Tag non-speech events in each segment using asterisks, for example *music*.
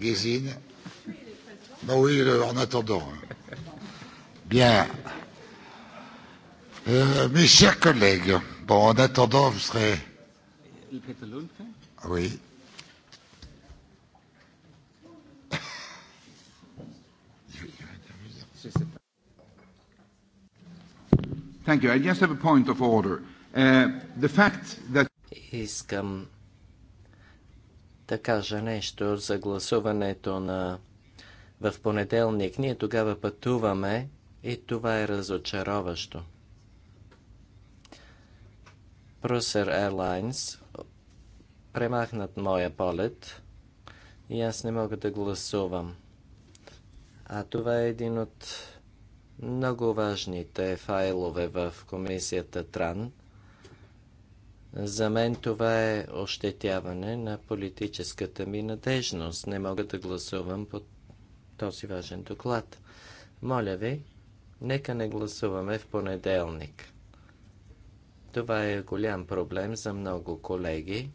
Gézine. Bah oui, en attendant. Bien. Euh, mes chers collègues, bon, en attendant, vous serez. Oui. Thank you. I just have a point of order. Uh, the fact that Искам да кажа нещо за гласуването на в понеделник. Ние тогава пътуваме и това е разочароващо. Прусер Airlines премахнат моя полет и аз не мога да гласувам. А това е един от много важните файлове в комисията Тран. За мен това е ощетяване на политическата ми надежност. Не мога да гласувам по този важен доклад. Моля ви, нека не гласуваме в понеделник. Това е голям проблем за много колеги.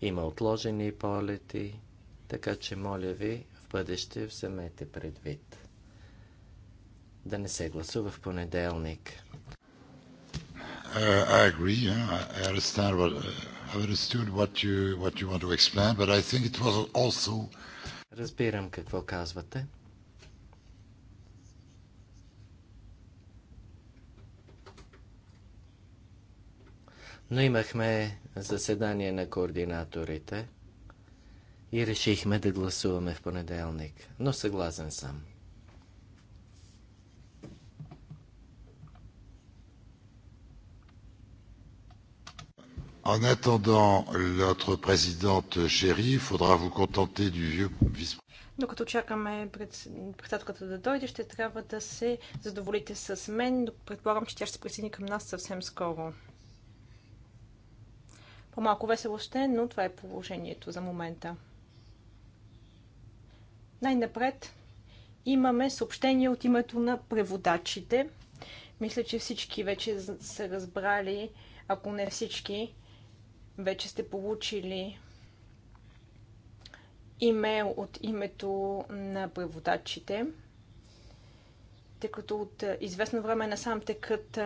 Има отложени полети, така че моля ви, в бъдеще вземете предвид. Да не се гласува в понеделник. Uh, I agree. Yeah. I understand what uh, I understood what you what you want to explain, but I think it was also. Разбирам какво казвате. Но имахме заседание на координаторите и решихме да гласуваме в понеделник. Но съгласен съм. En attendant notre présidente chérie, il faudra vous contenter du vieux vice докато чакаме председателката да дойде, ще трябва да се задоволите с мен. Предполагам, че тя ще се присъедини към нас съвсем скоро. По-малко весело ще, но това е положението за момента. Най-напред имаме съобщение от името на преводачите. Мисля, че всички вече са разбрали, ако не всички, вече сте получили имейл от името на преводачите, тъй като от известно време насам текат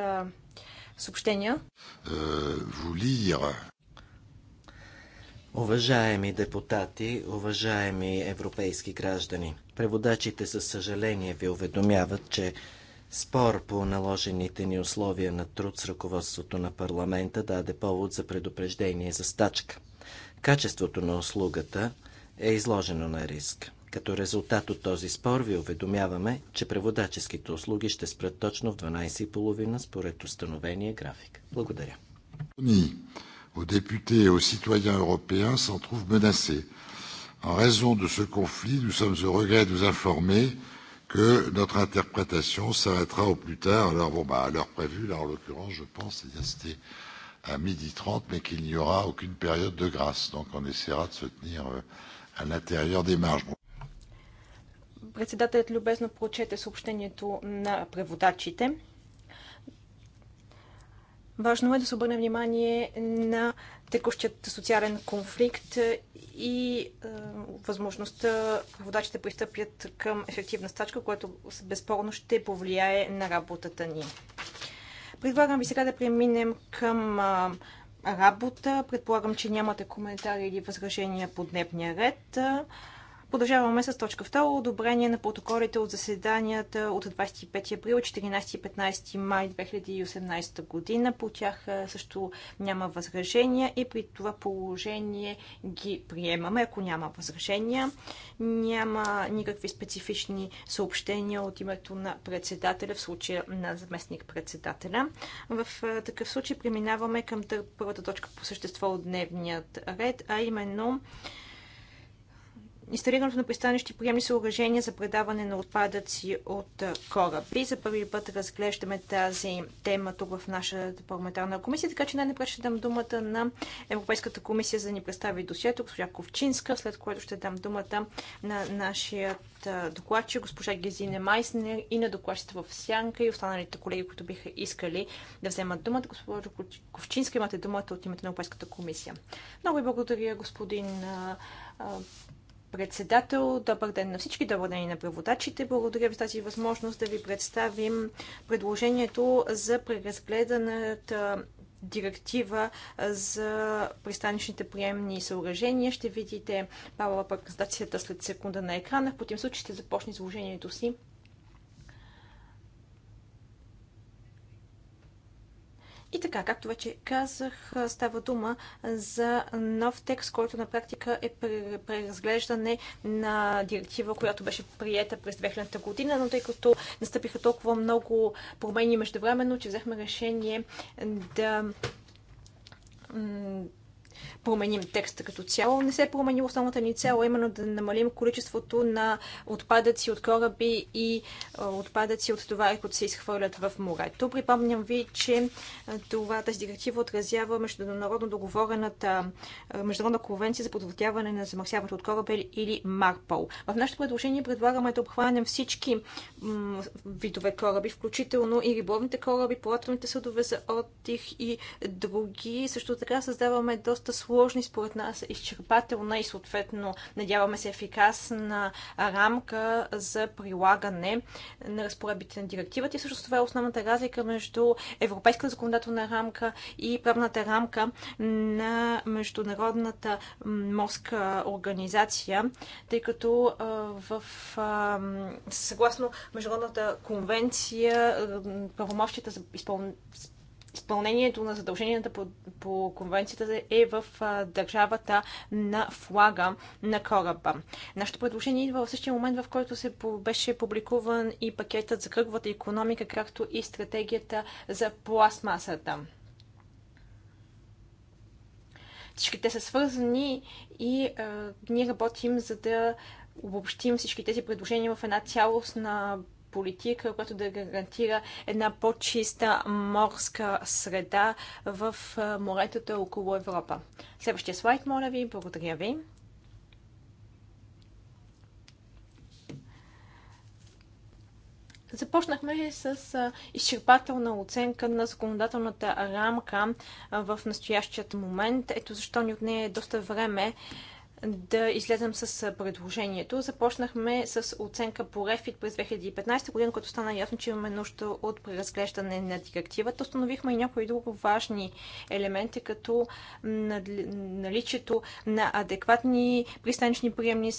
съобщения. Uh, Уважаеми депутати, уважаеми европейски граждани, преводачите със съжаление ви уведомяват, че Спор по наложените ни условия на труд с ръководството на парламента даде повод за предупреждение за стачка. Качеството на услугата е изложено на риск. Като резултат от този спор ви уведомяваме, че преводаческите услуги ще спрат точно в 12.30 според установения график. Благодаря. Aux députés et aux citoyens européens s'en trouvent menacés. En raison de ce conflit, nous sommes au regret de vous informer que notre interprétation s'arrêtera au plus tard. Alors bon, bah, à l'heure prévue, là en l'occurrence, je pense, c'était à midi 30, mais qu'il n'y aura aucune période de grâce. Donc on essaiera de se tenir à l'intérieur des marges. Bon. Председателят любезно прочете съобщението на преводачите. Важно е да се обърне внимание на текущият социален конфликт и е, възможността водачите пристъпят към ефективна стачка, което безспорно ще повлияе на работата ни. Предлагам ви сега да преминем към е, работа. Предполагам, че нямате коментари или възражения по дневния ред. Продължаваме с точка 2. Одобрение на протоколите от заседанията от 25 април, 14 и 15 май 2018 година. По тях също няма възражения и при това положение ги приемаме, ако няма възражения. Няма никакви специфични съобщения от името на председателя, в случая на заместник-председателя. В такъв случай преминаваме към първата точка по същество от дневният ред, а именно инсталирането на пристанищи приемни съоръжения за предаване на отпадъци от кораби. За първи път разглеждаме тази тема тук в нашата парламентарна комисия, така че най-напред ще дам думата на Европейската комисия за да ни представи досието, госпожа Ковчинска, след което ще дам думата на нашият докладчик, госпожа Гезине Майснер и на докладчите в Сянка и останалите колеги, които биха искали да вземат думата. Госпожо Ковчинска, имате думата от името на Европейската комисия. Много ви благодаря, господин председател. Добър ден на всички, добър ден и на преводачите. Благодаря ви за тази възможност да ви представим предложението за преразгледаната директива за пристанищните приемни съоръжения. Ще видите Павла презентацията след секунда на екрана. В противен случай ще започне изложението си И така, както вече казах, става дума за нов текст, който на практика е преразглеждане на директива, която беше приета през 2000 година, но тъй като настъпиха толкова много промени междувременно, че взехме решение да променим текста като цяло. Не се е промени основната ни цел, именно да намалим количеството на отпадъци от кораби и отпадъци от товари, които се изхвърлят в морето. Припомням ви, че това, тази директива отразява международно договорената Международна конвенция за подводяване на замърсяването от кораби или Марпол. В нашето предложение предлагаме да обхванем всички видове кораби, включително и рибовните кораби, плавателните съдове за отдих и други. Също така създаваме доста доста сложни, според нас изчерпателна и съответно, надяваме се, ефикасна рамка за прилагане на разпоредбите на директивата. И също това е основната разлика между европейската законодателна рамка и правната рамка на Международната морска организация, тъй като в съгласно Международната конвенция правомощията за изпълнение изпълнението на задълженията по, по конвенцията е в а, държавата на флага на кораба. Нашето предложение идва в същия момент, в който се по, беше публикуван и пакетът за кръговата економика, както и стратегията за пластмасата. Всички те са свързани и а, ние работим за да обобщим всички тези предложения в една цялостна политика, която да гарантира една по-чиста морска среда в моретата около Европа. Следващия слайд, моля ви. Благодаря ви. Започнахме с изчерпателна оценка на законодателната рамка в настоящият момент. Ето защо ни отне доста време да излезем с предложението. Започнахме с оценка по Рефит през 2015 година, като стана ясно, че имаме нужда от преразглеждане на директивата. Установихме и някои друго важни елементи, като наличието на адекватни пристанични приемни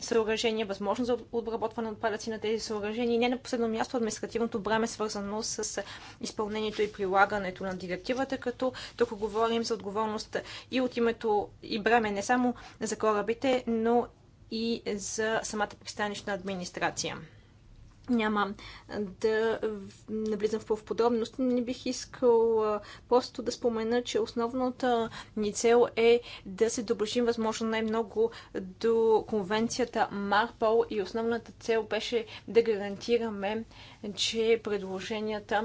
съоръжения, възможност за обработване на отпадъци на тези съоръжения и не на последно място административното бреме, свързано с изпълнението и прилагането на директивата, като тук говорим за отговорност и от името и бреме не само за корабите, но и за самата пристанищна администрация. Няма да навлизам в подробности, не бих искал просто да спомена, че основната ни цел е да се доближим възможно най-много до конвенцията Марпол и основната цел беше да гарантираме, че предложенията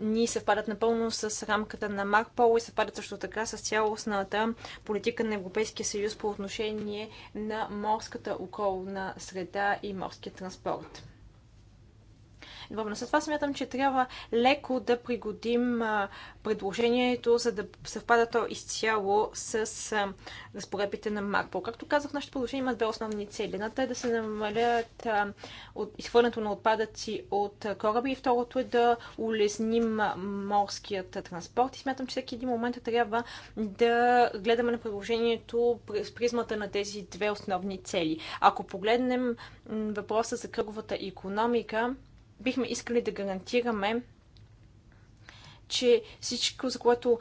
ни съвпадат напълно с рамката на МакПол и съвпадат също така с цялостната политика на Европейския съюз по отношение на морската околна среда и морския транспорт. Добре, след това смятам, че трябва леко да пригодим предложението, за да съвпада то изцяло с разпоредбите на Марпо. Както казах, нашето предложение има две основни цели. Едната е да се намалят изхвърлянето на отпадъци от кораби и второто е да улесним морският транспорт. И смятам, че всеки един момент трябва да гледаме на предложението през призмата на тези две основни цели. Ако погледнем въпроса за кръговата економика, бихме искали да гарантираме, че всичко, за което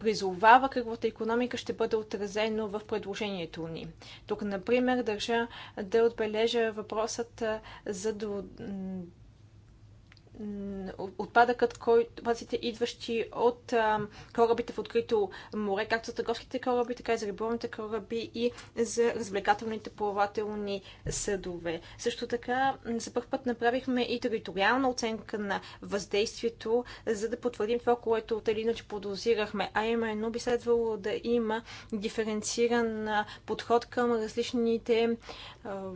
призовава кръговата економика, ще бъде отразено в предложението ни. Тук, например, държа да отбележа въпросът за отпадъкът, който, идващи от а, корабите в открито море, както за търговските кораби, така и за риболовните кораби и за развлекателните плавателни съдове. Също така, за първ път направихме и териториална оценка на въздействието, за да потвърдим това, което тъй иначе подозирахме, а именно би следвало да има диференциран подход към различните а,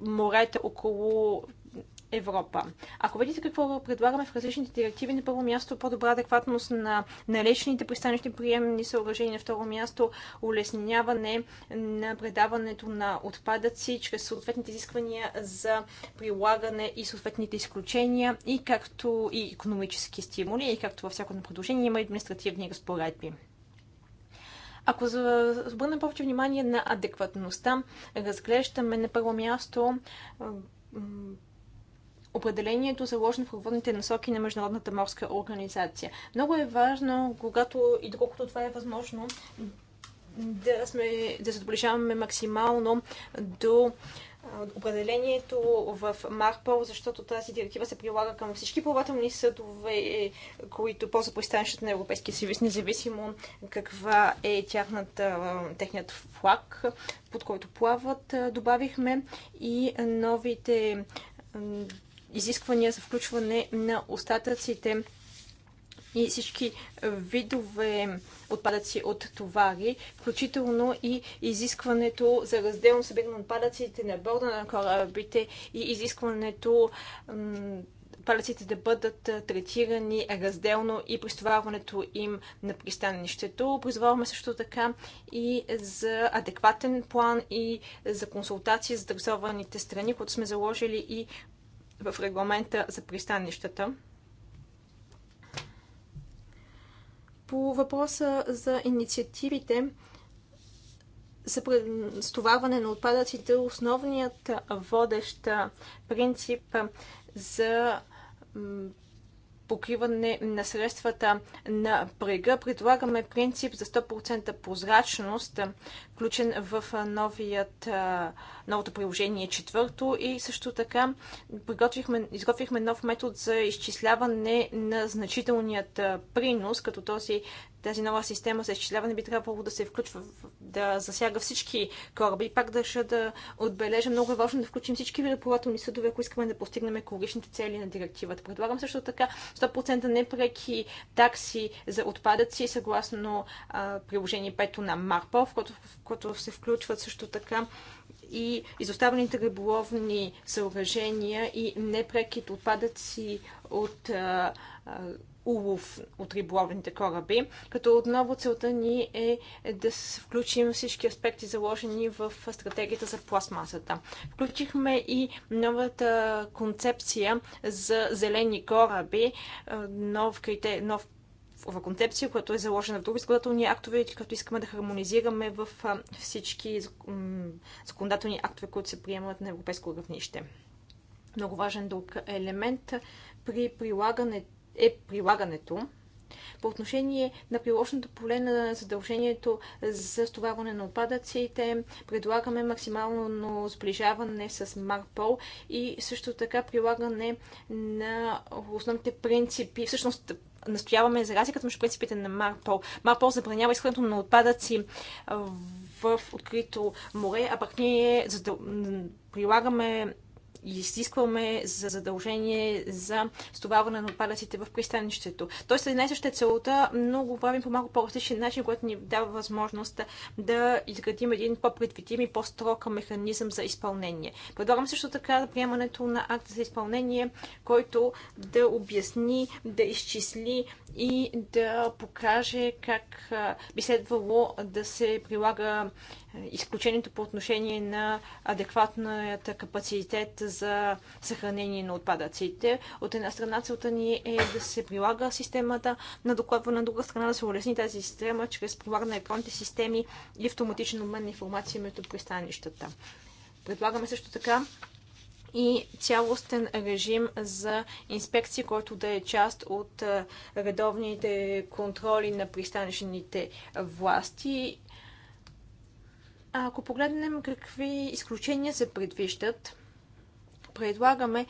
морета около Европа. Ако видите какво предлагаме в различните директиви, на първо място по-добра адекватност на наличните пристанищни приемни съоръжения, на второ място улесняване на предаването на отпадъци чрез съответните изисквания за прилагане и съответните изключения и както и економически стимули, и както във всяко едно предложение има административни разпоредби. Ако обърнем повече внимание на адекватността, разглеждаме на първо място определението заложено в ръководните насоки на Международната морска организация. Много е важно, когато и доколкото това е възможно, да, сме, да се доближаваме максимално до определението в Марпол, защото тази директива се прилага към всички плавателни съдове, е, които по пристанищата на Европейския съюз, независимо каква е тяхната, техният флаг, под който плават, добавихме и новите изисквания за включване на остатъците и всички видове отпадъци от товари, включително и изискването за разделно събиране на отпадъците на борда на корабите и изискването отпадъците да бъдат третирани разделно и пристоварването им на пристанището. Призоваваме също така и за адекватен план и за консултации с държаваните страни, които сме заложили и в регламента за пристанищата. По въпроса за инициативите за стоварване на отпадъците, основният водещ принцип за покриване на средствата на брега. Предлагаме принцип за 100% прозрачност, включен в новият, новото приложение четвърто и също така изготвихме нов метод за изчисляване на значителният принос, като този тази нова система за изчисляване би трябвало да се включва, да засяга всички кораби. Пак държа да отбележа, много е важно да включим всички репарателни съдове, ако искаме да постигнем екологичните цели на директивата. Предлагам също така 100% непреки такси за отпадъци, съгласно а, приложение 5 на Марпо, в което, в което се включват също така и изоставените риболовни съоръжения и непреки отпадъци от а, а, улов от риболовните кораби, като отново целта ни е да включим всички аспекти заложени в стратегията за пластмасата. Включихме и новата концепция за зелени кораби, е, нов, крите, нов в концепция, която е заложена в други законодателни актове, като искаме да хармонизираме в е, всички законодателни актове, които се приемат на европейско равнище. Много важен друг елемент при прилагането е прилагането. По отношение на приложното поле на задължението за стоварване на отпадъците, предлагаме максимално сближаване с Марпол и също така прилагане на основните принципи. Всъщност, настояваме за разликата между принципите на Марпол. Марпол забранява изхвърлянето на отпадъци в открито море, а пък ние задъл... прилагаме изискваме за задължение за стоварване на отпадъците в пристанището. Тоест, една и съща е целта, но го правим по малко по-различен начин, което ни дава възможност да изградим един по-предвидим и по-строг механизъм за изпълнение. Предлагам също така приемането на акта за изпълнение, който да обясни, да изчисли и да покаже как би следвало да се прилага изключението по отношение на адекватната капацитет за съхранение на отпадъците. От една страна целта ни е да се прилага системата на докладване, на друга страна да се улесни тази система чрез прилагане на електронните системи и автоматичен обмен на информация между пристанищата. Предлагаме също така и цялостен режим за инспекции, който да е част от редовните контроли на пристанищните власти а ако погледнем какви изключения се предвиждат, предлагаме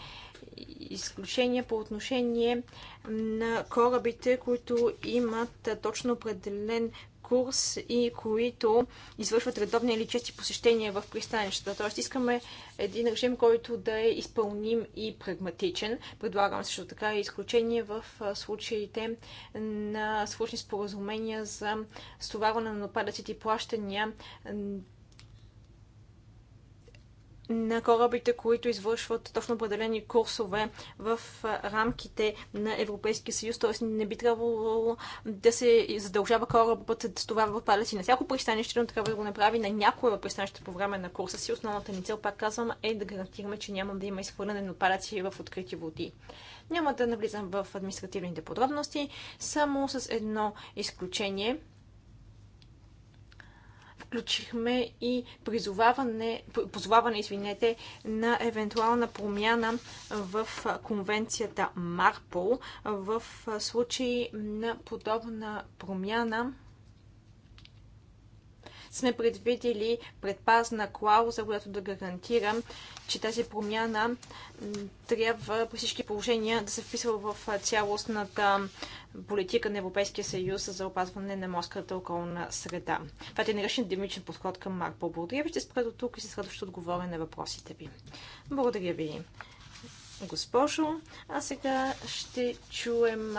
изключения по отношение на корабите, които имат точно определен курс и които извършват редовни или чести посещения в пристанищата. Тоест искаме един режим, който да е изпълним и прагматичен. Предлагам също така и изключение в случаите на сложни споразумения за стоварване на нападъците и плащания на корабите, които извършват точно определени курсове в рамките на Европейския съюз, т.е. не би трябвало да се задължава корабът с това в палеци на всяко пристанище, но трябва да го направи на някое пристанищата по време на курса си. Основната ни цел, пак казвам, е да гарантираме, че няма да има изхвърляне на палеци в открити води. Няма да навлизам в административните подробности, само с едно изключение – включихме и призоваване, позоваване извинете, на евентуална промяна в конвенцията Марпол в случай на подобна промяна сме предвидели предпазна клауза, която да гарантира, че тази промяна трябва при всички положения да се вписва в цялостната политика на Европейския съюз за опазване на морската околна среда. Това е наречен демичен подход към Марк Благодаря ви, ще спра до тук и се следващо отговоря на въпросите ви. Благодаря ви, госпожо. А сега ще чуем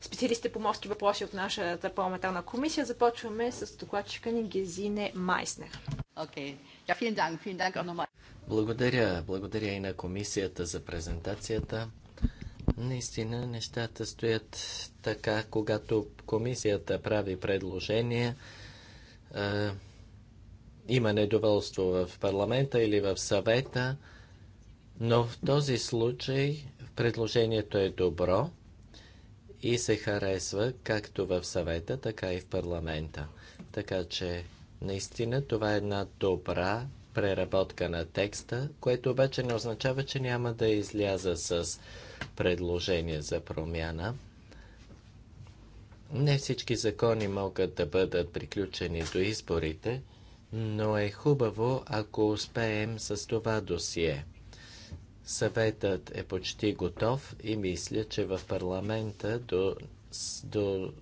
специалистите по морски въпроси от нашата парламентарна комисия. Започваме с докладчика ни Гезине Майснер. Okay. vielen Dank. Vielen Dank Благодаря. Благодаря и на комисията за презентацията. Наистина нещата стоят така, когато комисията прави предложение. има недоволство в парламента или в съвета. Но в този случай предложението е добро и се харесва както в съвета, така и в парламента. Така че наистина това е една добра преработка на текста, което обаче не означава, че няма да изляза с предложение за промяна. Не всички закони могат да бъдат приключени до изборите, но е хубаво, ако успеем с това досие. Съветът е почти готов и мисля, че в парламента до, до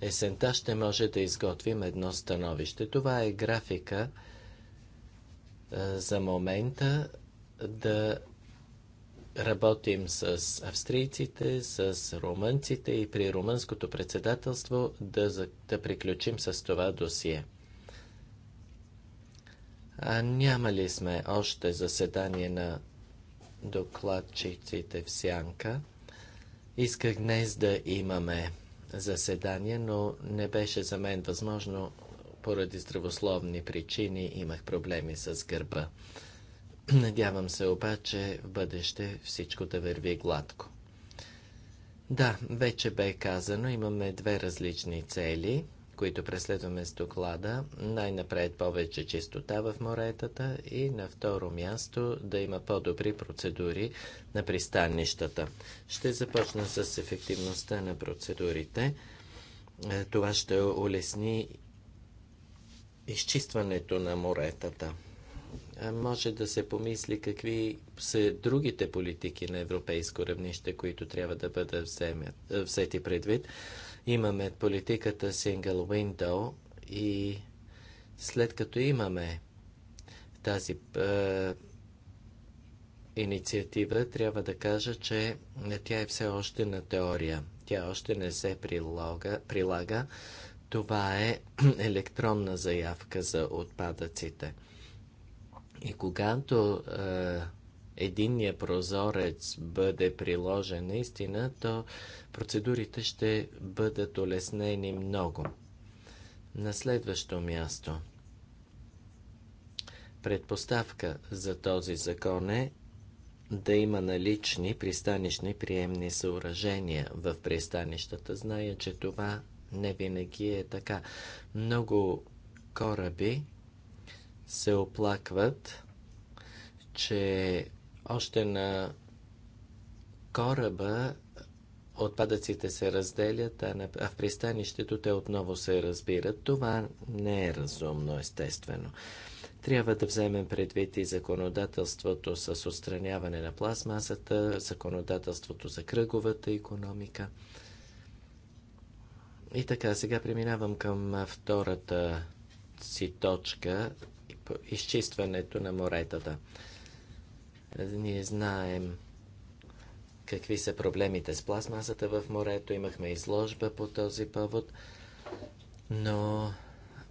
есента ще може да изготвим едно становище. Това е графика е, за момента да работим с австрийците, с румънците и при румънското председателство да, да приключим с това досие. Няма ли сме още заседание на докладчиците в Сянка? Исках днес да имаме заседание, но не беше за мен възможно. Поради здравословни причини имах проблеми с гърба. Надявам се обаче в бъдеще всичко да върви гладко. Да, вече бе казано, имаме две различни цели които преследваме с доклада. Най-напред повече чистота в моретата и на второ място да има по-добри процедури на пристанищата. Ще започна с ефективността на процедурите. Е, това ще улесни изчистването на моретата. Е, може да се помисли какви са другите политики на европейско равнище, които трябва да бъдат е, взети предвид. Имаме политиката Single Window и след като имаме тази е, инициатива, трябва да кажа, че тя е все още на теория. Тя още не се прилага. прилага. Това е *clears throat* електронна заявка за отпадъците. И когато е, единния прозорец бъде приложен наистина, то процедурите ще бъдат улеснени много. На следващо място. Предпоставка за този закон е да има налични пристанищни приемни съоръжения в пристанищата. Зная, че това не винаги е така. Много кораби се оплакват, че още на кораба отпадъците се разделят, а, в пристанището те отново се разбират. Това не е разумно, естествено. Трябва да вземем предвид и законодателството с отстраняване на пластмасата, законодателството за кръговата економика. И така, сега преминавам към втората си точка изчистването на моретата. Ние знаем какви са проблемите с пластмасата в морето. Имахме изложба по този повод, но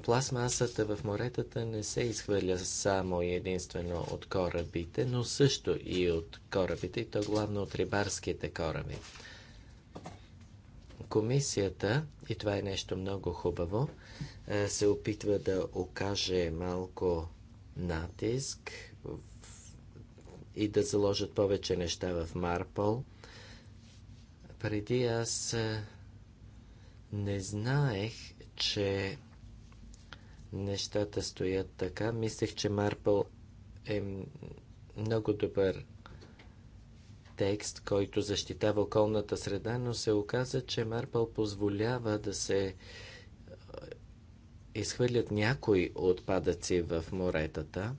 пластмасата в моретата не се изхвърля само и единствено от корабите, но също и от корабите, и то главно от рибарските кораби. Комисията, и това е нещо много хубаво, е, се опитва да окаже малко натиск и да заложат повече неща в Марпол. Преди аз не знаех, че нещата стоят така. Мислех, че Марпол е много добър текст, който защитава околната среда, но се оказа, че Марпъл позволява да се изхвърлят някои отпадъци в моретата.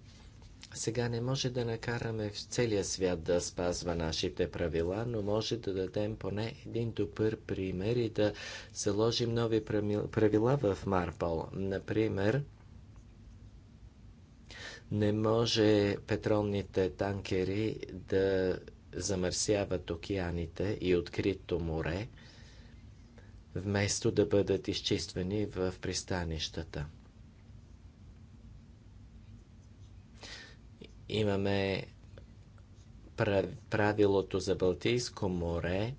Сега не може да накараме в целия свят да спазва нашите правила, но може да дадем поне един добър пример и да заложим нови правила в Марпол. Например, не може петролните танкери да замърсяват океаните и открито море, вместо да бъдат изчиствани в пристанищата. Имаме правилото за Балтийско море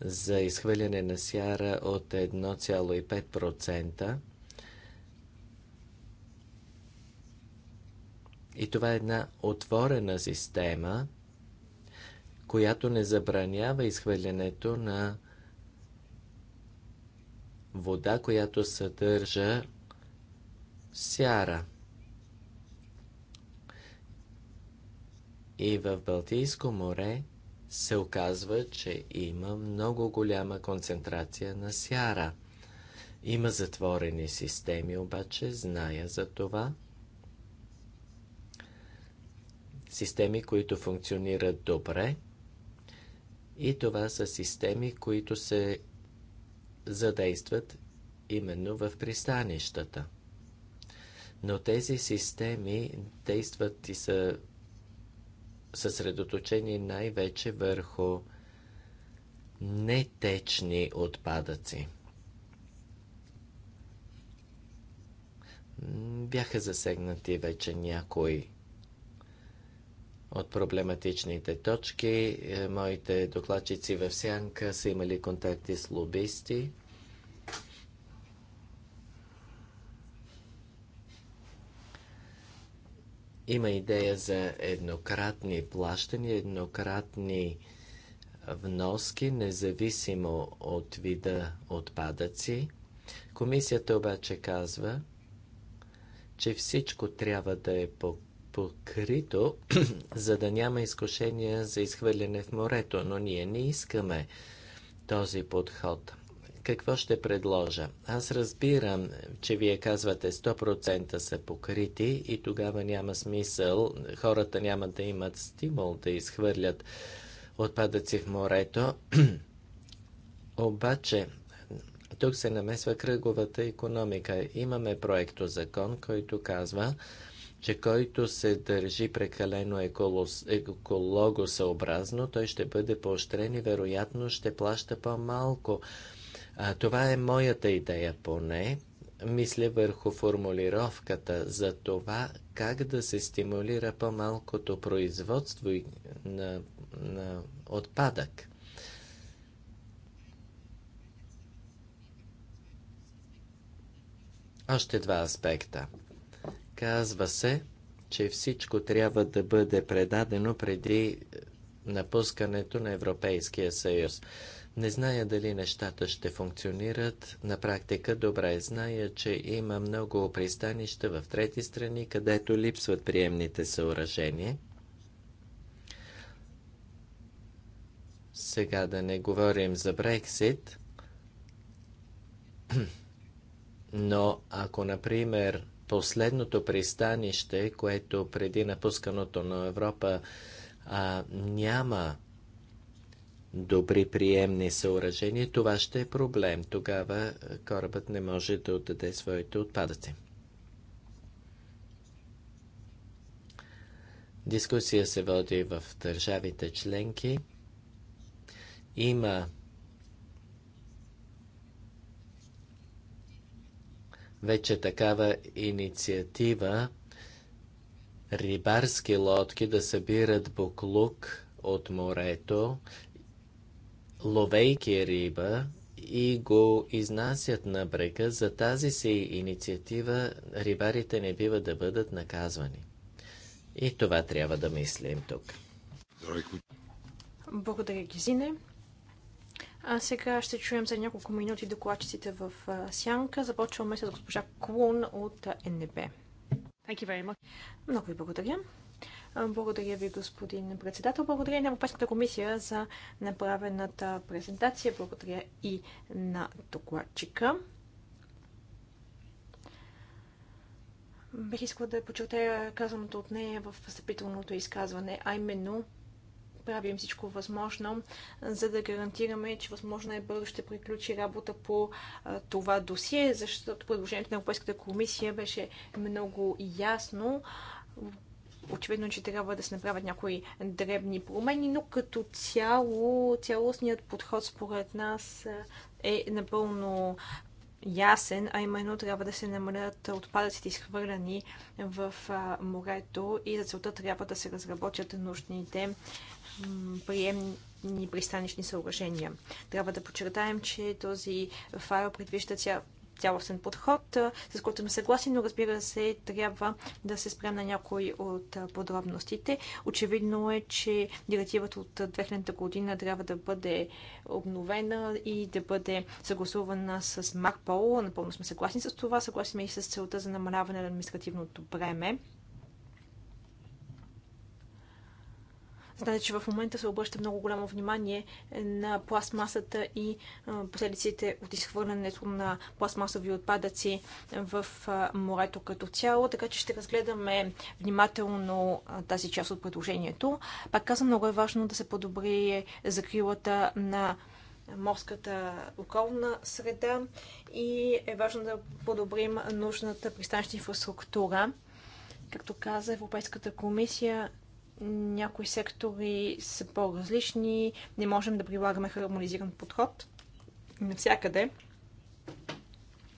за изхвърляне на сяра от 1,5%. И това е една отворена система, която не забранява изхвърлянето на вода, която съдържа сяра – И в Балтийско море се оказва, че има много голяма концентрация на сяра. Има затворени системи, обаче зная за това. Системи, които функционират добре. И това са системи, които се задействат именно в пристанищата. Но тези системи действат и са съсредоточени най-вече върху нетечни отпадъци. Бяха засегнати вече някои от проблематичните точки. Е, моите докладчици в Сянка са имали контакти с лобисти. Има идея за еднократни плащания, еднократни вноски, независимо от вида отпадъци. Комисията обаче казва, че всичко трябва да е покрито, *clears throat* за да няма изкушения за изхвърляне в морето, но ние не искаме този подход какво ще предложа. Аз разбирам, че вие казвате 100% са покрити и тогава няма смисъл, хората няма да имат стимул да изхвърлят отпадъци в морето. *clears throat* Обаче, тук се намесва кръговата економика. Имаме проекто закон, който казва, че който се държи прекалено екологосъобразно, той ще бъде поощрен и вероятно ще плаща по-малко а, това е моята идея поне. Мисля върху формулировката за това как да се стимулира по-малкото производство на, на отпадък. Още два аспекта. Казва се, че всичко трябва да бъде предадено преди напускането на Европейския съюз. Не зная дали нещата ще функционират на практика добре. Зная, че има много пристанища в трети страни, където липсват приемните съоръжения. Сега да не говорим за Брексит, *clears throat* но ако, например, последното пристанище, което преди напускането на Европа а, няма добри приемни съоръжения, това ще е проблем. Тогава е, корабът не може да отдаде своите отпадъци. Дискусия се води в държавите членки. Има вече такава инициатива рибарски лодки да събират буклук от морето ловейки риба и го изнасят на брега, за тази си инициатива рибарите не бива да бъдат наказвани. И това трябва да мислим тук. Благодаря, Гизине. А сега ще чуем за няколко минути докладчиците в Сянка. Започваме с госпожа Клун от НДБ. Много ви благодаря. Благодаря ви, господин председател. Благодаря и на Европейската комисия за направената презентация. Благодаря и на докладчика. Бих искала да почертая казаното от нея в встъпителното изказване, а именно правим всичко възможно, за да гарантираме, че възможно е бързо ще приключи работа по това досие, защото предложението на Европейската комисия беше много ясно очевидно, че трябва да се направят някои дребни промени, но като цяло, цялостният подход според нас е напълно ясен, а именно трябва да се намалят отпадъците изхвърляни в морето и за целта трябва да се разработят нужните приемни пристанищни съоръжения. Трябва да подчертаем, че този файл предвижда цялостен подход, с който сме съгласни, но разбира се, трябва да се спрем на някои от подробностите. Очевидно е, че директивата от 2000 година трябва да бъде обновена и да бъде съгласувана с Марпол. Напълно сме съгласни с това. Съгласни сме и с целта за намаляване на административното бреме. Знаете, че в момента се обръща много голямо внимание на пластмасата и последиците от изхвърлянето на пластмасови отпадъци в морето като цяло, така че ще разгледаме внимателно тази част от предложението. Пак казвам, много е важно да се подобри закрилата на морската околна среда и е важно да подобрим нужната пристанищна инфраструктура. Както каза Европейската комисия, някои сектори са по-различни, не можем да прилагаме хармонизиран подход навсякъде.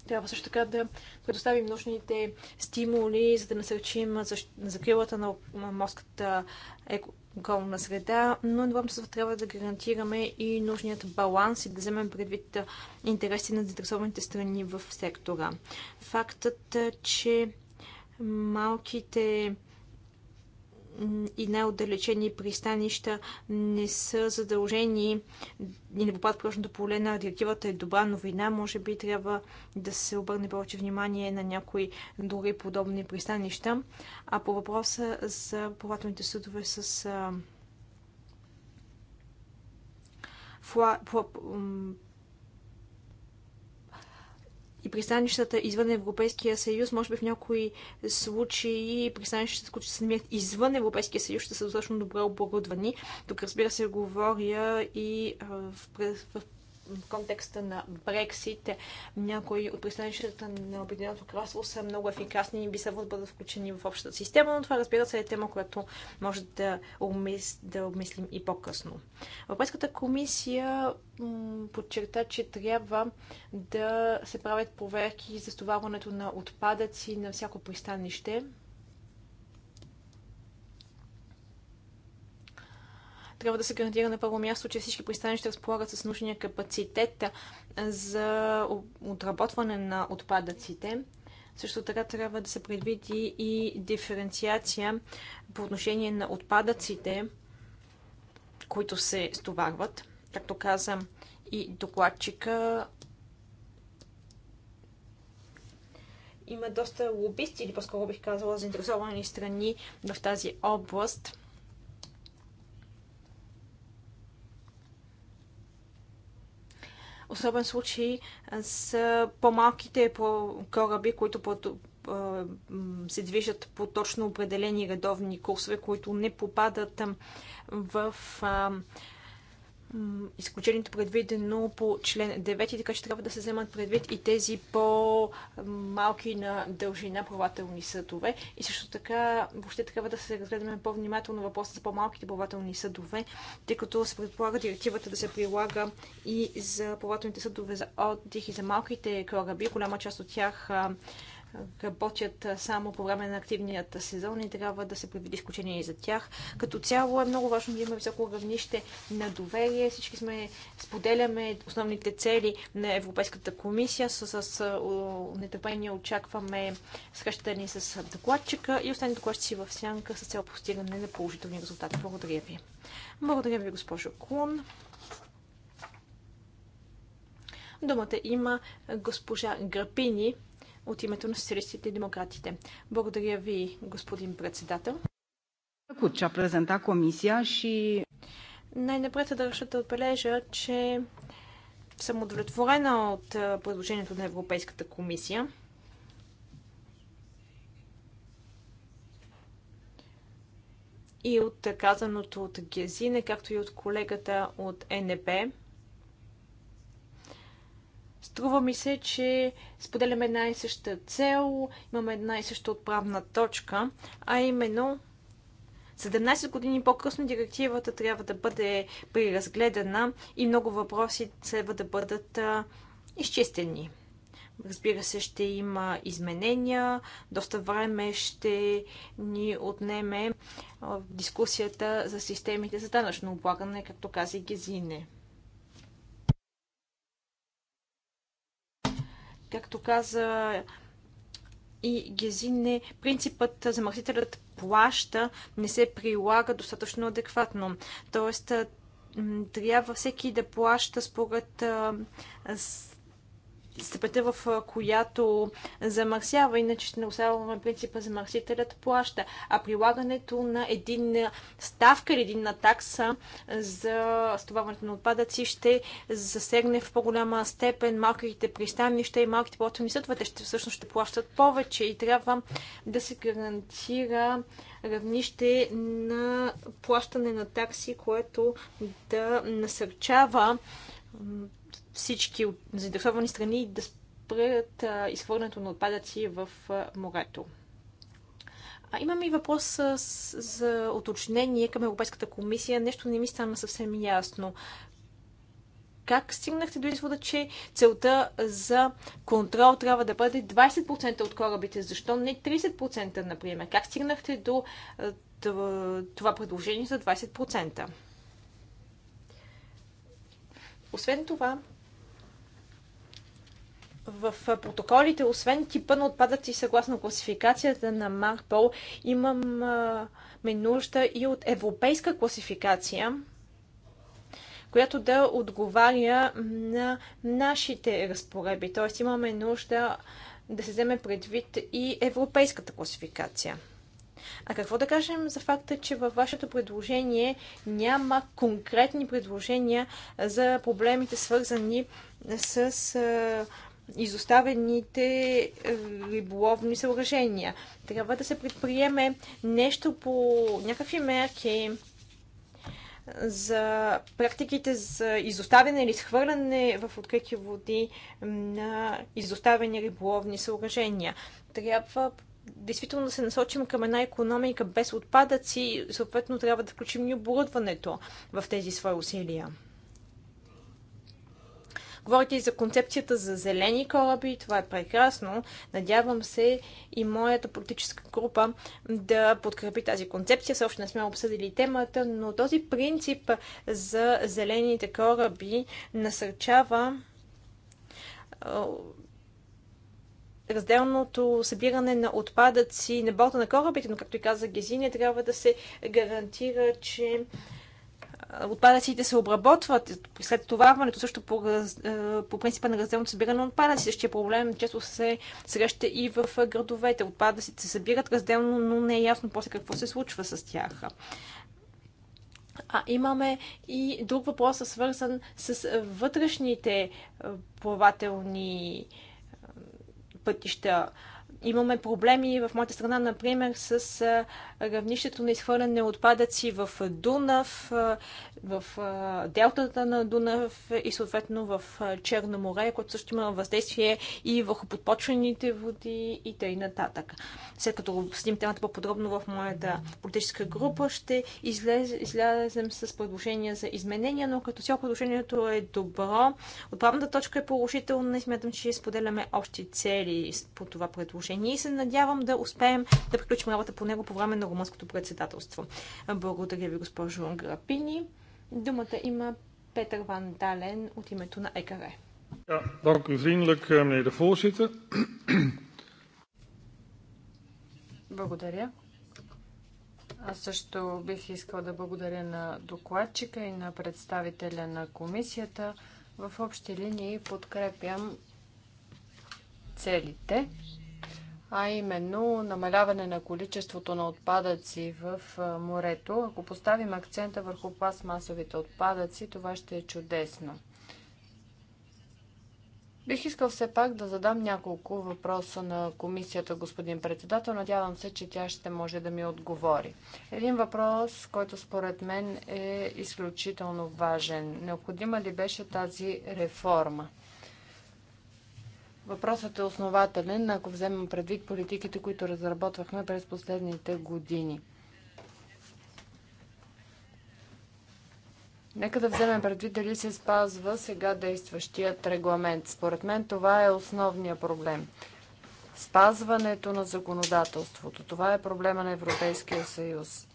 Трябва също така да предоставим нужните стимули, за да насърчим закрилата на морската околна среда, но едновременно трябва да гарантираме и нужният баланс и да вземем предвид интереси на заинтересованите страни в сектора. Фактът, че малките и най-отдалечени пристанища не са задължени и не попадат в прочното поле на директивата е добра новина. Може би трябва да се обърне повече внимание на някои други подобни пристанища. А по въпроса за плавателните съдове с фла, фла, и пристанищата извън Европейския съюз, може би в някои случаи пристанищата, които се намират извън Европейския съюз, ще са достатъчно добре оборудвани. Тук, разбира се, говоря и в, в в контекста на Брексит, някои от пристанищата на Обединеното кралство са много ефикасни и би следвало да бъдат включени в общата система, но това разбира се е тема, която може да, обмис... да обмислим и по-късно. Европейската комисия подчерта, че трябва да се правят проверки за стоварването на отпадъци на всяко пристанище, Трябва да се гарантира на първо място, че всички пристанища разполагат с нужния капацитет за отработване на отпадъците. Също така трябва да се предвиди и диференциация по отношение на отпадъците, които се стоварват. Както каза и докладчика, има доста лобисти, или по-скоро бих казала, заинтересовани страни в тази област. особен случай с по-малките кораби, които се движат по точно определени редовни курсове, които не попадат в изключението предвидено по член 9, така че трябва да се вземат предвид и тези по-малки на дължина плавателни съдове. И също така, въобще трябва да се разгледаме по-внимателно въпроса за по-малките плавателни съдове, тъй като се предполага директивата да се прилага и за плавателните съдове за отдих и за малките кораби. Голяма част от тях работят само по време на активният сезон и трябва да се предвиди изключение и за тях. Като цяло е много важно да има високо равнище на доверие. Всички сме споделяме основните цели на Европейската комисия. С, с нетърпение очакваме срещата ни с докладчика и останете докладчици си в сянка с цел постигане на положителни резултати. Благодаря ви. Благодаря ви, госпожо Клун. Думата има госпожа Грапини от името на социалистите и демократите. Благодаря ви, господин председател. Най-напред държа да отбележа, че съм удовлетворена от предложението на Европейската комисия. И от казаното от Гезине, както и от колегата от НП. Струва ми се, че споделяме една и съща цел, имаме една и съща отправна точка, а именно 17 години по-късно директивата трябва да бъде преразгледана и много въпроси трябва да бъдат изчистени. Разбира се, ще има изменения. Доста време ще ни отнеме дискусията за системите за данъчно облагане, както каза и Гезине. Както каза и Гезине, принципът замърсителят плаща не се прилага достатъчно адекватно. Тоест, трябва всеки да плаща според степента, в която замърсява, иначе ще нарушаваме принципа замърсителят плаща. А прилагането на един ставка или един на такса за стоварването на отпадъци ще засегне в по-голяма степен малките пристанища и малките платени съдове. Те всъщност ще плащат повече и трябва да се гарантира равнище на плащане на такси, което да насърчава всички заинтересовани страни да спрят изхвърлянето на отпадъци в морето. А имаме и въпрос за уточнение към Европейската комисия. Нещо не ми стана съвсем ясно как стигнахте до извода, че целта за контрол трябва да бъде 20% от корабите? Защо не 30%, например? Как стигнахте до това предложение за 20%? Освен това, в протоколите, освен типа на отпадъци съгласно класификацията на Марпол, имаме нужда и от европейска класификация, която да отговаря на нашите разпореби. Т.е. имаме нужда да се вземе предвид и европейската класификация. А какво да кажем за факта, че във вашето предложение няма конкретни предложения за проблемите свързани с изоставените е, риболовни съоръжения. Трябва да се предприеме нещо по някакви мерки е, за практиките за изоставяне или схвърляне в открити води на изоставени риболовни съоръжения. Трябва действително да се насочим към една економика без отпадъци, съответно трябва да включим и оборудването в тези свои усилия. Говорите и за концепцията за зелени кораби. Това е прекрасно. Надявам се и моята политическа група да подкрепи тази концепция. Все още не сме обсъдили темата, но този принцип за зелените кораби насърчава разделното събиране на отпадъци на борта на корабите, но както и каза Гезиня, трябва да се гарантира, че отпадъците се обработват. След товарването също по, е, по принципа на разделното събиране на отпадъци. Същия проблем често се среща и в градовете. Отпадъците се събират разделно, но не е ясно после какво се случва с тях. А имаме и друг въпрос, свързан с вътрешните е, плавателни е, пътища. Имаме проблеми в моята страна, например, с равнището на изхвърляне отпадъци в Дунав, в делтата на Дунав и съответно в Черно море, което също има въздействие и върху подпочвените води и т.н. нататък. След като обсъдим темата по-подробно в моята политическа група, ще излез, излязем с предложения за изменения, но като цяло предложението е добро. Отправната точка е положителна и смятам, че споделяме общи цели по това предложение отношение и се надявам да успеем да приключим работа по него по време на румънското председателство. Благодаря ви, госпожо Грапини. Думата има Петър Ван Дален от името на ЕКР. Ja, dank u vriendelijk, eh, meneer de voorzitter. Благодаря. Аз също бих искал да благодаря на докладчика и на представителя на комисията. В общи линии подкрепям целите а именно намаляване на количеството на отпадъци в морето. Ако поставим акцента върху пластмасовите отпадъци, това ще е чудесно. Бих искал все пак да задам няколко въпроса на комисията, господин председател. Надявам се, че тя ще може да ми отговори. Един въпрос, който според мен е изключително важен. Необходима ли беше тази реформа? Въпросът е основателен, ако вземем предвид политиките, които разработвахме през последните години. Нека да вземем предвид дали се спазва сега действащият регламент. Според мен това е основният проблем. Спазването на законодателството. Това е проблема на Европейския съюз.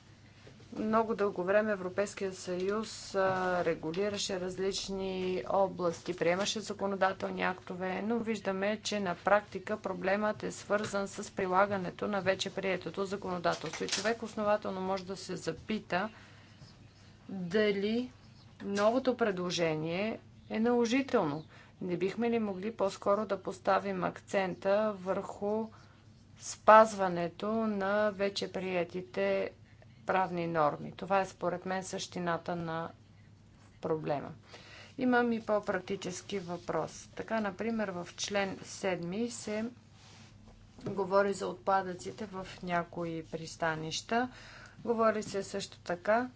Много дълго време Европейския съюз регулираше различни области, приемаше законодателни актове, но виждаме, че на практика проблемът е свързан с прилагането на вече приетото законодателство. И човек основателно може да се запита дали новото предложение е наложително. Не бихме ли могли по-скоро да поставим акцента върху спазването на вече приятите правни норми. Това е според мен същината на проблема. Имам и по-практически въпрос. Така, например, в член 7 се говори за отпадъците в някои пристанища. Говори се също така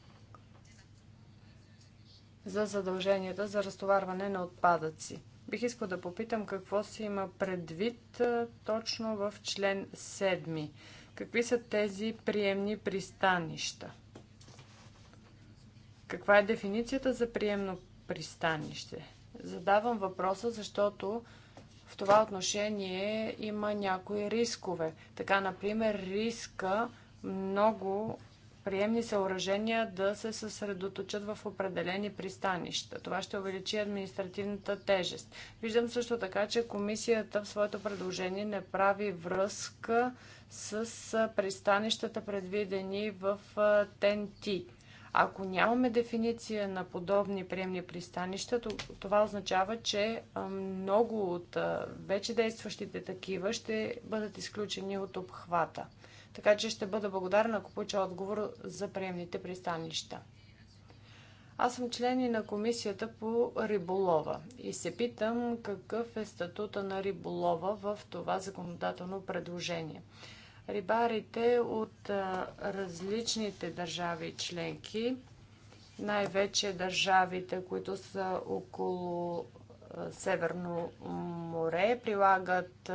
за задълженията за разтоварване на отпадъци. Бих искал да попитам какво се има предвид точно в член 7. Какви са тези приемни пристанища? Каква е дефиницията за приемно пристанище? Задавам въпроса, защото в това отношение има някои рискове. Така, например, риска много приемни съоръжения да се съсредоточат в определени пристанища. Това ще увеличи административната тежест. Виждам също така, че комисията в своето предложение не прави връзка с пристанищата, предвидени в ТНТ. Ако нямаме дефиниция на подобни приемни пристанища, това означава, че много от вече действащите такива ще бъдат изключени от обхвата. Така че ще бъда благодарна, ако получа отговор за приемните пристанища. Аз съм член и на комисията по риболова и се питам какъв е статута на риболова в това законодателно предложение. Рибарите от различните държави членки най-вече държавите, които са около Северно море прилагат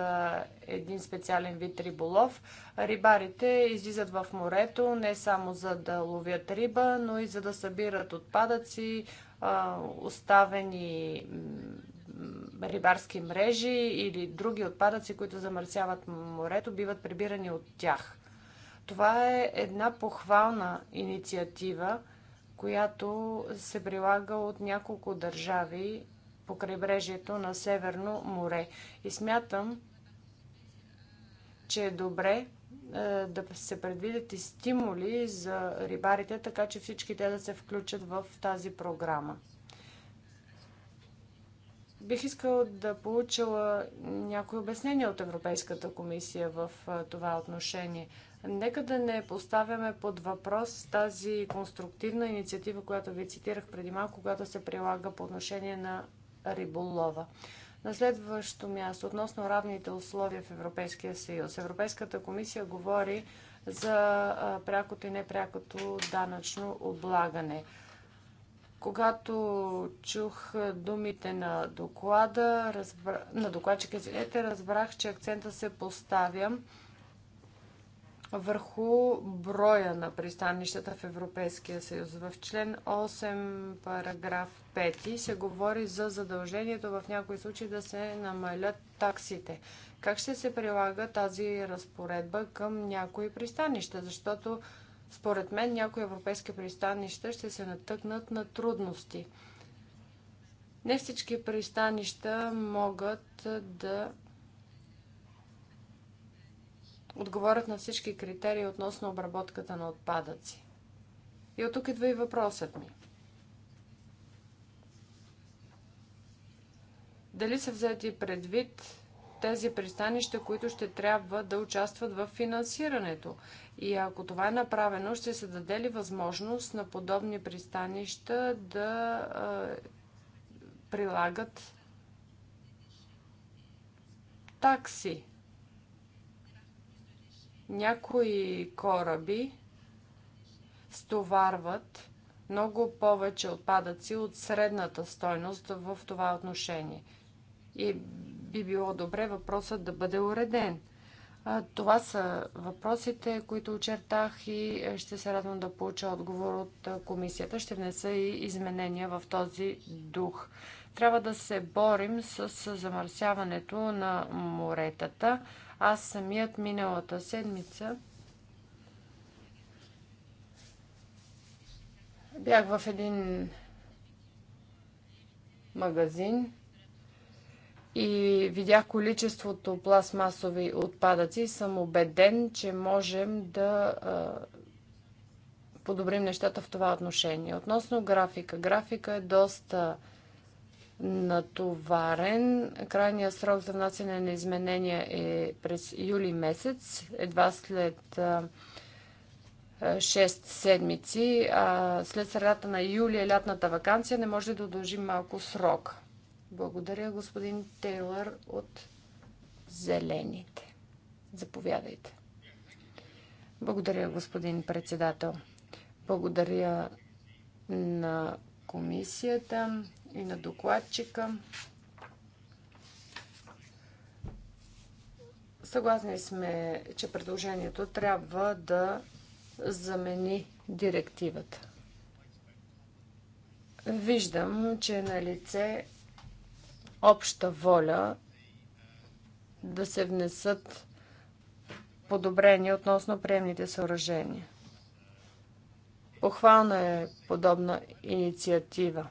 един специален вид риболов. Рибарите излизат в морето не само за да ловят риба, но и за да събират отпадъци, оставени рибарски мрежи или други отпадъци, които замърсяват морето, биват прибирани от тях. Това е една похвална инициатива, която се прилага от няколко държави по крайбрежието на Северно море. И смятам, че е добре е, да се предвидят и стимули за рибарите, така че всички те да се включат в тази програма. Бих искал да получила някои обяснения от Европейската комисия в е, това отношение. Нека да не поставяме под въпрос тази конструктивна инициатива, която ви цитирах преди малко, когато се прилага по отношение на риболова. На следващо място, относно равните условия в Европейския съюз. Европейската комисия говори за прякото и непрякото данъчно облагане. Когато чух думите на доклада, разбра... на докладчика, извинете, разбрах, че акцента се поставя върху броя на пристанищата в Европейския съюз. В член 8, параграф 5 се говори за задължението в някои случаи да се намалят таксите. Как ще се прилага тази разпоредба към някои пристанища? Защото според мен някои европейски пристанища ще се натъкнат на трудности. Не всички пристанища могат да отговорят на всички критерии относно обработката на отпадъци. И от тук идва и въпросът ми. Дали са взети предвид тези пристанища, които ще трябва да участват в финансирането? И ако това е направено, ще се даде ли възможност на подобни пристанища да прилагат такси? Някои кораби стоварват много повече отпадъци от средната стойност в това отношение. И би било добре въпросът да бъде уреден. Това са въпросите, които очертах и е, ще се радвам да получа отговор от е, комисията. Ще внеса и изменения в този дух. Трябва да се борим с замърсяването на моретата аз самият миналата седмица бях в един магазин и видях количеството пластмасови отпадъци и съм убеден, че можем да подобрим нещата в това отношение. Относно графика. Графика е доста натоварен. Крайният срок за внасяне на изменения е през юли месец, едва след 6 седмици. А след средата на юли е лятната вакансия. Не може да удължим малко срок. Благодаря, господин Тейлър от Зелените. Заповядайте. Благодаря, господин председател. Благодаря на комисията и на докладчика. Съгласни сме, че предложението трябва да замени директивата. Виждам, че е на лице обща воля да се внесат подобрения относно приемните съоръжения. Похвална е подобна инициатива.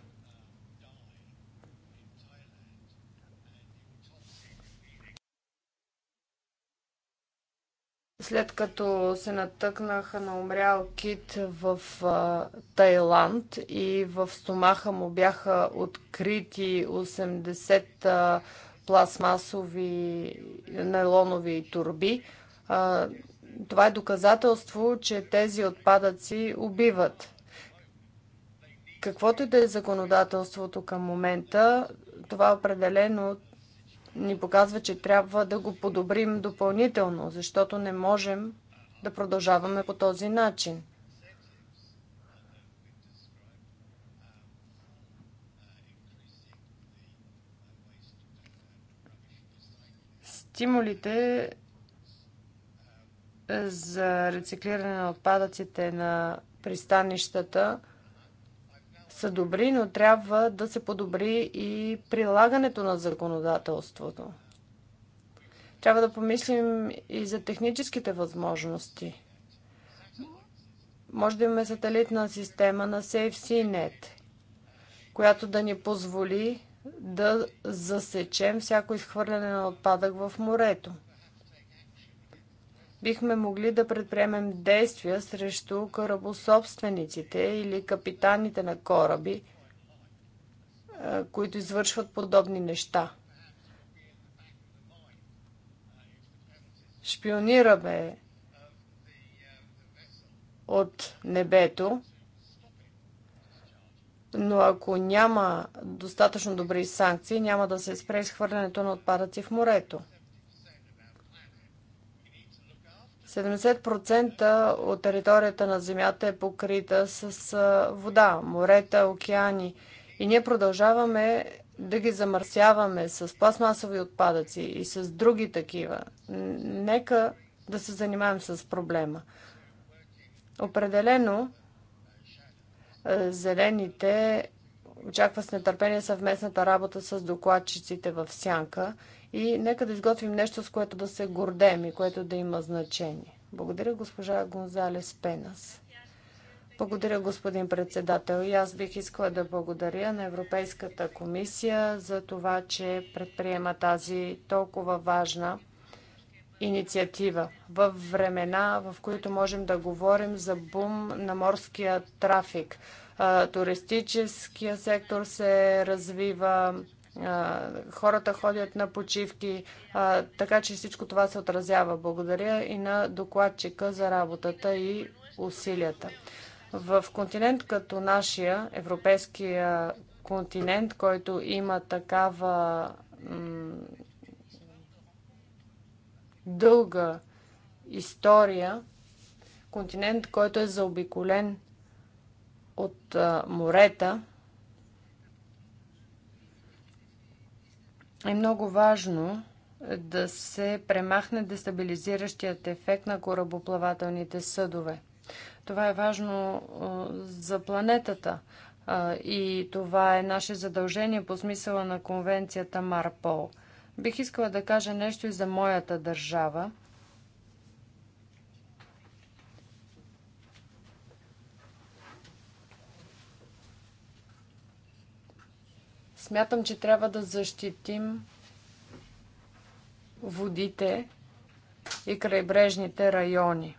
след като се натъкнаха на умрял кит в а, Тайланд и в стомаха му бяха открити 80 а, пластмасови нейлонови турби. А, това е доказателство, че тези отпадъци убиват. Каквото и да е законодателството към момента, това е определено ни показва, че трябва да го подобрим допълнително, защото не можем да продължаваме по този начин. Стимулите е, за рециклиране на отпадъците на пристанищата – са добри, но трябва да се подобри и прилагането на законодателството. Трябва да помислим и за техническите възможности. Може да имаме сателитна система на SafeCNet, която да ни позволи да засечем всяко изхвърляне на отпадък в морето бихме могли да предприемем действия срещу корабособствениците или капитаните на кораби, които извършват подобни неща. Шпионираме от небето, но ако няма достатъчно добри санкции, няма да се спре изхвърлянето на отпадъци в морето. 70% от територията на Земята е покрита с вода, морета, океани. И ние продължаваме да ги замърсяваме с пластмасови отпадъци и с други такива. Нека да се занимаем с проблема. Определено, зелените очаква с нетърпение съвместната работа с докладчиците в Сянка и нека да изготвим нещо, с което да се гордем и което да има значение. Благодаря, госпожа Гонзалес Пенас. Благодаря, господин председател. И аз бих искала да благодаря на Европейската комисия за това, че предприема тази толкова важна инициатива в времена, в които можем да говорим за бум на морския трафик. Туристическия сектор се развива, хората ходят на почивки, така че всичко това се отразява. Благодаря и на докладчика за работата и усилията. В континент като нашия, европейския континент, който има такава дълга история, континент, който е заобиколен от морета, е много важно да се премахне дестабилизиращият ефект на корабоплавателните съдове. Това е важно за планетата и това е наше задължение по смисъла на конвенцията Марпол. Бих искала да кажа нещо и за моята държава. Смятам, че трябва да защитим водите и крайбрежните райони.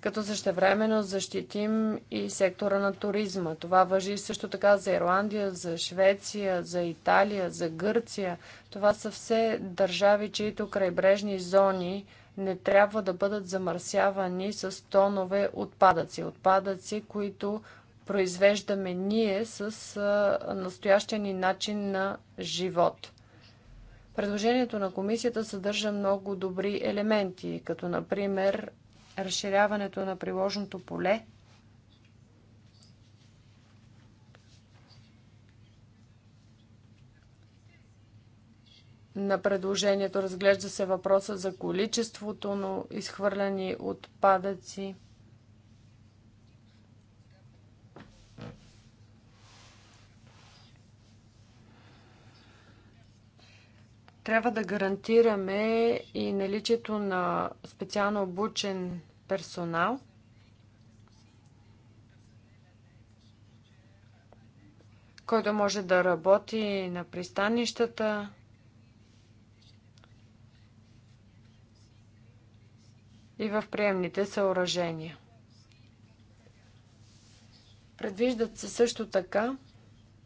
Като същевременно защитим и сектора на туризма. Това въжи също така за Ирландия, за Швеция, за Италия, за Гърция. Това са все държави, чието крайбрежни зони не трябва да бъдат замърсявани с тонове отпадъци. Отпадъци, които произвеждаме ние с настоящия ни начин на живот. Предложението на комисията съдържа много добри елементи, като например разширяването на приложното поле на предложението. Разглежда се въпроса за количеството на изхвърляни отпадъци – Трябва да гарантираме и наличието на специално обучен персонал. който може да работи на пристанищата, и в приемните съоръжения. Предвиждат се също така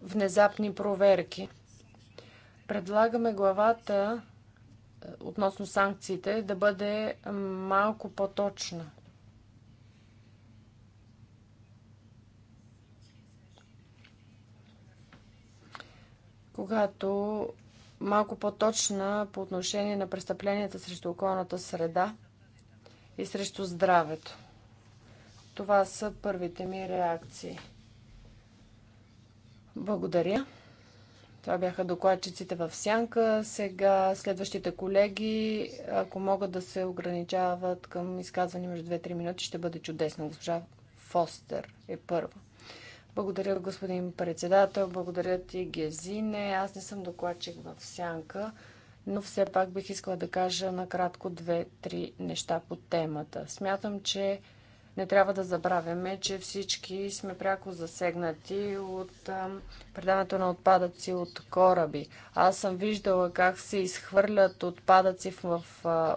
внезапни проверки – Предлагаме главата е, относно санкциите да бъде малко по-точна. Когато малко по-точна по отношение на престъпленията срещу околната среда и срещу здравето. Това са първите ми реакции. Благодаря. Това бяха докладчиците в сянка. Сега следващите колеги, ако могат да се ограничават към изказване между 2-3 минути, ще бъде чудесно. Госпожа Фостер е първа. Благодаря, господин председател. Благодаря ти, Гезине. Аз не съм докладчик в сянка, но все пак бих искала да кажа накратко две-три неща по темата. Смятам, че не трябва да забравяме, че всички сме пряко засегнати от предаването на отпадъци от кораби. Аз съм виждала как се изхвърлят отпадъци в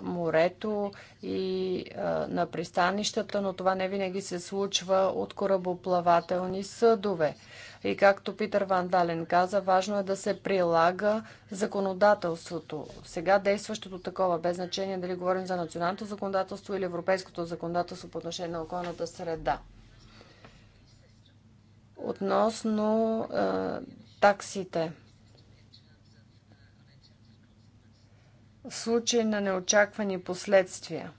морето и на пристанищата, но това не винаги се случва от корабоплавателни съдове. И както Питър Ван Дален каза, важно е да се прилага законодателството. Сега действащото такова, без значение дали говорим за националното законодателство или европейското законодателство по отношение на околната среда. Относно е, таксите. случай на неочаквани последствия.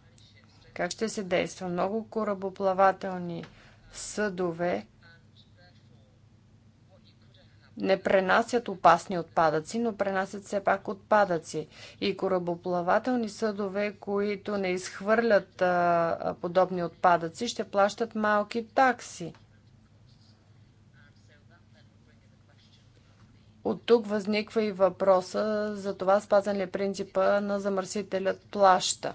Как ще се действа? Много корабоплавателни съдове не пренасят опасни отпадъци, но пренасят все пак отпадъци. И корабоплавателни съдове, които не изхвърлят а, подобни отпадъци, ще плащат малки такси. От тук възниква и въпроса за това спазен ли принципа на замърсителят плаща.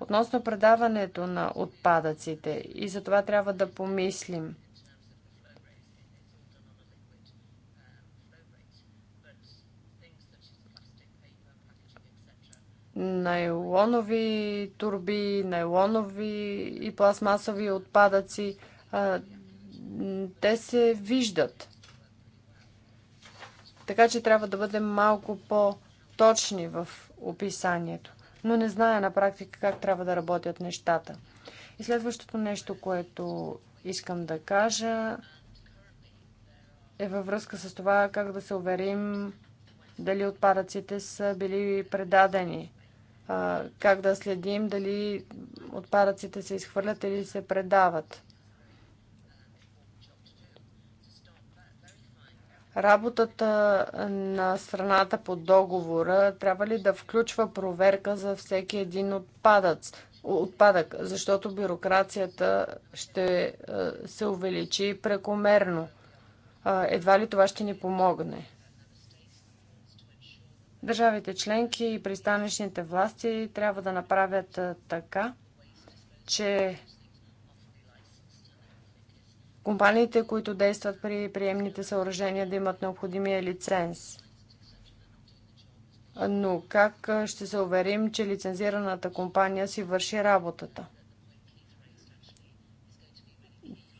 Относно предаването на отпадъците и за това трябва да помислим – найлонови турби, найлонови и пластмасови отпадъци. Те се виждат. Така че трябва да бъдем малко по-точни в описанието. Но не зная на практика как трябва да работят нещата. И следващото нещо, което искам да кажа, е във връзка с това как да се уверим дали отпадъците са били предадени как да следим дали отпадъците се изхвърлят или се предават. Работата на страната по договора трябва ли да включва проверка за всеки един отпадъц, отпадък, защото бюрокрацията ще се увеличи прекомерно. Едва ли това ще ни помогне? Държавите членки и пристанищните власти трябва да направят така, че компаниите, които действат при приемните съоръжения, да имат необходимия лиценз. Но как ще се уверим, че лицензираната компания си върши работата?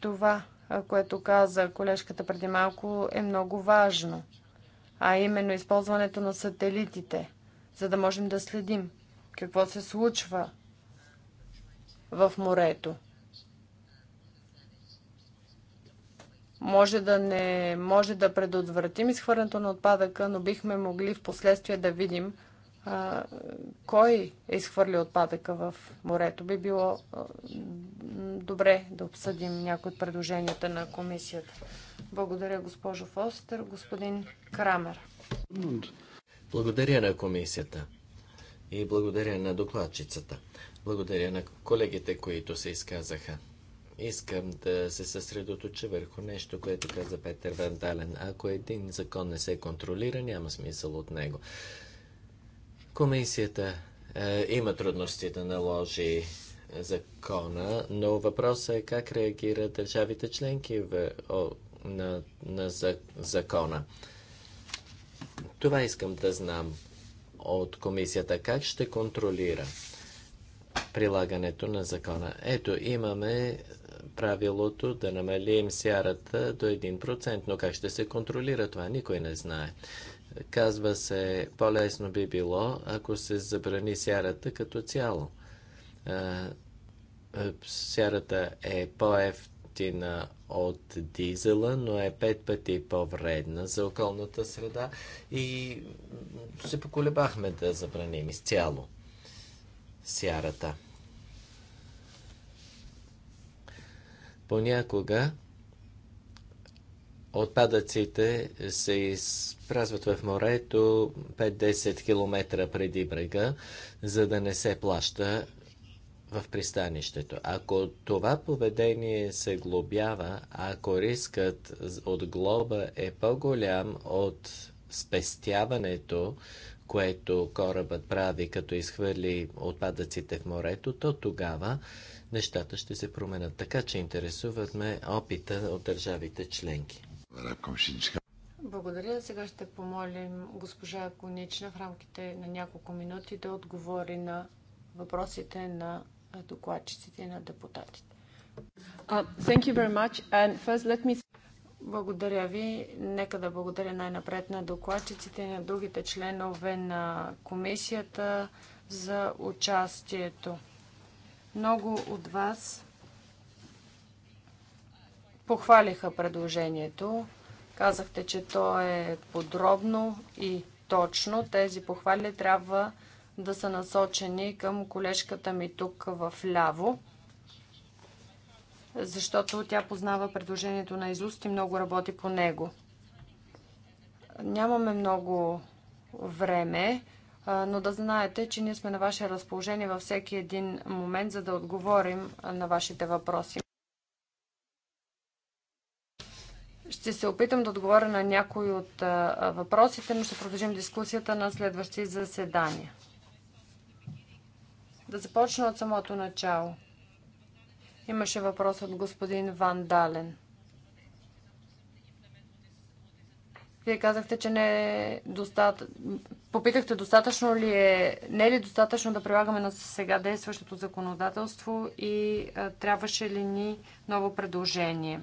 Това, което каза колежката преди малко, е много важно – а именно използването на сателитите, за да можем да следим какво се случва в морето. Може да не може да предотвратим изхвърлянето на отпадъка, но бихме могли в последствие да видим а, кой е изхвърлил отпадъка в морето. Би било а, добре да обсъдим някои от предложенията на комисията. Благодаря, госпожо Фостер. Господин Крамер. Благодаря на комисията и благодаря на докладчицата. Благодаря на колегите, които се изказаха. Искам да се съсредоточа върху нещо, което каза Петър Вандален. Ако един закон не се контролира, няма смисъл от него. Комисията е, има трудности да наложи закона, но въпросът е как реагират държавите членки в, о, на, на за, закона. Това искам да знам от комисията. Как ще контролира прилагането на закона? Ето, имаме правилото да намалим сярата до 1%, но как ще се контролира това, никой не знае. Казва се, по-лесно би било, ако се забрани сярата като цяло. Сярата е по-ефтина от дизела, но е пет пъти по-вредна за околната среда и се поколебахме да забраним изцяло сярата. Понякога Отпадъците се изпразват в морето 5-10 км преди брега, за да не се плаща в пристанището. Ако това поведение се глобява, ако рискът от глоба е по-голям от спестяването, което корабът прави, като изхвърли отпадъците в морето, то тогава нещата ще се променят. Така че интересуват ме опита от държавите членки. Благодаря. Сега ще помолим госпожа Конична в рамките на няколко минути да отговори на въпросите на докладчиците и на депутатите. Uh, me... Благодаря ви. Нека да благодаря най-напред на докладчиците и на другите членове на комисията за участието. Много от вас похвалиха предложението. Казахте, че то е подробно и точно. Тези похвали трябва да са насочени към колежката ми тук в ляво, защото тя познава предложението на Изуст и много работи по него. Нямаме много време, но да знаете, че ние сме на ваше разположение във всеки един момент, за да отговорим на вашите въпроси. Ще се опитам да отговоря на някои от въпросите, но ще продължим дискусията на следващи заседания. Да започна от самото начало. Имаше въпрос от господин Ван Дален. Вие казахте, че не е достатъчно. Попитахте достатъчно ли е, не е ли достатъчно да прилагаме на сега действащото законодателство и а, трябваше ли ни ново предложение.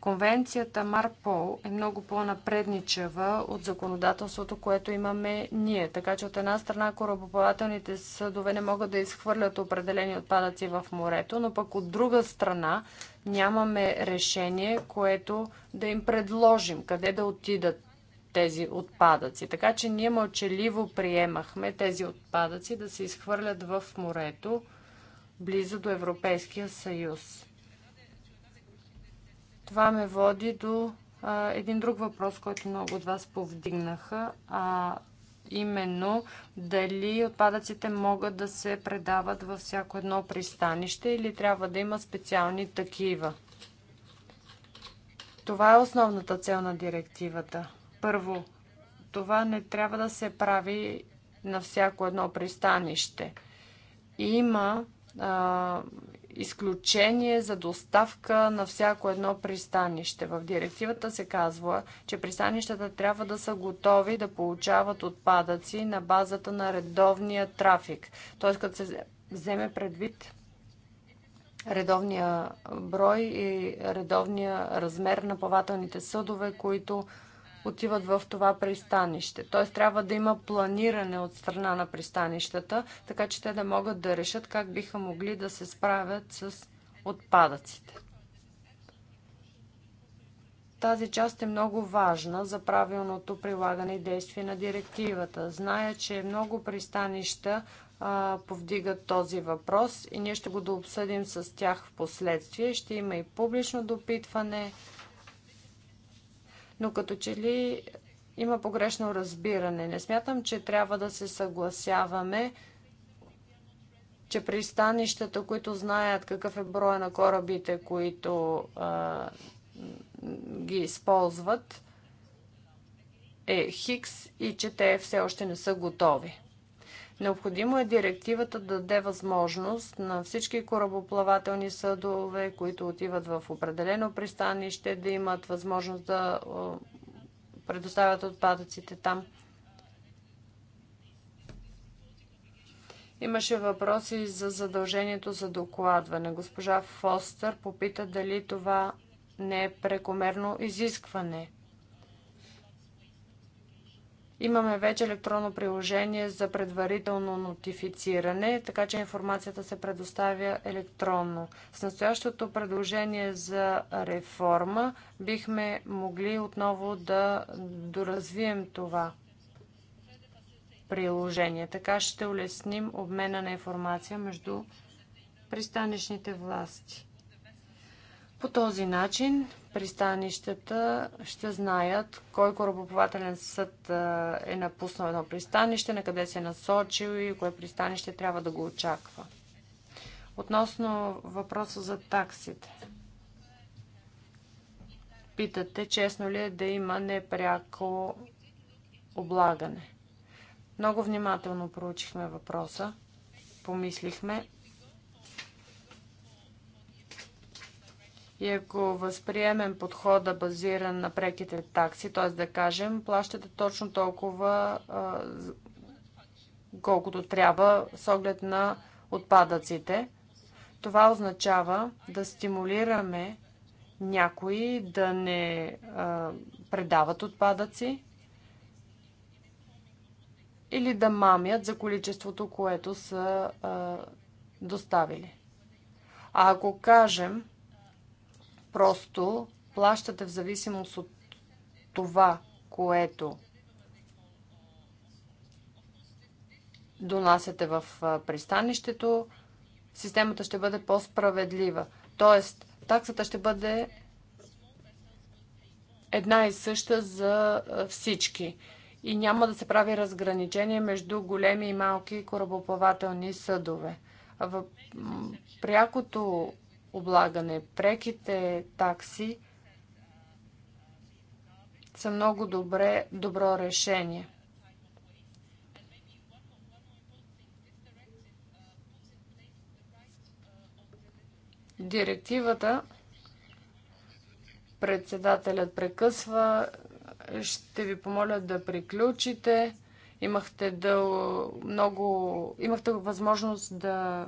Конвенцията Марпол е много по-напредничева от законодателството, което имаме ние. Така че от една страна корабоплавателните съдове не могат да изхвърлят определени отпадъци в морето, но пък от друга страна нямаме решение, което да им предложим, къде да отидат тези отпадъци. Така че ние мълчаливо приемахме тези отпадъци да се изхвърлят в морето близо до Европейския съюз. Това ме води до а, един друг въпрос, който много от вас повдигнаха, а именно дали отпадъците могат да се предават във всяко едно пристанище или трябва да има специални такива. Това е основната цел на директивата. Първо, това не трябва да се прави на всяко едно пристанище. Има а, изключение за доставка на всяко едно пристанище. В директивата се казва, че пристанищата трябва да са готови да получават отпадъци на базата на редовния трафик. Т.е. като се вземе предвид редовния брой и редовния размер на плавателните съдове, които отиват в това пристанище. Т.е. трябва да има планиране от страна на пристанищата, така че те да могат да решат как биха могли да се справят с отпадъците. Тази част е много важна за правилното прилагане и действие на директивата. Зная, че много пристанища а, повдигат този въпрос и ние ще го дообсъдим с тях в последствие. Ще има и публично допитване, но като че ли има погрешно разбиране. Не смятам, че трябва да се съгласяваме, че пристанищата, които знаят какъв е броя на корабите, които а, ги използват, е Хикс и че те все още не са готови. Необходимо е директивата да даде възможност на всички корабоплавателни съдове, които отиват в определено пристанище, да имат възможност да предоставят отпадъците там. Имаше въпроси за задължението за докладване. Госпожа Фостър попита дали това не е прекомерно изискване. Имаме вече електронно приложение за предварително нотифициране, така че информацията се предоставя електронно. С настоящото предложение за реформа бихме могли отново да доразвием това приложение. Така ще улесним обмена на информация между пристанищните власти. По този начин пристанищата ще знаят кой корабоплавателен съд е напуснал едно пристанище, на къде се е насочил и кое пристанище трябва да го очаква. Относно въпроса за таксите. Питате, честно ли е да има непряко облагане. Много внимателно проучихме въпроса, помислихме И ако възприемем подхода базиран на преките такси, т.е. да кажем, плащате точно толкова, колкото трябва с оглед на отпадъците, това означава да стимулираме някои да не предават отпадъци или да мамят за количеството, което са доставили. А ако кажем, Просто плащате в зависимост от това, което донасяте в пристанището, системата ще бъде по-справедлива. Тоест, таксата ще бъде една и съща за всички. И няма да се прави разграничение между големи и малки корабоплавателни съдове. Прякото облагане. Преките такси са много добре, добро решение. Директивата председателят прекъсва. Ще ви помоля да приключите. Имахте да много, имахте възможност да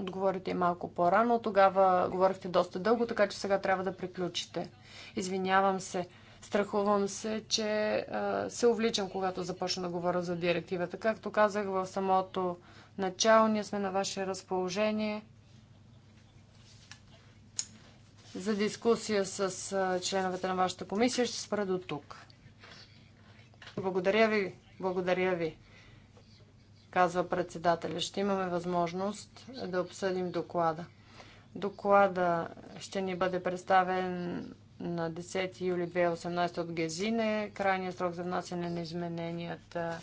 отговорите е малко по-рано. Тогава говорихте доста дълго, така че сега трябва да приключите. Извинявам се. Страхувам се, че се увличам, когато започна да говоря за директивата. Както казах в самото начало, ние сме на ваше разположение за дискусия с членовете на вашата комисия. Ще спра до тук. Благодаря ви. Благодаря ви казва председателя. Ще имаме възможност да обсъдим доклада. Доклада ще ни бъде представен на 10 юли 2018 от Гезине. Крайният срок за внасяне на измененията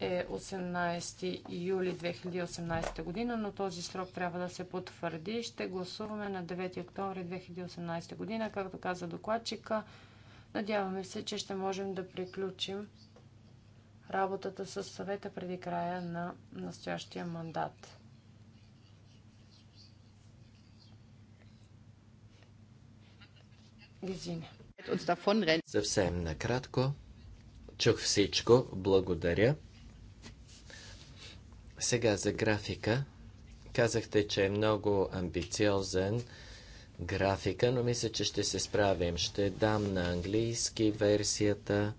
е 18 юли 2018 година, но този срок трябва да се потвърди. Ще гласуваме на 9 октомври 2018 година, както каза докладчика. Надяваме се, че ще можем да приключим работата с съвета преди края на настоящия мандат. Гезине. Съвсем накратко. Чух всичко. Благодаря. Сега за графика. Казахте, че е много амбициозен графика, но мисля, че ще се справим. Ще дам на английски версията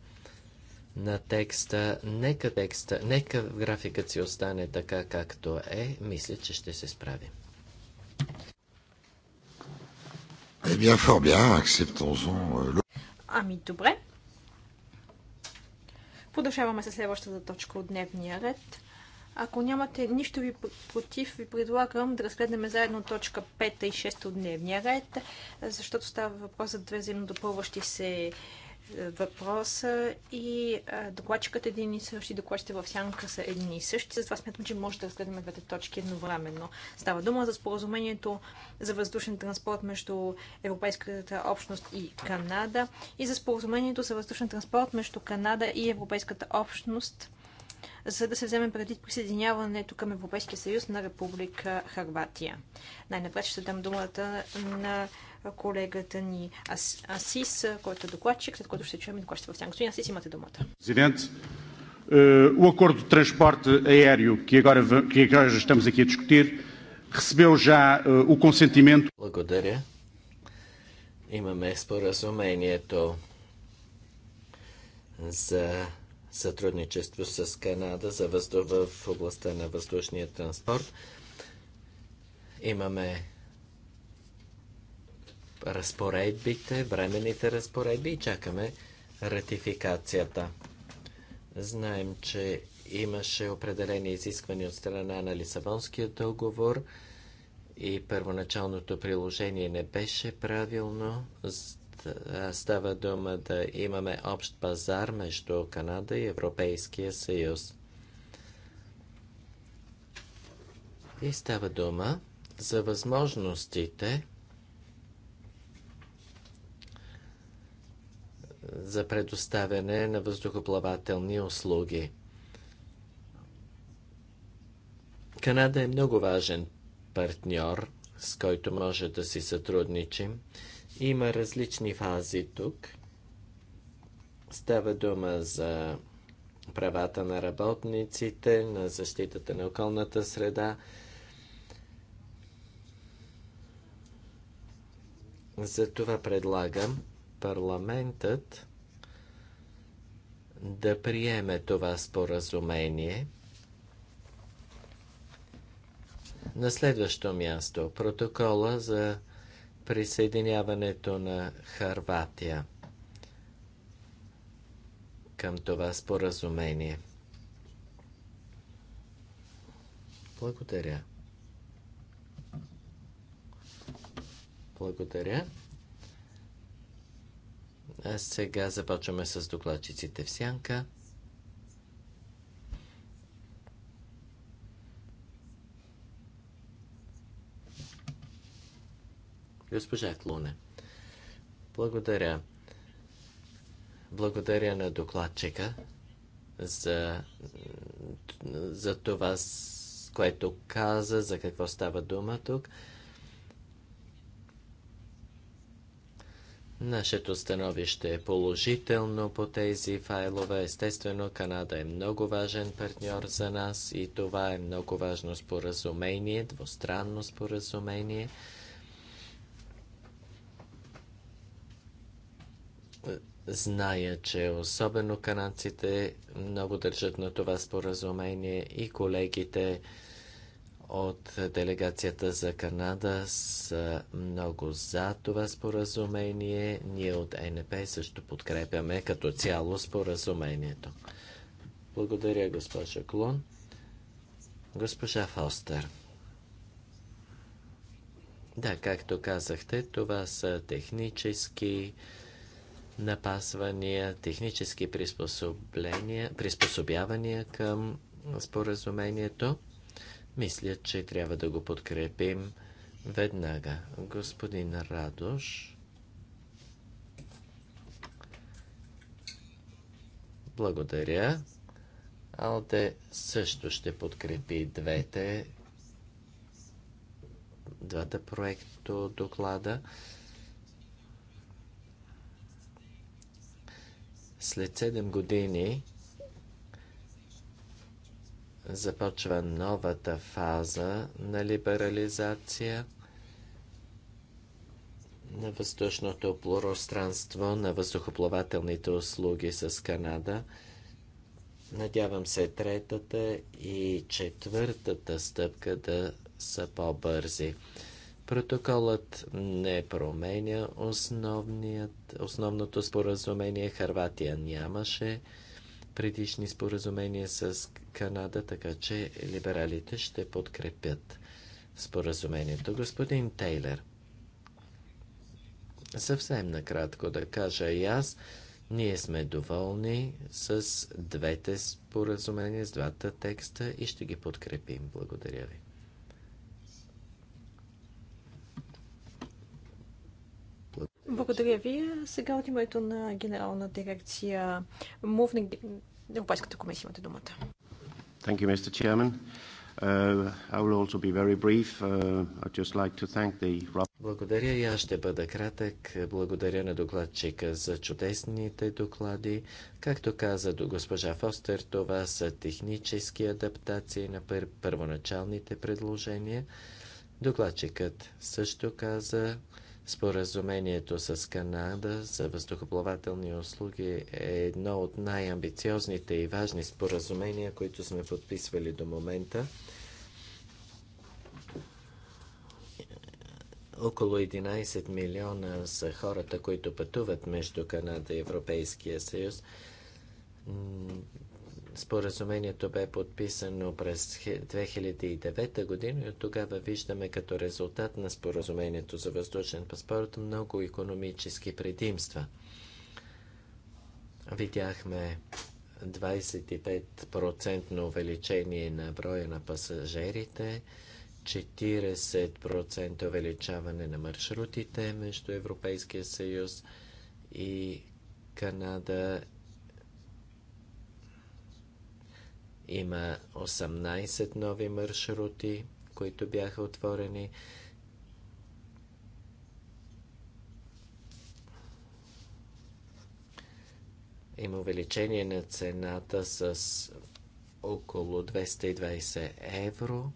на текста. Нека, текста, нека графикът си остане така, както е. Мисля, че ще се справим. Eh bien, fort bien, acceptons-en. Euh, ами, добре. Продължаваме с следващата точка от дневния ред. Ако нямате нищо ви против, ви предлагам да разгледаме заедно точка 5 и 6 от дневния ред, защото става въпрос за две взаимно допълващи се въпроса и докладчикът един и същи, докладчите в сянка са един и същи. Затова смятам, че може да разгледаме двете точки едновременно. Става дума за споразумението за въздушен транспорт между Европейската общност и Канада и за споразумението за въздушен транспорт между Канада и Европейската общност за да се вземе предвид присъединяването към Европейския съюз на Република Харватия. Най-напред ще дам думата на колегата ни Ас, Асис, който е докладчик, след който ще чуем и докладчите в тях. Господин Асис, имате думата. Президент, o acordo de transporte aéreo que agora, que agora estamos aqui a discutir recebeu já uh, o consentimento. Благодаря. Имаме споразумението за сътрудничество с Канада за въздух в областта на въздушния транспорт. Имаме разпоредбите, временните разпоредби и чакаме ратификацията. Знаем, че имаше определени изисквания от страна на Лисабонския договор и първоначалното приложение не беше правилно. Става дума да имаме общ пазар между Канада и Европейския съюз. И става дума за възможностите за предоставяне на въздухоплавателни услуги. Канада е много важен партньор, с който може да си сътрудничим. Има различни фази тук. Става дума за правата на работниците, на защитата на околната среда, За това предлагам парламентът да приеме това споразумение. На следващо място протокола за присъединяването на Харватия към това споразумение. Благодаря. Благодаря. А Сега започваме с докладчиците в сянка. Госпожа Клуне, благодаря. Благодаря на докладчика за, за това, което каза, за какво става дума тук. Нашето становище е положително по тези файлове. Естествено, Канада е много важен партньор за нас и това е много важно споразумение, двустранно споразумение. Зная, че особено канадците много държат на това споразумение и колегите от делегацията за Канада са много за това споразумение. Ние от НП също подкрепяме като цяло споразумението. Благодаря, госпожа Клон. Госпожа Фостер. Да, както казахте, това са технически напасвания, технически приспособления, приспособявания към споразумението. Мисля, че трябва да го подкрепим веднага. Господин Радош. Благодаря. Алте също ще подкрепи двете двата проекто доклада. След 7 години започва новата фаза на либерализация на въздушното пространство, на въздухоплавателните услуги с Канада. Надявам се третата и четвъртата стъпка да са по-бързи. Протоколът не променя основният, основното споразумение. Харватия нямаше предишни споразумения с Канада, така че либералите ще подкрепят споразумението. Господин Тейлер, съвсем накратко да кажа и аз, ние сме доволни с двете споразумения, с двата текста и ще ги подкрепим. Благодаря ви. Благодаря ви. Сега от името на Генерална дирекция МОВ на Европейската комисия имате думата. Thank you, Mr. Chairman. Uh, I will also be very brief. Uh, I'd just like to thank the... Благодаря и аз ще бъда кратък. Благодаря на докладчика за чудесните доклади. Както каза до госпожа Фостер, това са технически адаптации на пър... първоначалните предложения. Докладчикът също каза, Споразумението с Канада за въздухоплавателни услуги е едно от най-амбициозните и важни споразумения, които сме подписвали до момента. Около 11 милиона са хората, които пътуват между Канада и Европейския съюз. Споразумението бе подписано през 2009 година и от тогава виждаме като резултат на споразумението за въздушен паспорт много економически предимства. Видяхме 25% увеличение на броя на пасажирите, 40% увеличаване на маршрутите между Европейския съюз и Канада Има 18 нови маршрути, които бяха отворени. Има увеличение на цената с около 220 евро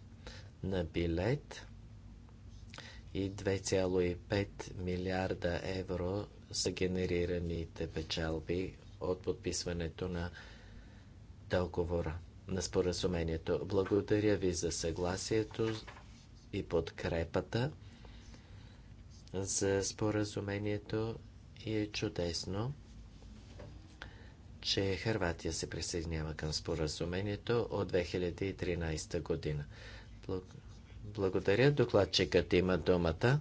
на билет и 2,5 милиарда евро са генерираните печалби от подписването на договора на споразумението. Благодаря ви за съгласието и подкрепата за споразумението и е чудесно, че Харватия се присъединява към споразумението от 2013 година. Благодаря. Докладчикът има думата.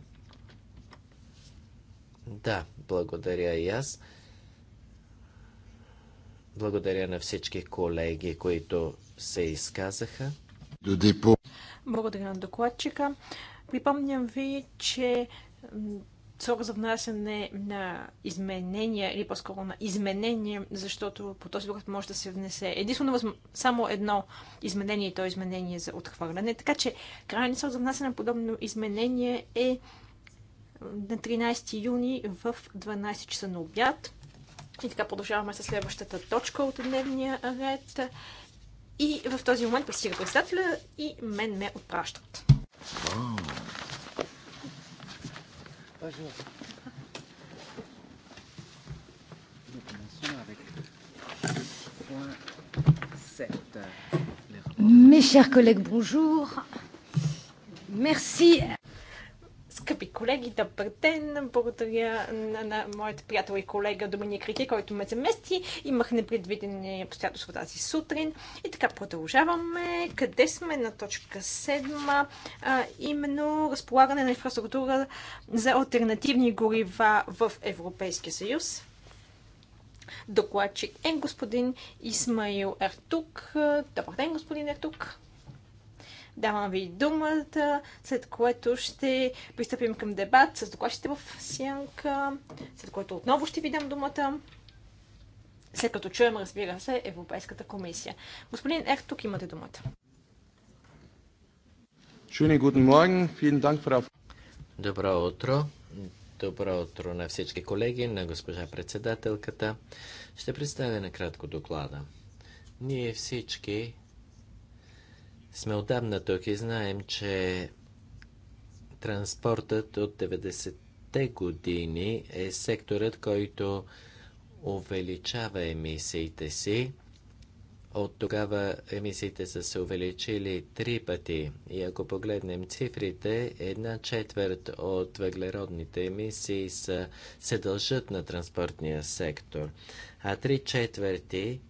Да, благодаря и аз. Благодаря на всички колеги, които се изказаха. Благодаря на докладчика. Припомням ви, че срок за внасяне на изменения или по-скоро на изменение, защото по този доклад може да се внесе единствено само едно изменение и то изменение за отхвърляне. Така че крайен срок за внасяне на подобно изменение е на 13 юни в 12 часа на обяд. И така продължаваме с следващата точка от дневния ред. И в този момент пристига председателя и мен ме отпращат. Mes chers collègues, bonjour. Merci скъпи колеги, добър ден! Благодаря на, на моят приятел и колега Доминик Рике, който ме замести. Имах непредвидени обстоятелства тази сутрин. И така продължаваме. Къде сме на точка 7? А, именно разполагане на инфраструктура за альтернативни горива в Европейския съюз докладчик е господин Исмаил Ертук. Добър ден, господин Ертук. Давам ви думата, след което ще пристъпим към дебат с докладчите в сянка, след което отново ще ви дам думата, след като чуем, разбира се, Европейската комисия. Господин Ех, тук имате думата. Добро утро. Добро утро на всички колеги, на госпожа председателката. Ще представя накратко доклада. Ние всички сме отдавна тук и знаем, че транспортът от 90-те години е секторът, който увеличава емисиите си. От тогава емисиите са се увеличили три пъти. И ако погледнем цифрите, една четвърт от въглеродните емисии са, се дължат на транспортния сектор, а три четвърти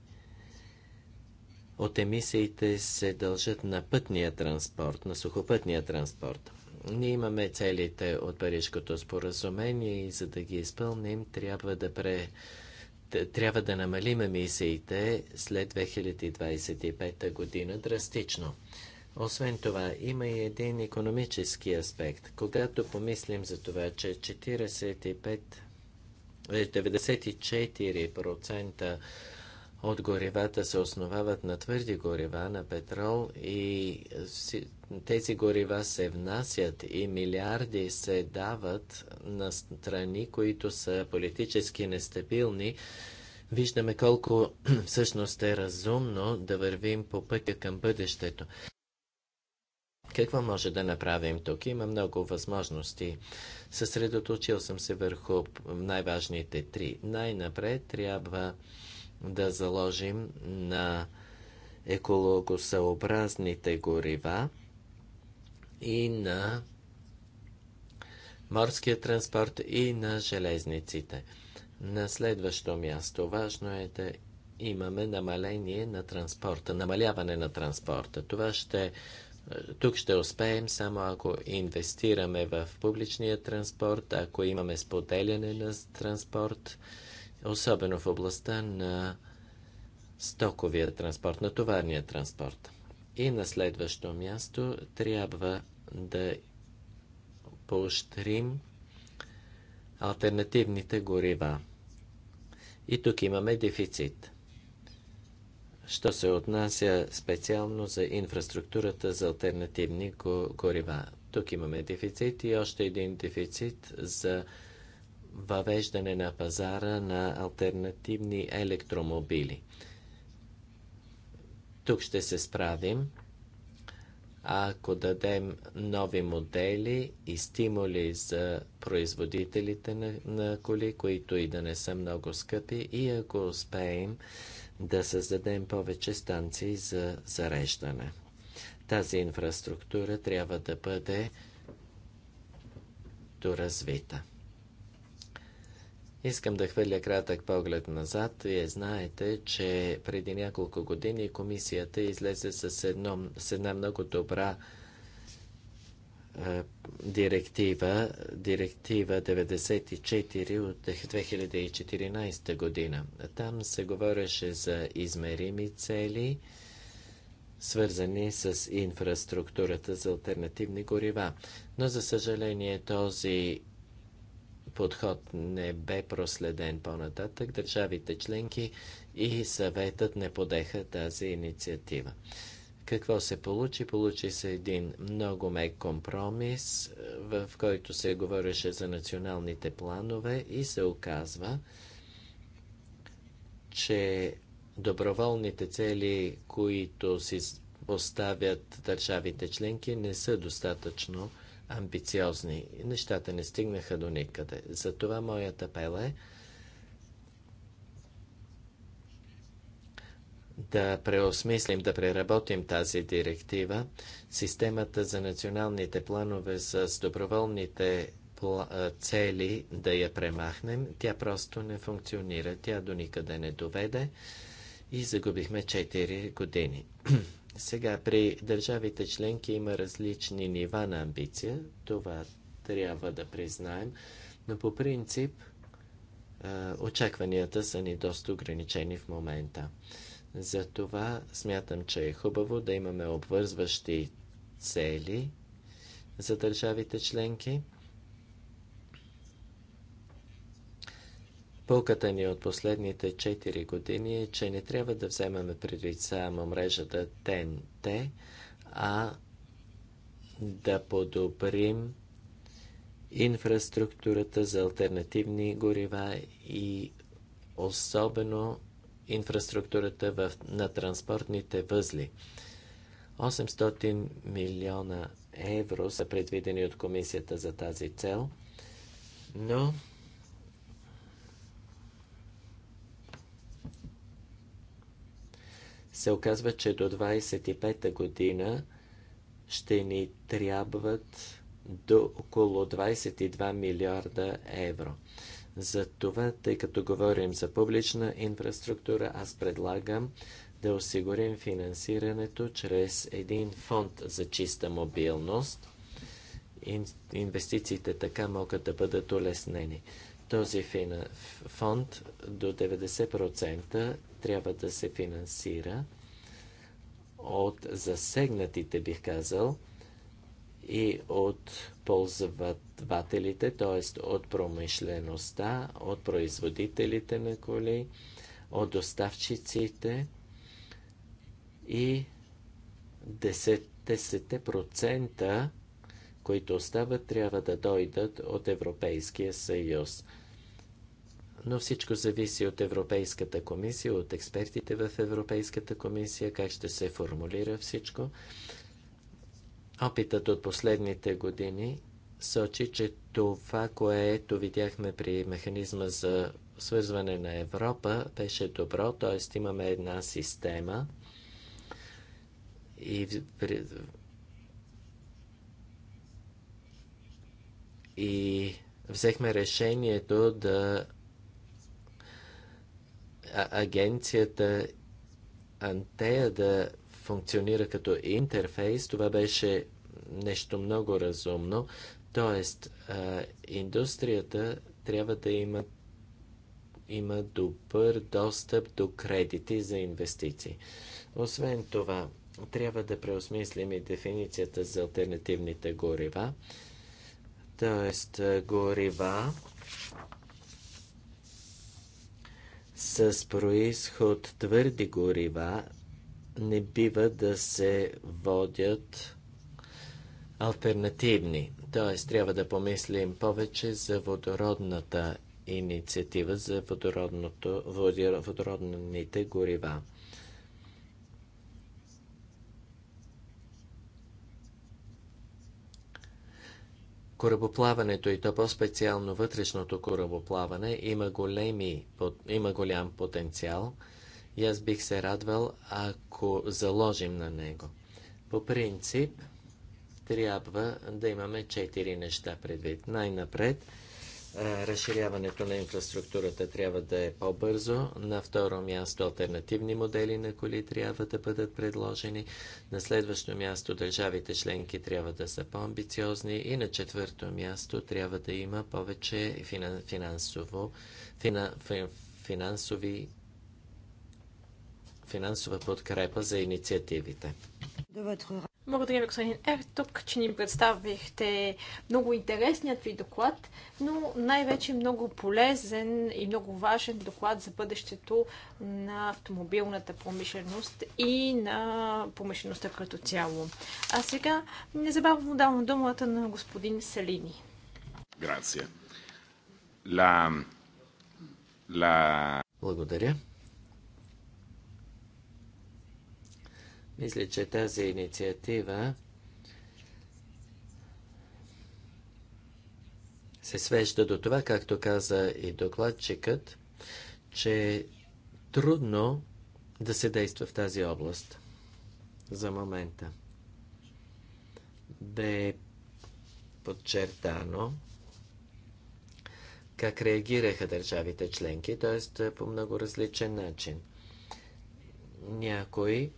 от емисиите се дължат на пътния транспорт, на сухопътния транспорт. Ние имаме целите от Парижкото споразумение и за да ги изпълним, трябва да, пре... трябва да намалим емисиите след 2025 година драстично. Освен това, има и един економически аспект. Когато помислим за това, че 45... 94% от горивата се основават на твърди горива, на петрол и тези горива се внасят и милиарди се дават на страни, които са политически нестабилни. Виждаме колко *clears throat* всъщност е разумно да вървим по пътя към бъдещето. Какво може да направим тук? Има много възможности. Съсредоточил съм се върху най-важните три. Най-напред трябва да заложим на екологосъобразните горива и на морския транспорт и на железниците. На следващо място важно е да имаме намаление на транспорта, намаляване на транспорта. Това ще тук ще успеем само ако инвестираме в публичния транспорт, ако имаме споделяне на транспорт, особено в областта на стоковия транспорт, на товарния транспорт. И на следващо място трябва да поощрим альтернативните горива. И тук имаме дефицит. Що се отнася специално за инфраструктурата за альтернативни горива. Тук имаме дефицит и още един дефицит за въвеждане на пазара на альтернативни електромобили. Тук ще се справим. Ако дадем нови модели и стимули за производителите на, на коли, които и да не са много скъпи, и ако успеем да създадем повече станции за зареждане. Тази инфраструктура трябва да бъде доразвита. Искам да хвърля кратък поглед назад. Вие знаете, че преди няколко години комисията излезе с, едно, с една много добра е, директива, директива 94 от 2014 година. Там се говореше за измерими цели, свързани с инфраструктурата за альтернативни горива. Но, за съжаление, този подход не бе проследен по-нататък, държавите членки и съветът не подеха тази инициатива. Какво се получи? Получи се един много мек компромис, в който се говореше за националните планове и се оказва, че доброволните цели, които си поставят държавите членки, не са достатъчно амбициозни. Нещата не стигнаха до никъде. Затова моята апел е да преосмислим, да преработим тази директива. Системата за националните планове с доброволните цели да я премахнем. Тя просто не функционира. Тя до никъде не доведе и загубихме 4 години. *clears throat* Сега при държавите членки има различни нива на амбиция, това трябва да признаем, но по принцип очакванията са ни доста ограничени в момента. Затова смятам, че е хубаво да имаме обвързващи цели за държавите членки. Пълката ни от последните 4 години е, че не трябва да вземаме предвид само мрежата ТНТ, а да подобрим инфраструктурата за альтернативни горива и особено инфраструктурата в, на транспортните възли. 800 милиона евро са предвидени от комисията за тази цел, но се оказва, че до 25-та година ще ни трябват до около 22 милиарда евро. За това, тъй като говорим за публична инфраструктура, аз предлагам да осигурим финансирането чрез един фонд за чиста мобилност. Инвестициите така могат да бъдат улеснени. Този фонд до 90% трябва да се финансира от засегнатите, бих казал, и от ползвателите, т.е. от промишлеността, от производителите на коли, от доставчиците и 10%, 10 които остават, трябва да дойдат от Европейския съюз. Но всичко зависи от Европейската комисия, от експертите в Европейската комисия, как ще се формулира всичко. Опитът от последните години сочи, че това, което видяхме при механизма за свързване на Европа, беше добро, т.е. имаме една система и и взехме решението да агенцията Антея да функционира като интерфейс. Това беше нещо много разумно. Тоест, индустрията трябва да има, има добър достъп до кредити за инвестиции. Освен това, трябва да преосмислим и дефиницията за альтернативните горива т.е. горива с происход твърди горива не бива да се водят альтернативни. Т.е. трябва да помислим повече за водородната инициатива, за водородното, водородните горива. корабоплаването и то по-специално вътрешното корабоплаване има, големи, има голям потенциал и аз бих се радвал, ако заложим на него. По принцип, трябва да имаме четири неща предвид. Най-напред – е, разширяването на инфраструктурата трябва да е по-бързо. На второ място альтернативни модели на коли трябва да бъдат предложени. На следващо място държавите членки трябва да са по-амбициозни. И на четвърто място трябва да има повече финансово, финансови финансова подкрепа за инициативите. Благодаря ви, господин Ертук, че ни представихте много интересният ви доклад, но най-вече много полезен и много важен доклад за бъдещето на автомобилната промишленост и на промишлеността като цяло. А сега незабавно давам думата на господин Салини. Грация. La... La... Благодаря. Мисля, че тази инициатива се свежда до това, както каза и докладчикът, че е трудно да се действа в тази област за момента. Бе подчертано как реагираха държавите членки, т.е. по много различен начин. Някои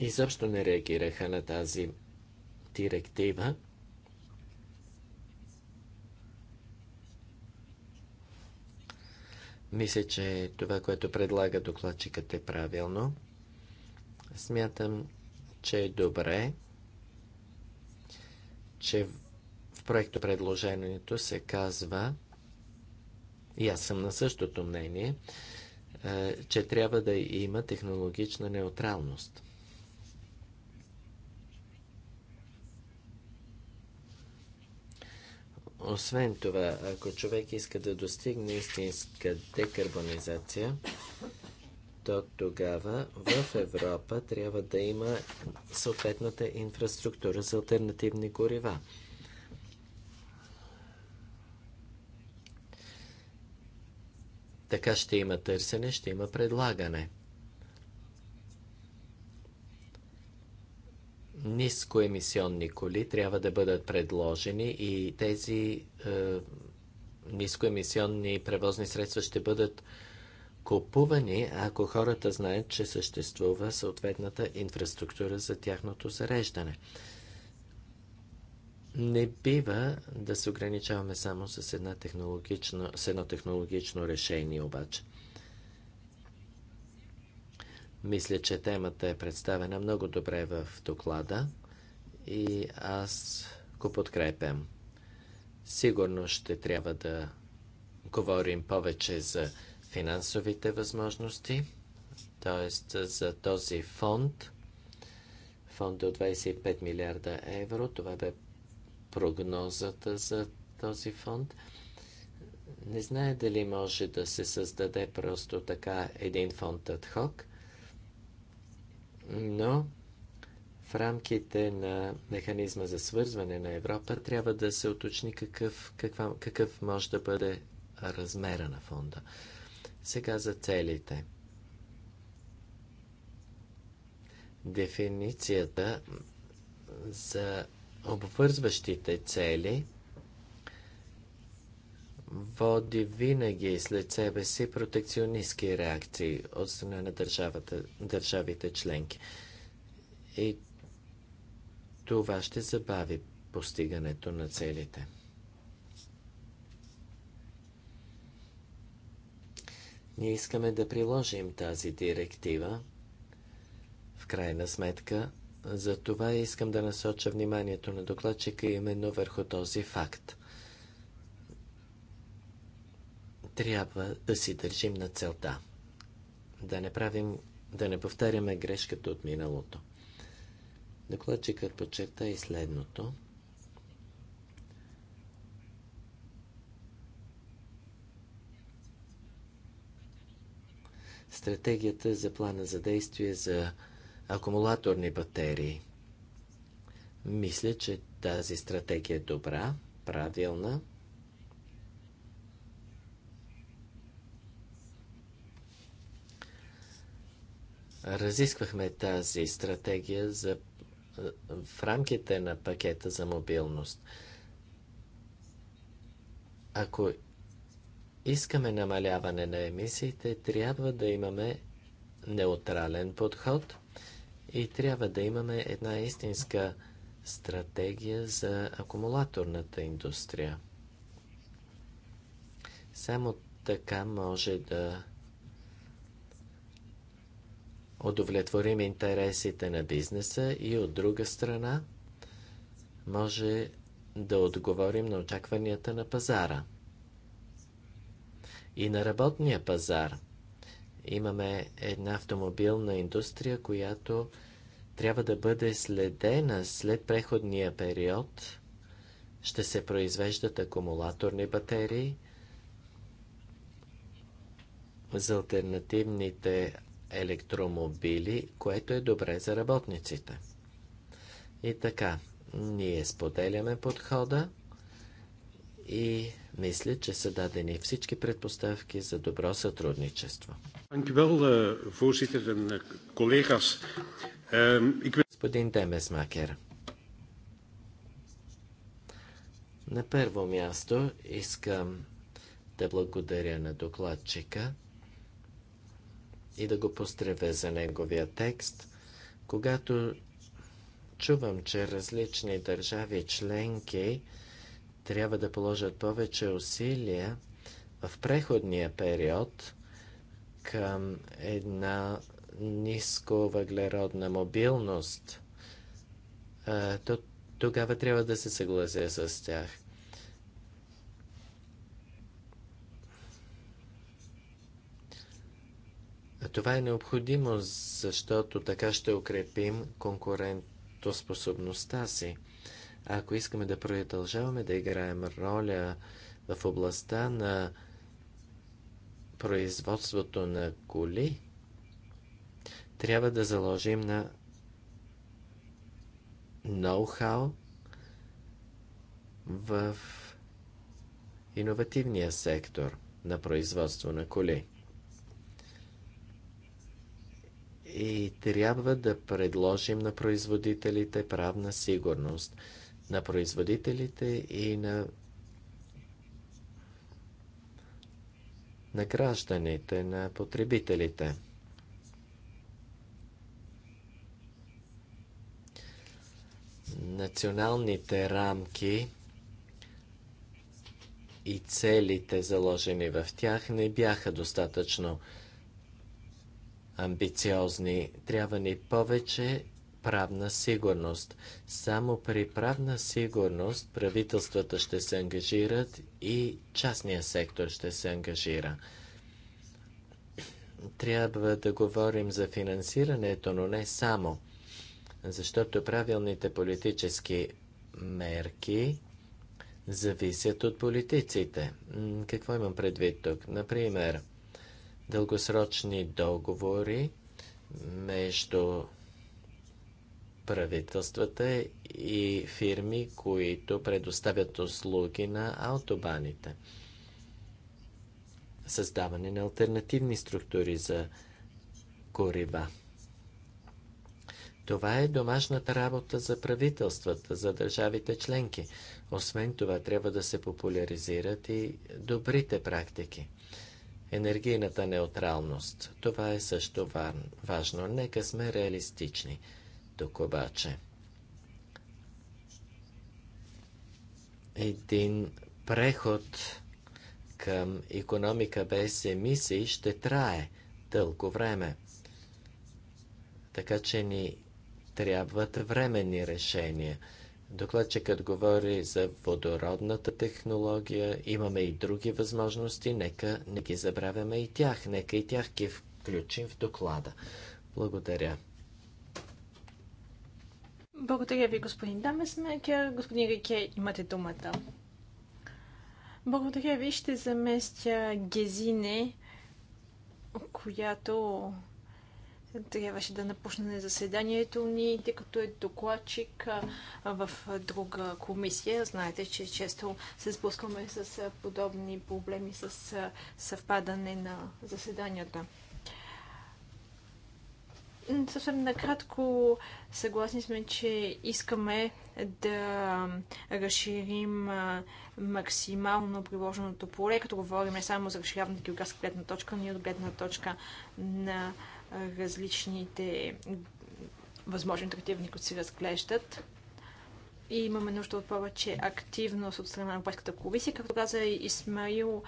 изобщо не реагираха на тази директива. Мисля, че това, което предлага докладчикът е правилно. Смятам, че е добре, че в проекто предложението се казва, и аз съм на същото мнение, е, че трябва да има технологична неутралност. Освен това, ако човек иска да достигне истинска декарбонизация, то тогава в Европа трябва да има съответната инфраструктура за альтернативни горива. Така ще има търсене, ще има предлагане. нискоемисионни коли трябва да бъдат предложени и тези е, нискоемисионни превозни средства ще бъдат купувани, ако хората знаят, че съществува съответната инфраструктура за тяхното зареждане. Не бива да се ограничаваме само с, една технологично, с едно технологично решение обаче. Мисля, че темата е представена много добре в доклада и аз го подкрепям. Сигурно ще трябва да говорим повече за финансовите възможности, т.е. за този фонд. Фонд от 25 милиарда евро. Това бе прогнозата за този фонд. Не знае дали може да се създаде просто така един фонд ад хок – но в рамките на механизма за свързване на Европа трябва да се уточни какъв, каква, какъв може да бъде размера на фонда. Сега за целите. Дефиницията за обвързващите цели води винаги след себе си протекционистски реакции от страна на държавата, държавите членки. И това ще забави постигането на целите. Ние искаме да приложим тази директива. В крайна сметка, за това искам да насоча вниманието на докладчика именно върху този факт – трябва да си държим на целта. Да не правим, да не повтаряме грешката от миналото. Докладчикът подчерта и следното. Стратегията за плана за действие за акумулаторни батерии. Мисля, че тази стратегия е добра, правилна, Разисквахме тази стратегия за, е, в рамките на пакета за мобилност. Ако искаме намаляване на емисиите, трябва да имаме неутрален подход и трябва да имаме една истинска стратегия за акумулаторната индустрия. Само така може да удовлетворим интересите на бизнеса и от друга страна може да отговорим на очакванията на пазара. И на работния пазар имаме една автомобилна индустрия, която трябва да бъде следена след преходния период. Ще се произвеждат акумулаторни батерии за альтернативните електромобили, което е добре за работниците. И така, ние споделяме подхода и мисля, че са дадени всички предпоставки за добро сътрудничество. Eh, eh, ehm, Господин Демесмакер, на първо място искам да благодаря на докладчика и да го поздравя за неговия текст. Когато чувам, че различни държави членки трябва да положат повече усилия в преходния период към една ниско въглеродна мобилност, то тогава трябва да се съглася с тях. Това е необходимо, защото така ще укрепим конкурентоспособността си. Ако искаме да продължаваме да играем роля в областта на производството на коли, трябва да заложим на ноу-хау в иновативния сектор на производство на коли. и трябва да предложим на производителите правна сигурност. На производителите и на, на гражданите, на потребителите. Националните рамки и целите заложени в тях не бяха достатъчно амбициозни. Трябва ни повече правна сигурност. Само при правна сигурност правителствата ще се ангажират и частния сектор ще се ангажира. Трябва да говорим за финансирането, но не само, защото правилните политически мерки зависят от политиците. Какво имам предвид тук? Например, дългосрочни договори между правителствата и фирми, които предоставят услуги на автобаните. Създаване на альтернативни структури за корива. Това е домашната работа за правителствата, за държавите членки. Освен това, трябва да се популяризират и добрите практики енергийната неутралност. Това е също важно. Нека сме реалистични. Тук обаче. Един преход към економика без емисии ще трае дълго време. Така че ни трябват временни решения – Докладчикът говори за водородната технология. Имаме и други възможности. Нека не ги забравяме и тях. Нека и тях ги включим в доклада. Благодаря. Благодаря ви, господин Дамесмекер. Господин Рике, имате думата. Благодаря ви, ще заместя Гезине, която трябваше да напусне заседанието ни, тъй като е докладчик в друга комисия. Знаете, че често се спускаме с подобни проблеми с съвпадане на заседанията. Съвсем накратко съгласни сме, че искаме да разширим максимално приложеното поле, като говорим не само за разширяване на географска гледна точка, но и от гледна точка на различните възможни третивни, които се разглеждат. И имаме нужда от повече активност от страна на Европейската комисия. Както каза Исмаил,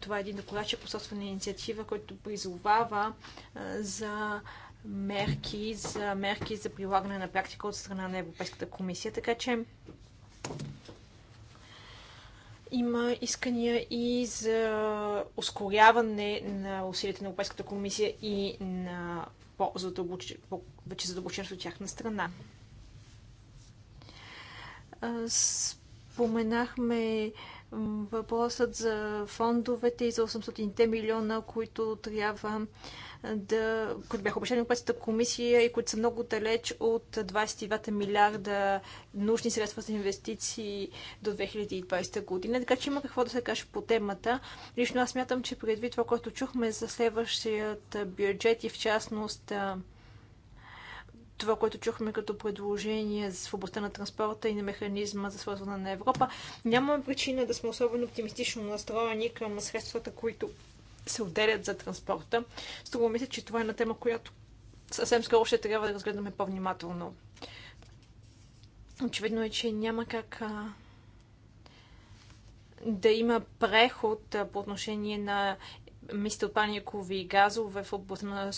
това е един докладчик по собствена инициатива, който призовава за мерки, за мерки за прилагане на практика от страна на Европейската комисия. Така че има искания и за ускоряване на усилията на Европейската комисия и на по-вече задълбоченост от тяхна страна. Споменахме въпросът за фондовете и за 800 милиона, които трябва да, които бяха обещани от Пътната комисия и които са много далеч от 22 милиарда нужни средства за инвестиции до 2020 година. Така че има какво да се каже по темата. Лично аз мятам, че предвид това, което чухме за следващият бюджет и в частност това, което чухме като предложение за свободата на транспорта и на механизма за свързване на Европа, нямаме причина да сме особено оптимистично настроени към средствата, които се отделят за транспорта. Струва мисля, че това е една тема, която съвсем скоро ще трябва да разгледаме по-внимателно. Очевидно е, че няма как да има преход по отношение на емисиите газове в областта на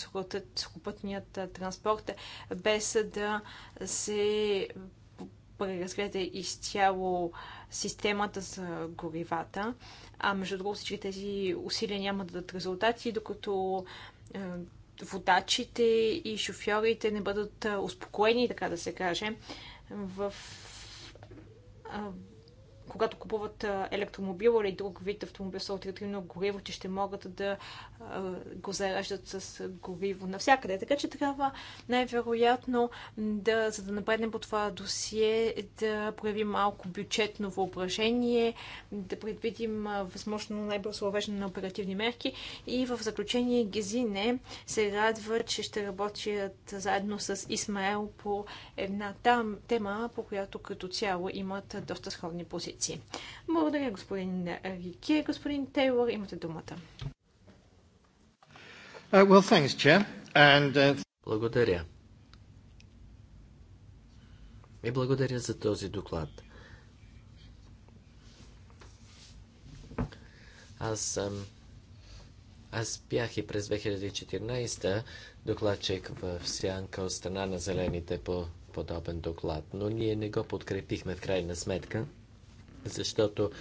сухопътният транспорт, без да се преразгледа изцяло системата за горивата. А между другото всички тези усилия няма да дадат резултати, докато е, водачите и шофьорите не бъдат е, успокоени, така да се каже, в е, когато купуват електромобил или друг вид автомобил с альтернативно гориво, че ще могат да го зареждат с гориво навсякъде. Така че трябва най-вероятно, да, за да напреднем по това досие, да проявим малко бюджетно въображение, да предвидим възможно най-бързо въвеждане на оперативни мерки. И в заключение Гезине се радва, че ще работят заедно с Исмаел по една там тема, по която като цяло имат доста сходни позиции позиции. Благодаря, господин Рике. Господин Тейлор, имате думата. Uh, well, thanks, Chair. And, uh... Благодаря. И благодаря за този доклад. Аз съм. Аз бях и през 2014 докладчик в Сянка от страна на Зелените по подобен доклад, но ние не го подкрепихме в крайна сметка защото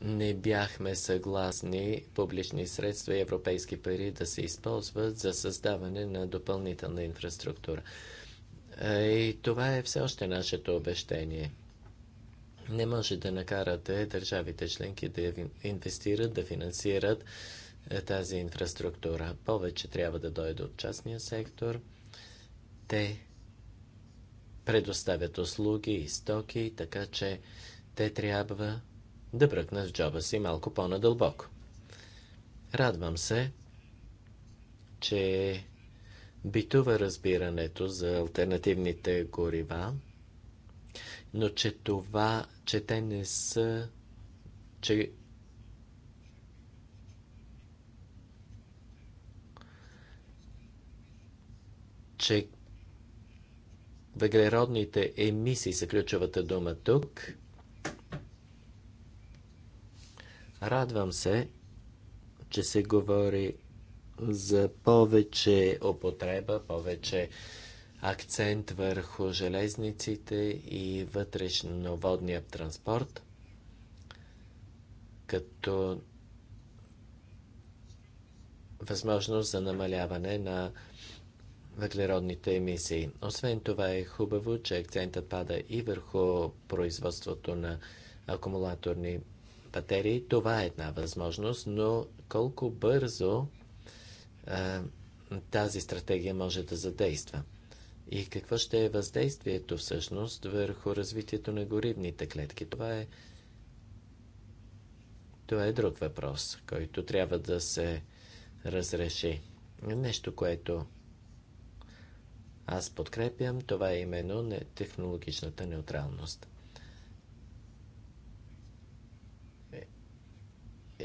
не бяхме съгласни публични средства и европейски пари да се използват за създаване на допълнителна инфраструктура. Е, и това е все още нашето обещание. Не може да накарате държавите членки да инвестират, да финансират е, тази инфраструктура. Повече трябва да дойде от частния сектор. Те предоставят услуги и стоки, така че те трябва да бръкна с джоба си малко по-надълбоко. Радвам се, че битува разбирането за альтернативните горива, но че това, че те не са, че че въглеродните емисии са ключовата дума тук – Радвам се, че се говори за повече употреба, повече акцент върху железниците и вътрешноводния транспорт, като възможност за намаляване на въглеродните емисии. Освен това е хубаво, че акцентът пада и върху производството на акумулаторни батерии, това е една възможност, но колко бързо а, тази стратегия може да задейства? И какво ще е въздействието всъщност върху развитието на горивните клетки? Това е, това е друг въпрос, който трябва да се разреши. Нещо, което аз подкрепям, това е именно технологичната неутралност.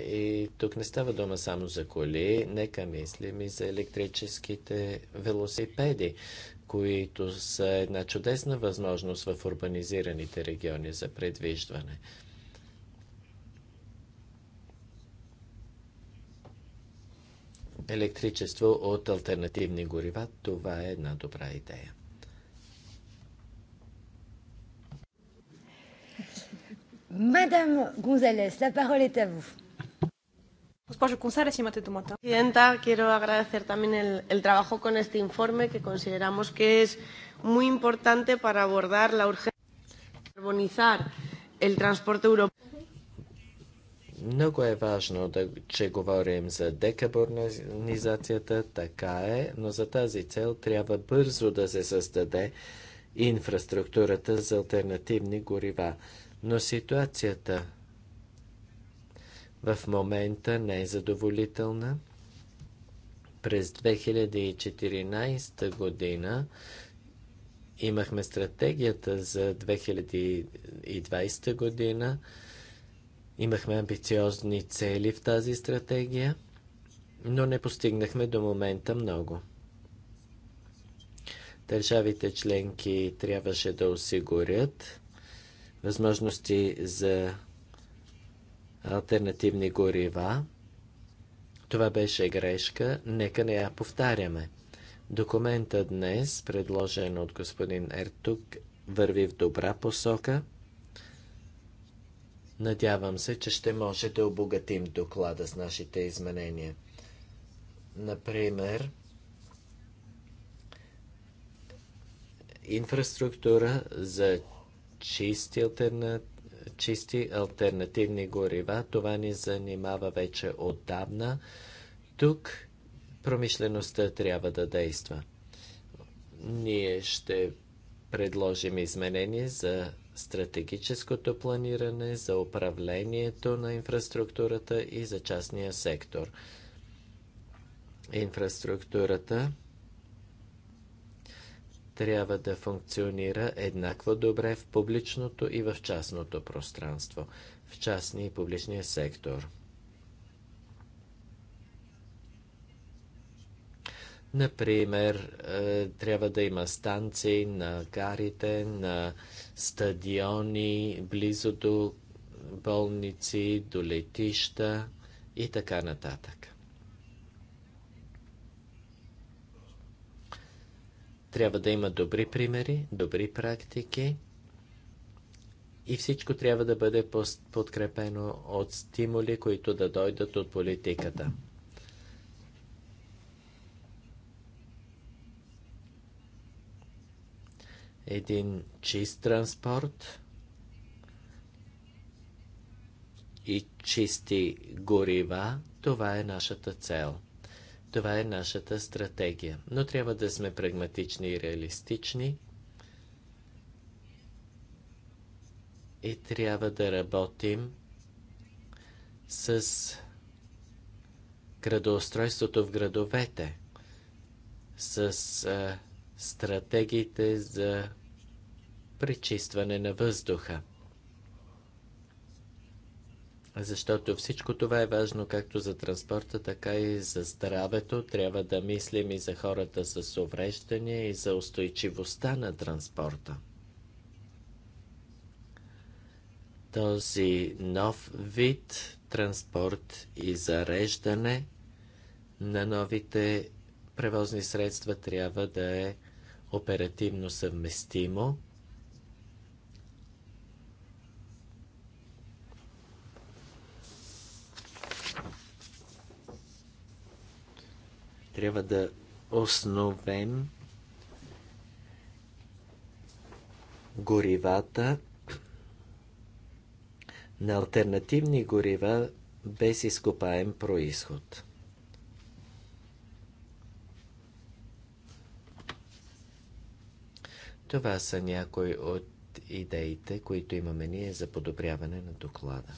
И тук не става дума само за коли, нека мислим и за електрическите велосипеди, които са една чудесна възможност в урбанизираните региони за предвиждане. Електричество от альтернативни горива, това е една добра идея. Мадам Gonzalez, la parole est à vous. Госпожо Консарес, имате думата. Президента, quiero agradecer también el, el trabajo con este informe que consideramos que es muy importante para abordar la urgencia de carbonizar el transporte europeo. Много е важно да, че говорим за декарбонизацията, така е, но за тази цел трябва бързо да се създаде инфраструктурата за альтернативни горива. Но ситуацията в момента не е задоволителна. През 2014 година имахме стратегията за 2020 година. Имахме амбициозни цели в тази стратегия, но не постигнахме до момента много. Държавите членки трябваше да осигурят възможности за альтернативни горива. Това беше грешка, нека не я повтаряме. Документът днес, предложен от господин Ертук, върви в добра посока. Надявам се, че ще може да обогатим доклада с нашите изменения. Например, инфраструктура за чисти алтернативи чисти альтернативни горива. Това ни занимава вече отдавна. Тук промишлеността трябва да действа. Ние ще предложим изменения за стратегическото планиране, за управлението на инфраструктурата и за частния сектор. Инфраструктурата трябва да функционира еднакво добре в публичното и в частното пространство, в частния и публичния сектор. Например, е, трябва да има станции на гарите, на стадиони, близо до болници, до летища и така нататък. Трябва да има добри примери, добри практики и всичко трябва да бъде подкрепено от стимули, които да дойдат от политиката. Един чист транспорт и чисти горива, това е нашата цел. Това е нашата стратегия. Но трябва да сме прагматични и реалистични. И трябва да работим с градоустройството в градовете, с стратегиите за пречистване на въздуха. Защото всичко това е важно както за транспорта, така и за здравето. Трябва да мислим и за хората с увреждания и за устойчивостта на транспорта. Този нов вид транспорт и зареждане на новите превозни средства трябва да е оперативно съвместимо Трябва да основем горивата на альтернативни горива без изкопаем происход. Това са някои от идеите, които имаме ние за подобряване на доклада.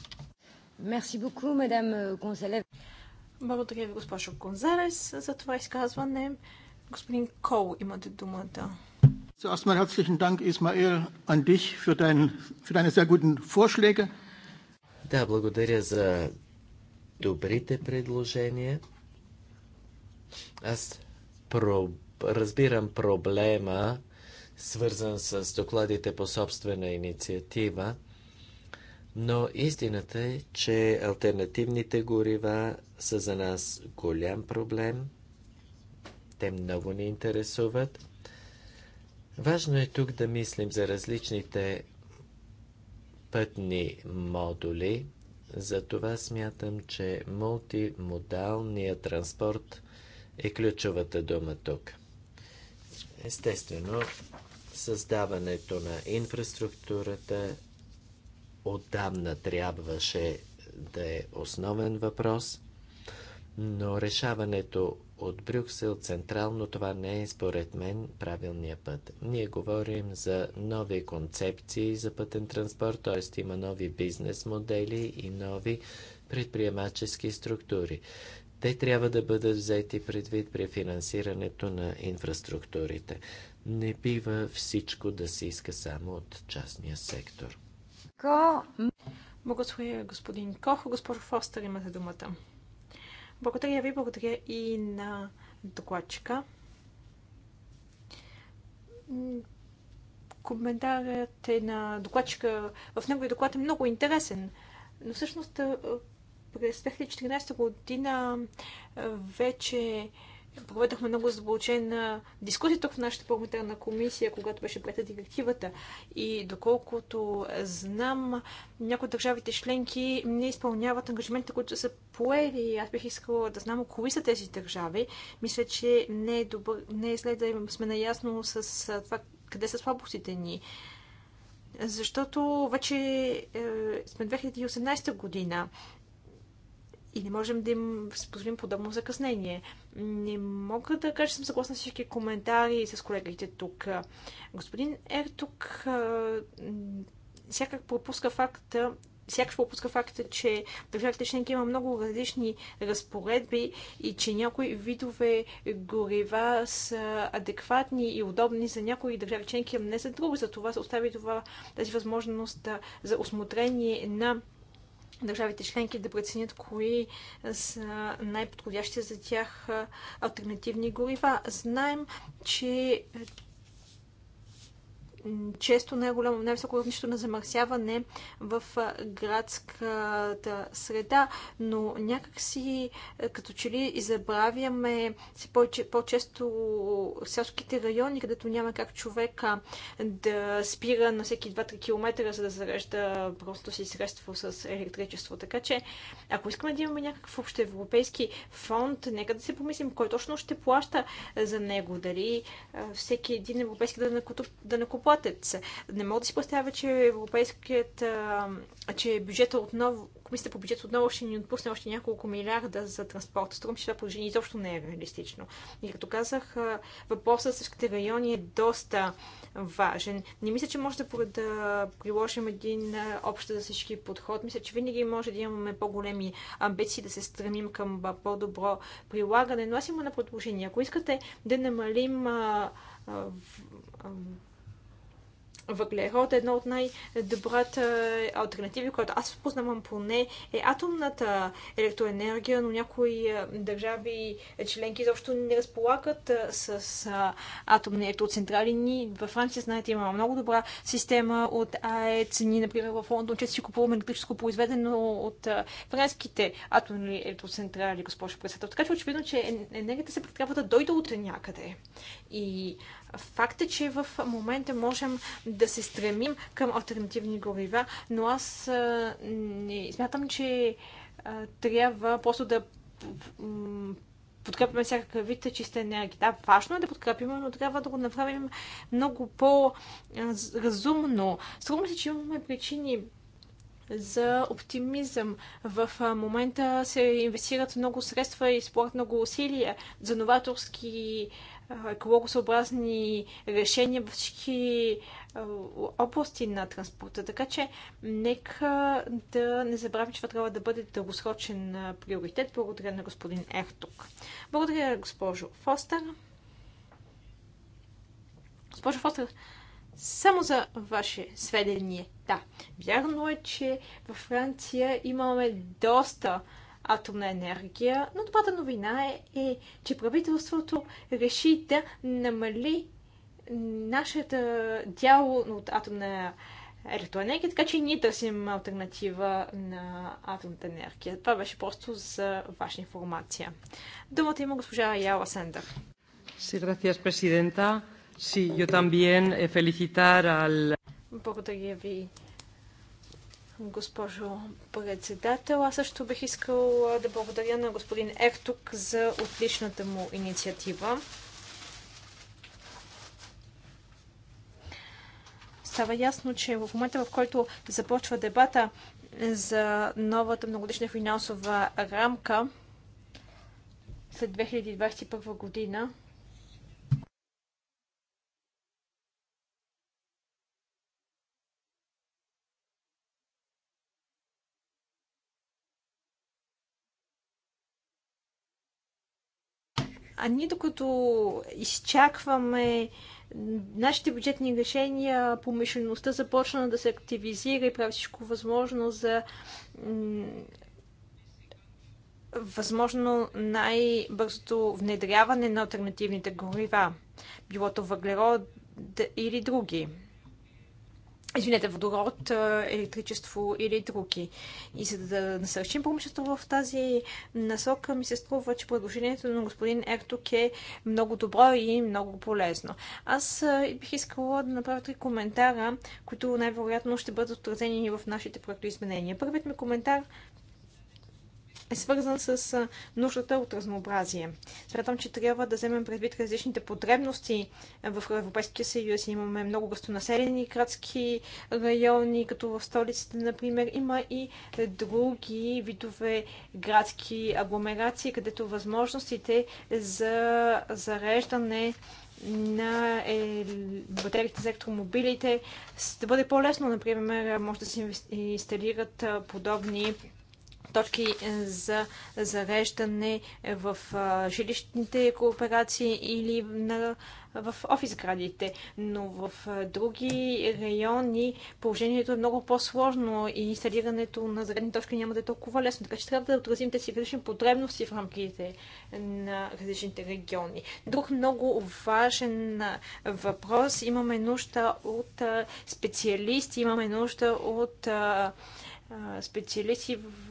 Merci beaucoup, madame Консалев. Благодаря ви, госпожо Гонзалес, за това изказване. Господин Кол, имате думата. Zuerst mal herzlichen Dank, Ismail, an dich für, dein, für deine sehr guten Vorschläge. Да, благодаря за добрите предложения. Аз про... разбирам проблема, свързан с докладите по собствена инициатива. Но истината е, че альтернативните горива са за нас голям проблем. Те много ни интересуват. Важно е тук да мислим за различните пътни модули. Затова смятам, че мултимодалният транспорт е ключовата дума тук. Естествено, създаването на инфраструктурата отдавна трябваше да е основен въпрос, но решаването от Брюксел централно това не е според мен правилния път. Ние говорим за нови концепции за пътен транспорт, т.е. има нови бизнес модели и нови предприемачески структури. Те трябва да бъдат взети предвид при финансирането на инфраструктурите. Не бива всичко да се иска само от частния сектор. Ко... Благодаря, господин Кох. Госпожо Фостер, имате думата. Благодаря ви, благодаря и на докладчика. Коментарът е на докладчика. В неговия доклад е много интересен, но всъщност през 2014 година вече проведохме много задълбочена дискусия тук в нашата парламентарна комисия, когато беше прета директивата. И доколкото знам, някои от държавите членки не изпълняват ангажиментите, които са поели. Аз бих искала да знам кои са тези държави. Мисля, че не е, добър, не е след да сме наясно с това къде са слабостите ни. Защото вече е, сме 2018 година и не можем да им си позволим подобно закъснение. Не мога да кажа, че съм съгласна с всички коментари с колегите тук. Господин Ертук всякак пропуска факта, сякаш пропуска факта, че държавите членки има много различни разпоредби и че някои видове горива са адекватни и удобни за някои държави членки, а не за други. За това се остави това, тази възможност за осмотрение на държавите членки да преценят кои са най-подходящи за тях альтернативни горива. Знаем, че често най-голямо, най-високо равнището на замърсяване в градската среда, но някак си, като че ли забравяме по-често селските райони, където няма как човека да спира на всеки 2-3 км, за да зарежда просто си средство с електричество. Така че, ако искаме да имаме някакъв общоевропейски фонд, нека да се помислим кой точно ще плаща за него. Дали всеки един европейски да, накупува. да накупа платят. Не мога да си представя, че европейският, че бюджета отново, комисията по бюджет отново ще ни отпусне още няколко милиарда за транспорт. Струм, че това положение изобщо не е реалистично. И като казах, въпросът с всичките райони е доста важен. Не мисля, че може да, да приложим един общ за всички подход. Мисля, че винаги може да имаме по-големи амбиции, да се стремим към по-добро прилагане. Но аз имам на предложение. Ако искате да намалим а, а, а, въглерод. Една от най-добрата е, альтернативи, която аз познавам поне, е атомната електроенергия, но някои е, държави е, членки изобщо не разполагат с атомни електроцентрали. Ни във Франция, знаете, има много добра система от АЕЦ. Ни, например, в Лондон, че си купуваме електрическо произведено от френските атомни електроцентрали, госпожо председател. Така че очевидно, че енергията се трябва да дойде от някъде. И факт е, че в момента можем да се стремим към альтернативни горива, но аз не смятам, че трябва просто да подкрепяме всякакъв вид чиста енергия. Да, важно е да подкрепим, но трябва да го направим много по-разумно. Струва се, че имаме причини за оптимизъм. В момента се инвестират много средства и спорт много усилия за новаторски екологосъобразни решения във всички области на транспорта. Така че нека да не забравим, че това трябва да бъде дългосрочен приоритет. Благодаря на господин Ертук. Благодаря, госпожо Фостер. Госпожо Фостер, само за ваше сведение. Да, вярно е, че във Франция имаме доста атомна енергия, но добрата новина е, е че правителството реши да намали нашата дял от атомна електроенергия, така че ние търсим альтернатива на атомната енергия. Това беше просто за ваша информация. Думата има госпожа Яла Сендър. Sí, gracias, presidenta. Sí, yo también eh, felicitar al... Благодаря ви, госпожо председател. Аз също бих искал да благодаря на господин Ертук за отличната му инициатива. Става ясно, че в момента, в който започва дебата за новата многодишна финансова рамка след 2021 година, А ние докато изчакваме нашите бюджетни решения, помишлеността започна да се активизира и прави всичко възможно за възможно най-бързото внедряване на альтернативните горива, било то въглерод или други извинете, водород, електричество или други. И за да насърчим промишлеността в тази насока, ми се струва, че предложението на господин Ертук е много добро и много полезно. Аз бих искала да направя три коментара, които най-вероятно ще бъдат отразени в нашите проектоизменения. Първият ми коментар е свързан с нуждата от разнообразие. Смятам, че трябва да вземем предвид различните потребности в Европейския съюз. Имаме много гъстонаселени градски райони, като в столицата, например, има и други видове градски агломерации, където възможностите за зареждане на е, батериите за електромобилите, да бъде по-лесно, например, може да се инсталират подобни точки е, за зареждане в жилищните кооперации или на, в офис градите. Но в други райони положението е много по-сложно и инсталирането на заредни точки няма да е толкова лесно. Така че трябва да отразим тези различни потребности в рамките на различните региони. Друг много важен въпрос. Имаме нужда от специалисти, имаме нужда от специалисти в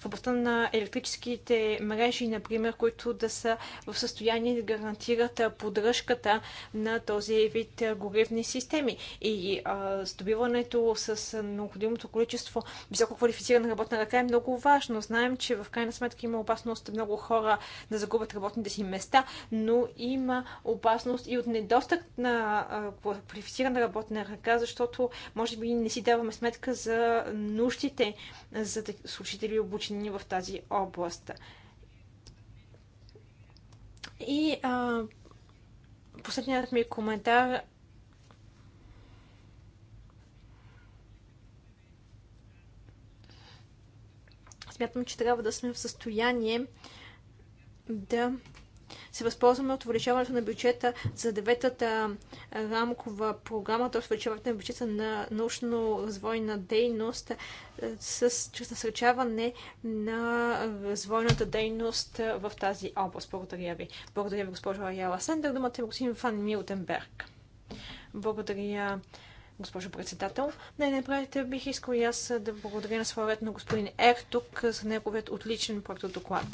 в областта на електрическите мрежи, например, които да са в състояние да гарантират поддръжката на този вид горивни системи. И а, здобиването с необходимото количество високо квалифицирана работна ръка е много важно. Знаем, че в крайна сметка има опасност много хора да загубят работните си места, но има опасност и от недостъг на квалифицирана работна ръка, защото може би не си даваме сметка за нуждите за служители и обучители учени в тази област. И а, последният ми коментар смятам, че трябва да сме в състояние да се възползваме от увеличаването на бюджета за деветата рамкова програма, т.е. увеличаването на бюджета на научно-развойна дейност с, чрез насърчаване на развойната дейност в тази област. Благодаря ви. Благодаря ви, госпожо Аяла Сендер. Думата е господин Фан Милтенберг. Благодаря госпожо председател. Не, не правите, бих искал и аз да благодаря на своя ред на господин Ер тук за неговият отличен проект доклад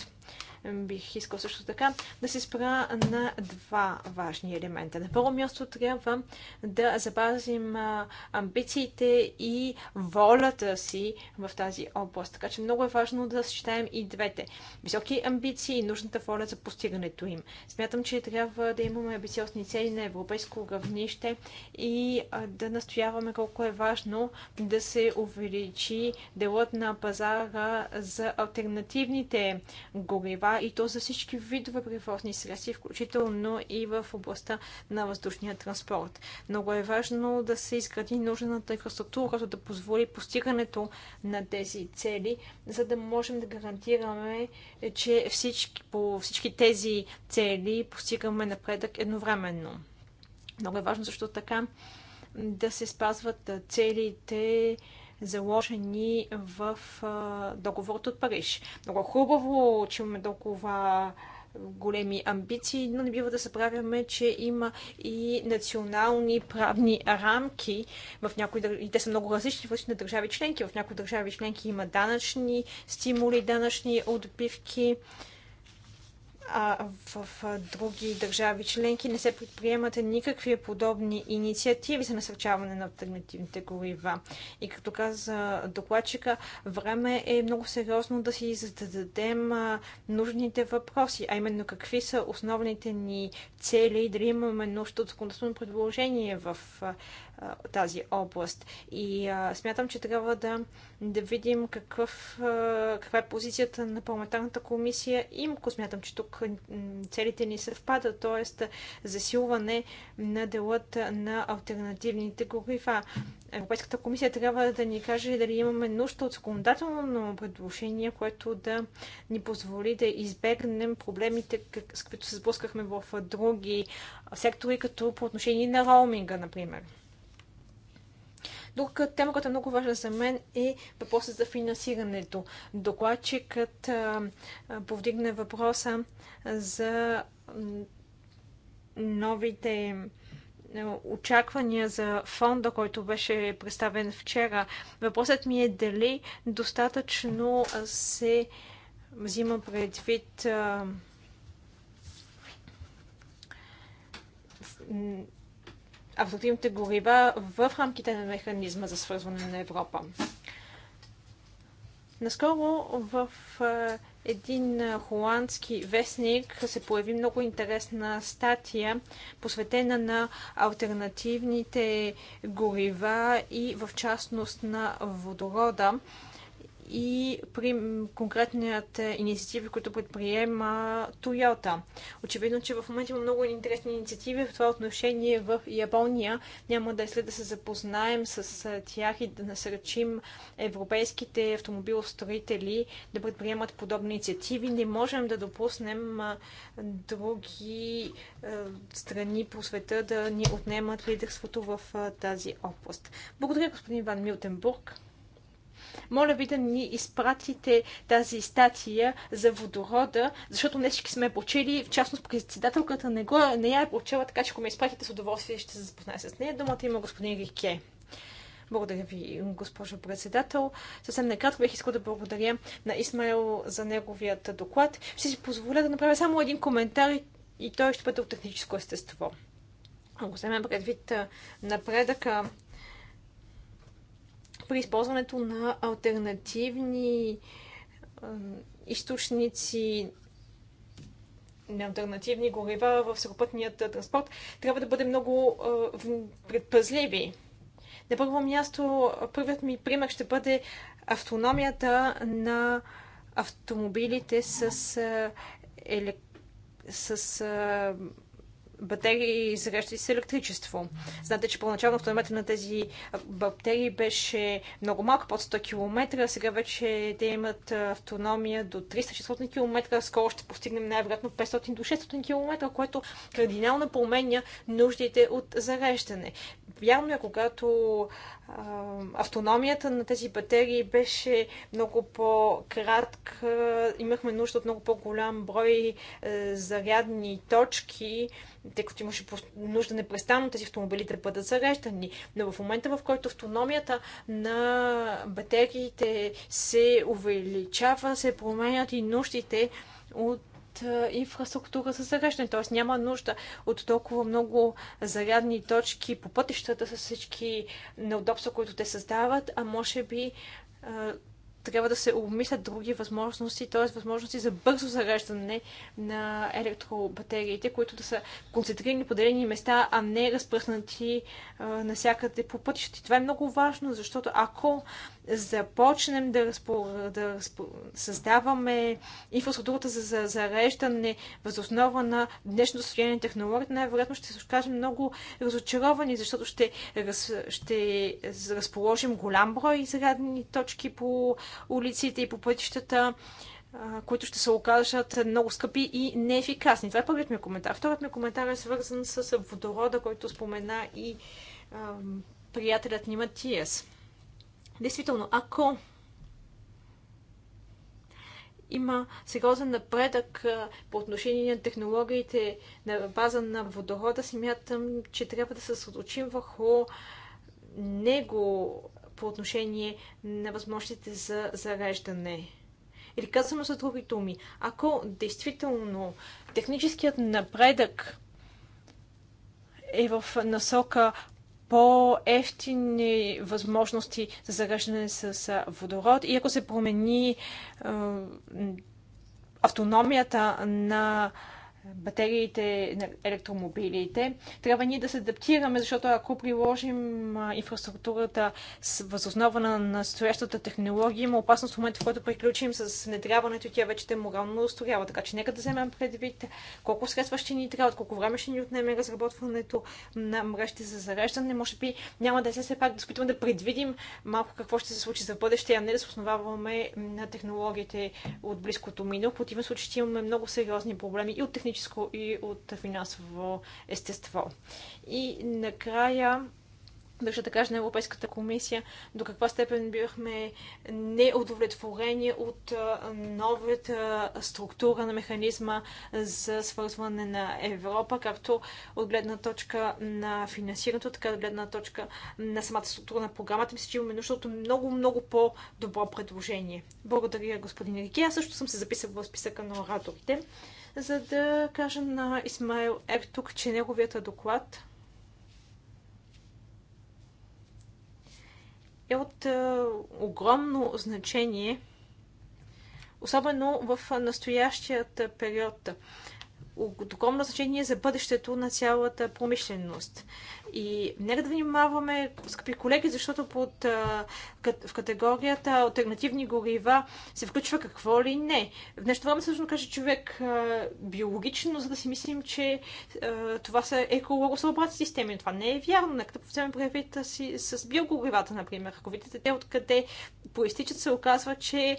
бих искал също така да се спра на два важни елемента. На първо място трябва да запазим амбициите и волята си в тази област. Така че много е важно да съчетаем и двете. Високи амбиции и нужната воля за постигането им. Смятам, че трябва да имаме амбициозни цели на европейско равнище и да настояваме колко е важно да се увеличи делът на пазара за альтернативните горива и то за всички видове превозни средства, включително и в областта на въздушния транспорт. Много е важно да се изгради нужната инфраструктура, която да позволи постигането на тези цели, за да можем да гарантираме, че всички, по всички тези цели постигаме напредък едновременно. Много е важно също така да се спазват целите, заложени в договорът от Париж. Много хубаво, че имаме толкова големи амбиции, но не бива да съправяме, че има и национални правни рамки в някои държави. те са много различни в на държави членки. В някои държави членки има данъчни стимули, данъчни отбивки а в други държави членки не се предприемат никакви подобни инициативи за насърчаване на альтернативните горива. И като каза докладчика, време е много сериозно да си зададем нужните въпроси, а именно какви са основните ни цели и дали имаме нужда от законодателно предложение в тази област. И а, смятам, че трябва да, да видим какъв, а, каква е позицията на парламентарната комисия имко. Смятам, че тук целите ни съвпадат, т.е. засилване на делът на альтернативните горива. Европейската комисия трябва да ни каже дали имаме нужда от законодателно предложение, което да ни позволи да избегнем проблемите, с които се сблъскахме в други сектори, като по отношение на роуминга, например. Друг тема, която е много важна за мен е въпросът за финансирането. Докладчикът повдигне въпроса за новите очаквания за фонда, който беше представен вчера. Въпросът ми е дали достатъчно се взима предвид автотивните горива в рамките на механизма за свързване на Европа. Наскоро в един холандски вестник се появи много интересна статия, посветена на альтернативните горива и в частност на водорода и при конкретният инициативи, които предприема Тойота. Очевидно, че в момента има много интересни инициативи в това отношение в Япония. Няма да е след да се запознаем с тях и да насръчим европейските автомобилостроители да предприемат подобни инициативи. Не можем да допуснем други страни по света да ни отнемат лидерството в тази област. Благодаря, господин Ван Милтенбург. Моля ви да ни изпратите тази статия за водорода, защото не всички сме почели. В частност, председателката не, го, не я е почела, така че ако ме изпратите с удоволствие, ще се запозная с нея. Думата има господин Рике. Благодаря ви, госпожо председател. Съвсем накратко бих искал да благодаря на Исмайл за неговият доклад. Ще си позволя да направя само един коментар и той ще бъде от техническо естество. Ако вземем предвид напредъка при използването на альтернативни източници на альтернативни горива в сухопътният транспорт, трябва да бъдем много предпазливи. На първо място, първият ми пример ще бъде автономията на автомобилите с, с батерии, зареждащи с електричество. Знаете, че поначално автономията на тези батерии беше много малка, под 100 км, сега вече те имат автономия до 300-600 км, скоро ще постигнем най-вероятно 500 до 600 км, което кардинално променя нуждите от зареждане. Вярно е, когато автономията на тези батерии беше много по-кратка. Имахме нужда от много по-голям брой е, зарядни точки, тъй като имаше нужда непрестанно тези автомобили да бъдат зареждани. Но в момента, в който автономията на батериите се увеличава, се променят и нуждите от инфраструктура за зареждане, т.е. няма нужда от толкова много зарядни точки по пътищата с всички неудобства, които те създават, а може би трябва да се обмислят други възможности, т.е. възможности за бързо зареждане на електробатериите, които да са концентрирани по делени места, а не разпръснати а, навсякъде по пътищата. Това е много важно, защото ако започнем да, разпо, да разпо, създаваме инфраструктурата за, за зареждане възоснова на днешното състояние на технологията, най-вероятно ще се окажем много разочаровани, защото ще, раз, ще разположим голям брой зарядни точки по улиците и по пътищата които ще се окажат много скъпи и неефикасни. Това е първият ми коментар. Вторият ми коментар е свързан с водорода, който спомена и ам, приятелят ни Матиас. Действително, ако има сериозен напредък по отношение на технологиите на база на водорода, смятам, че трябва да се съсредоточим върху него по отношение на възможностите за зареждане. Или казано за други думи, ако действително техническият напредък е в насока по-ефтини възможности за зареждане с водород и ако се промени автономията на батериите на електромобилите. Трябва ние да се адаптираме, защото ако приложим инфраструктурата с основа на настоящата технология, има опасност в момента, в който приключим с внедряването, тя вече те морално устроява. Така че нека да вземем предвид колко средства ще ни трябва, колко време ще ни отнеме разработването на мрежите за зареждане. Може би няма да се все пак да спитаме да предвидим малко какво ще се случи за бъдеще, а не да се основаваме на технологиите от близкото минало. В противен случай ще имаме много сериозни проблеми и от технически техническо и от финансово естество. И накрая държа да кажа на Европейската комисия до каква степен бяхме неудовлетворени от новата структура на механизма за свързване на Европа, както от гледна точка на финансирането, така от гледна точка на самата структура на програмата. Мисля, че имаме нужда от много, много по-добро предложение. Благодаря, господин Рики, Аз също съм се записал в списъка на ораторите за да кажем на Исмайл тук, че неговият доклад е от е, огромно значение, особено в настоящият период от огромно значение за бъдещето на цялата промишленост. И нека да внимаваме, скъпи колеги, защото под, в категорията альтернативни горива се включва какво ли не. В нещо време всъщност каже човек биологично, за да си мислим, че това са екологосъобразни системи. Това не е вярно. Нека да повземем проявите си с биогоривата, например. Ако видите те откъде проистичат, се оказва, че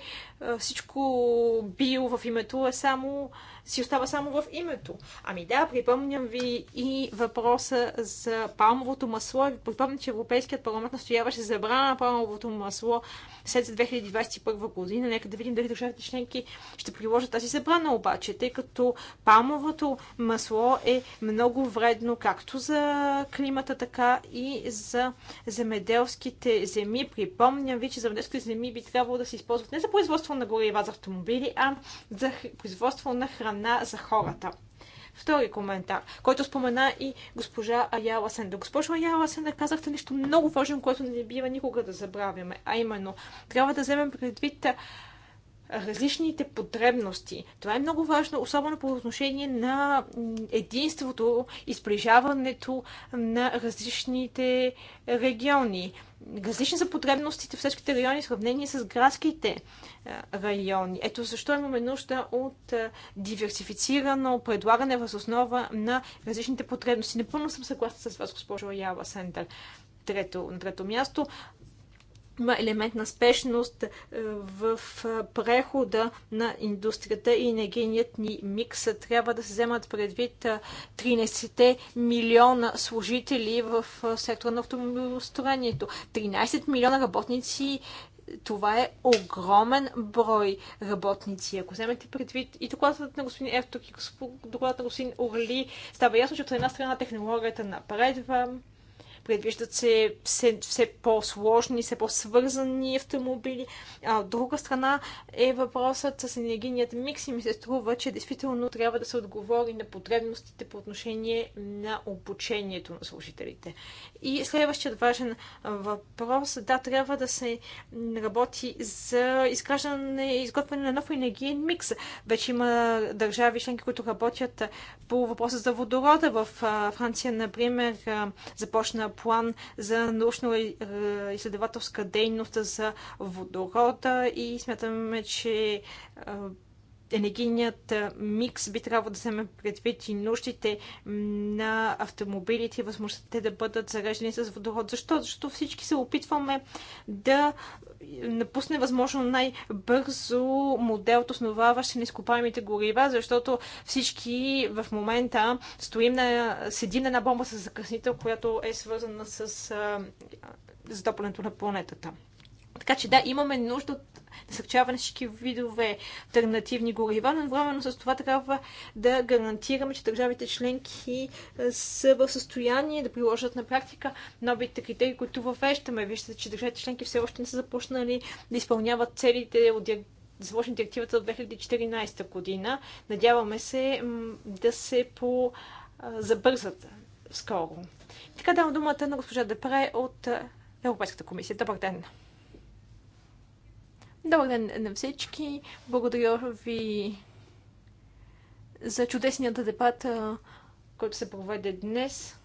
всичко био в името е само, си остава само в името. Ами да, припомням ви и въпроса за палмовото масло. Ви припомня, че Европейският парламент настояваше забрана на палмовото масло след 2021 година. Нека да видим дали държавите членки ще приложат тази забрана обаче, тъй като палмовото масло е много вредно както за климата, така и за земеделските земи. Припомням ви, че земеделските земи би трябвало да се използват не за производство на горива за автомобили, а за производство на храна за хората. Втори коментар, който спомена и госпожа Аяла Сенда. Госпожо Аяла Сенда, казахте нещо много важно, което не бива никога да забравяме, а именно трябва да вземем предвид различните потребности. Това е много важно, особено по отношение на единството и сближаването на различните региони. Различни са потребностите в селските райони в сравнение с градските райони. Ето защо имаме нужда от диверсифицирано предлагане въз основа на различните потребности. Напълно съм съгласна с вас, госпожо Ява Сендър трето, на трето място има елемент на спешност е, в е, прехода на индустрията и енергийният ни микс. Трябва да се вземат предвид 13 е, милиона служители в сектора на автомобилостроението. 13 милиона работници това е огромен брой работници. Ако вземете предвид и докладът на господин Ертук и докладът на господин Орли, става ясно, че от една страна технологията напредва, предвиждат се все, все по-сложни, все по-свързани автомобили. А от друга страна е въпросът с енергийният микс и ми се струва, че действително трябва да се отговори на потребностите по отношение на обучението на служителите. И следващият важен въпрос, да, трябва да се работи за изграждане и изготвяне на нов енергиен микс. Вече има държави членки, които работят по въпроса за водорода. В Франция, например, започна план за научно-изследователска е, дейност за водорода и смятаме, че е, енергийният микс би трябвало да вземе предвид и нуждите на автомобилите и възможността те да бъдат зареждани с водород. Защо? Защото всички се опитваме да напусне възможно най-бързо моделът, основаващ на изкопаемите горива, защото всички в момента стоим на, седим на една бомба с закъснител, която е свързана с затоплянето на планетата. Така че да, имаме нужда от насърчаване всички видове альтернативни горива, но времено с това трябва да гарантираме, че държавите членки е, са в състояние да приложат на практика новите критерии, които въвеждаме. Виждате, че държавите членки все още не са започнали да изпълняват целите от заложени директивата от 2014 година. Надяваме се да се по забързат скоро. Така давам думата на госпожа Депре от Европейската комисия. Добър ден! Добър ден на всички. Благодаря ви за чудесният дебат, който се проведе днес.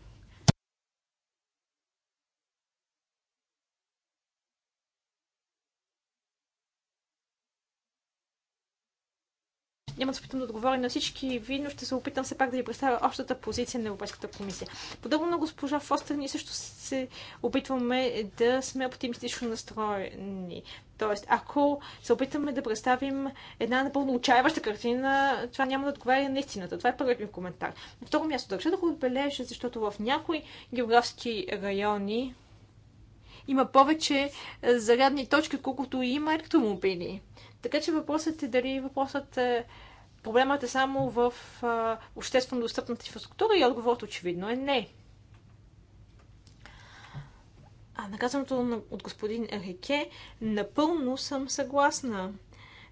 няма да се опитам да отговоря на всички ви, но ще се опитам все пак да ви представя общата позиция на Европейската комисия. Подобно на госпожа Фостер, ние също се опитваме да сме оптимистично настроени. Тоест, ако се опитаме да представим една напълно отчаяваща картина, това няма да отговаря на истината. Това е първият ми коментар. На второ място държа да го отбележа, защото в някои географски райони има повече зарядни точки, колкото и има електромобили. Така че въпросът е дали въпросът е проблемът е само в а, обществено достъпната инфраструктура и отговорът очевидно е не. А наказаното от господин Реке, напълно съм съгласна.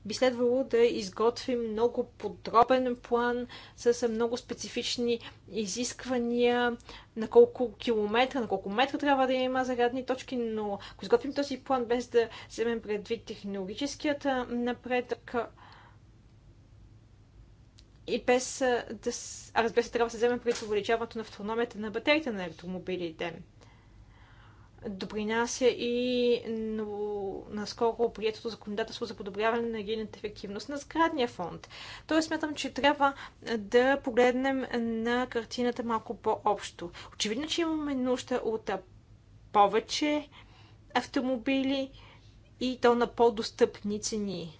Би следвало да изготвим много подробен план с много специфични изисквания на колко километра, на колко метра трябва да има зарядни точки, но ако изготвим този план без да вземем предвид технологическият напредък, и без да... А разбира се, трябва да се вземе пред увеличаването на автономията на батериите на електромобилите. Допринася и но, наскоро приетото законодателство за подобряване на енергийната ефективност на сградния фонд. Тоест смятам, че трябва да погледнем на картината малко по-общо. Очевидно, че имаме нужда от повече автомобили и то на по-достъпни цени.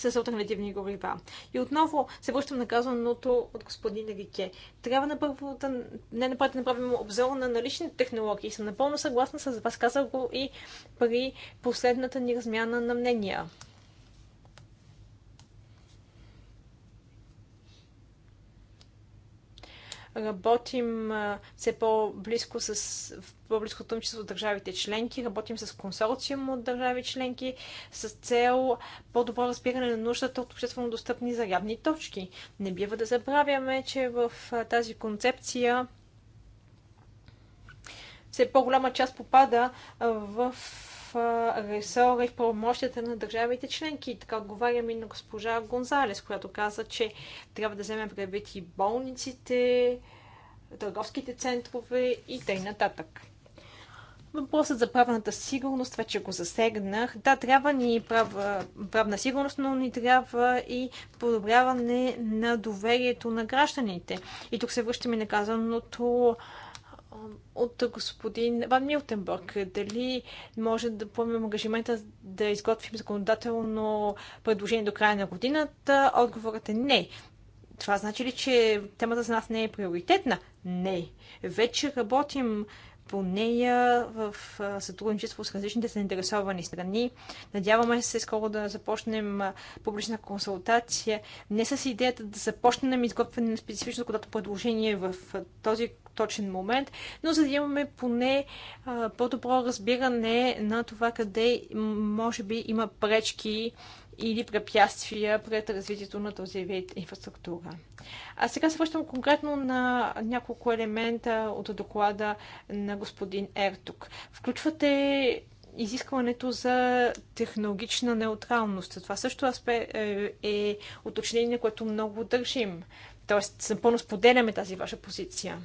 с альтернативни горива. И отново се връщам на казаното от господин Рике. Трябва на първо да не напред да направим обзор на наличните технологии. Съм напълно съгласна с вас, казал го и при последната ни размяна на мнения. Работим все по-близко с по-близко сътрудничество с държавите членки, работим с консорциум от държави членки с цел по-добро разбиране на нуждата от обществено достъпни зарядни точки. Не бива да забравяме, че в тази концепция все по-голяма част попада в ресора и в правомощията на държавите членки. Така отговарям и на госпожа Гонзалес, която каза, че трябва да вземем предвид и болниците, търговските центрове и т.н. Въпросът за правната сигурност вече го засегнах. Да, трябва ни права, правна сигурност, но ни трябва и подобряване на доверието на гражданите. И тук се връщаме на казаното от господин Ван Милтенбърг. Дали може да поемем ангажимента да изготвим законодателно предложение до края на годината? Отговорът е не. Това значи ли, че темата за нас не е приоритетна? Не. Вече работим по нея в сътрудничество с различните заинтересовани страни. Надяваме се скоро да започнем публична консултация, не с идеята да започнем изготвяне на специфично когато предложение в този точен момент, но за да имаме поне по-добро разбиране на това къде може би има пречки или препятствия пред развитието на този вид инфраструктура. А сега се връщам конкретно на няколко елемента от доклада на господин Ертук. Включвате изискването за технологична неутралност. Това също е, е уточнение, което много държим. Тоест, напълно споделяме тази ваша позиция.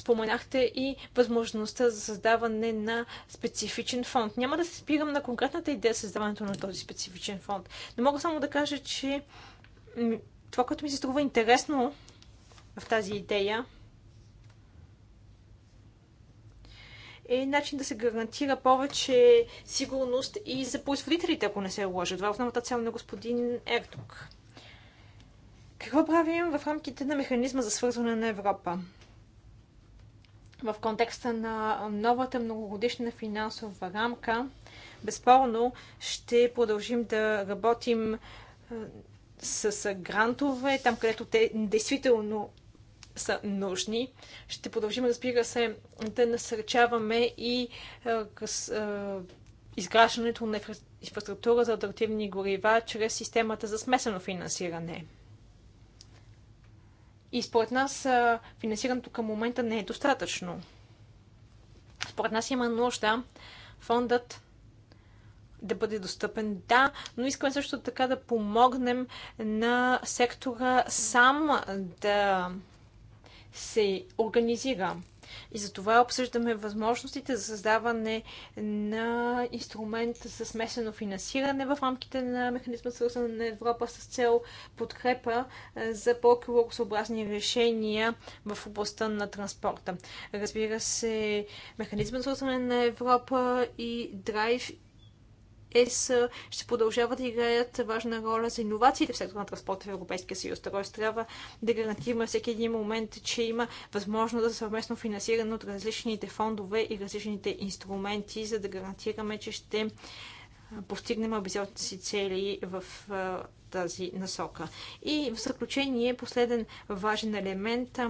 Споменахте и възможността за създаване на специфичен фонд. Няма да се спирам на конкретната идея създаването на този специфичен фонд, но мога само да кажа, че това, което ми се струва интересно в тази идея, е начин да се гарантира повече сигурност и за производителите, ако не се лъжат. Това е основната цел на господин Ертук. Какво правим в рамките на механизма за свързване на Европа? в контекста на новата многогодишна финансова рамка, безспорно ще продължим да работим с грантове, там където те действително са нужни. Ще продължим, разбира се, да насърчаваме и изграждането на инфраструктура за адаптивни горива чрез системата за смесено финансиране. И според нас финансирането към момента не е достатъчно. Според нас има нужда фондът да бъде достъпен, да, но искаме също така да помогнем на сектора сам да се организира. И затова обсъждаме възможностите за създаване на инструмент за смесено финансиране в рамките на механизма свързан на Европа с цел подкрепа за по-екологосъобразни решения в областта на транспорта. Разбира се, механизма свързан на Европа и Драйв ЕС ще продължават да играят важна роля за иновациите в сектора на транспорта в Европейския съюз. Тоест трябва да гарантираме всеки един момент, че има възможност за съвместно финансиране от различните фондове и различните инструменти, за да гарантираме, че ще постигнем амбициозните си цели в тази насока. И в заключение, последен важен елемент,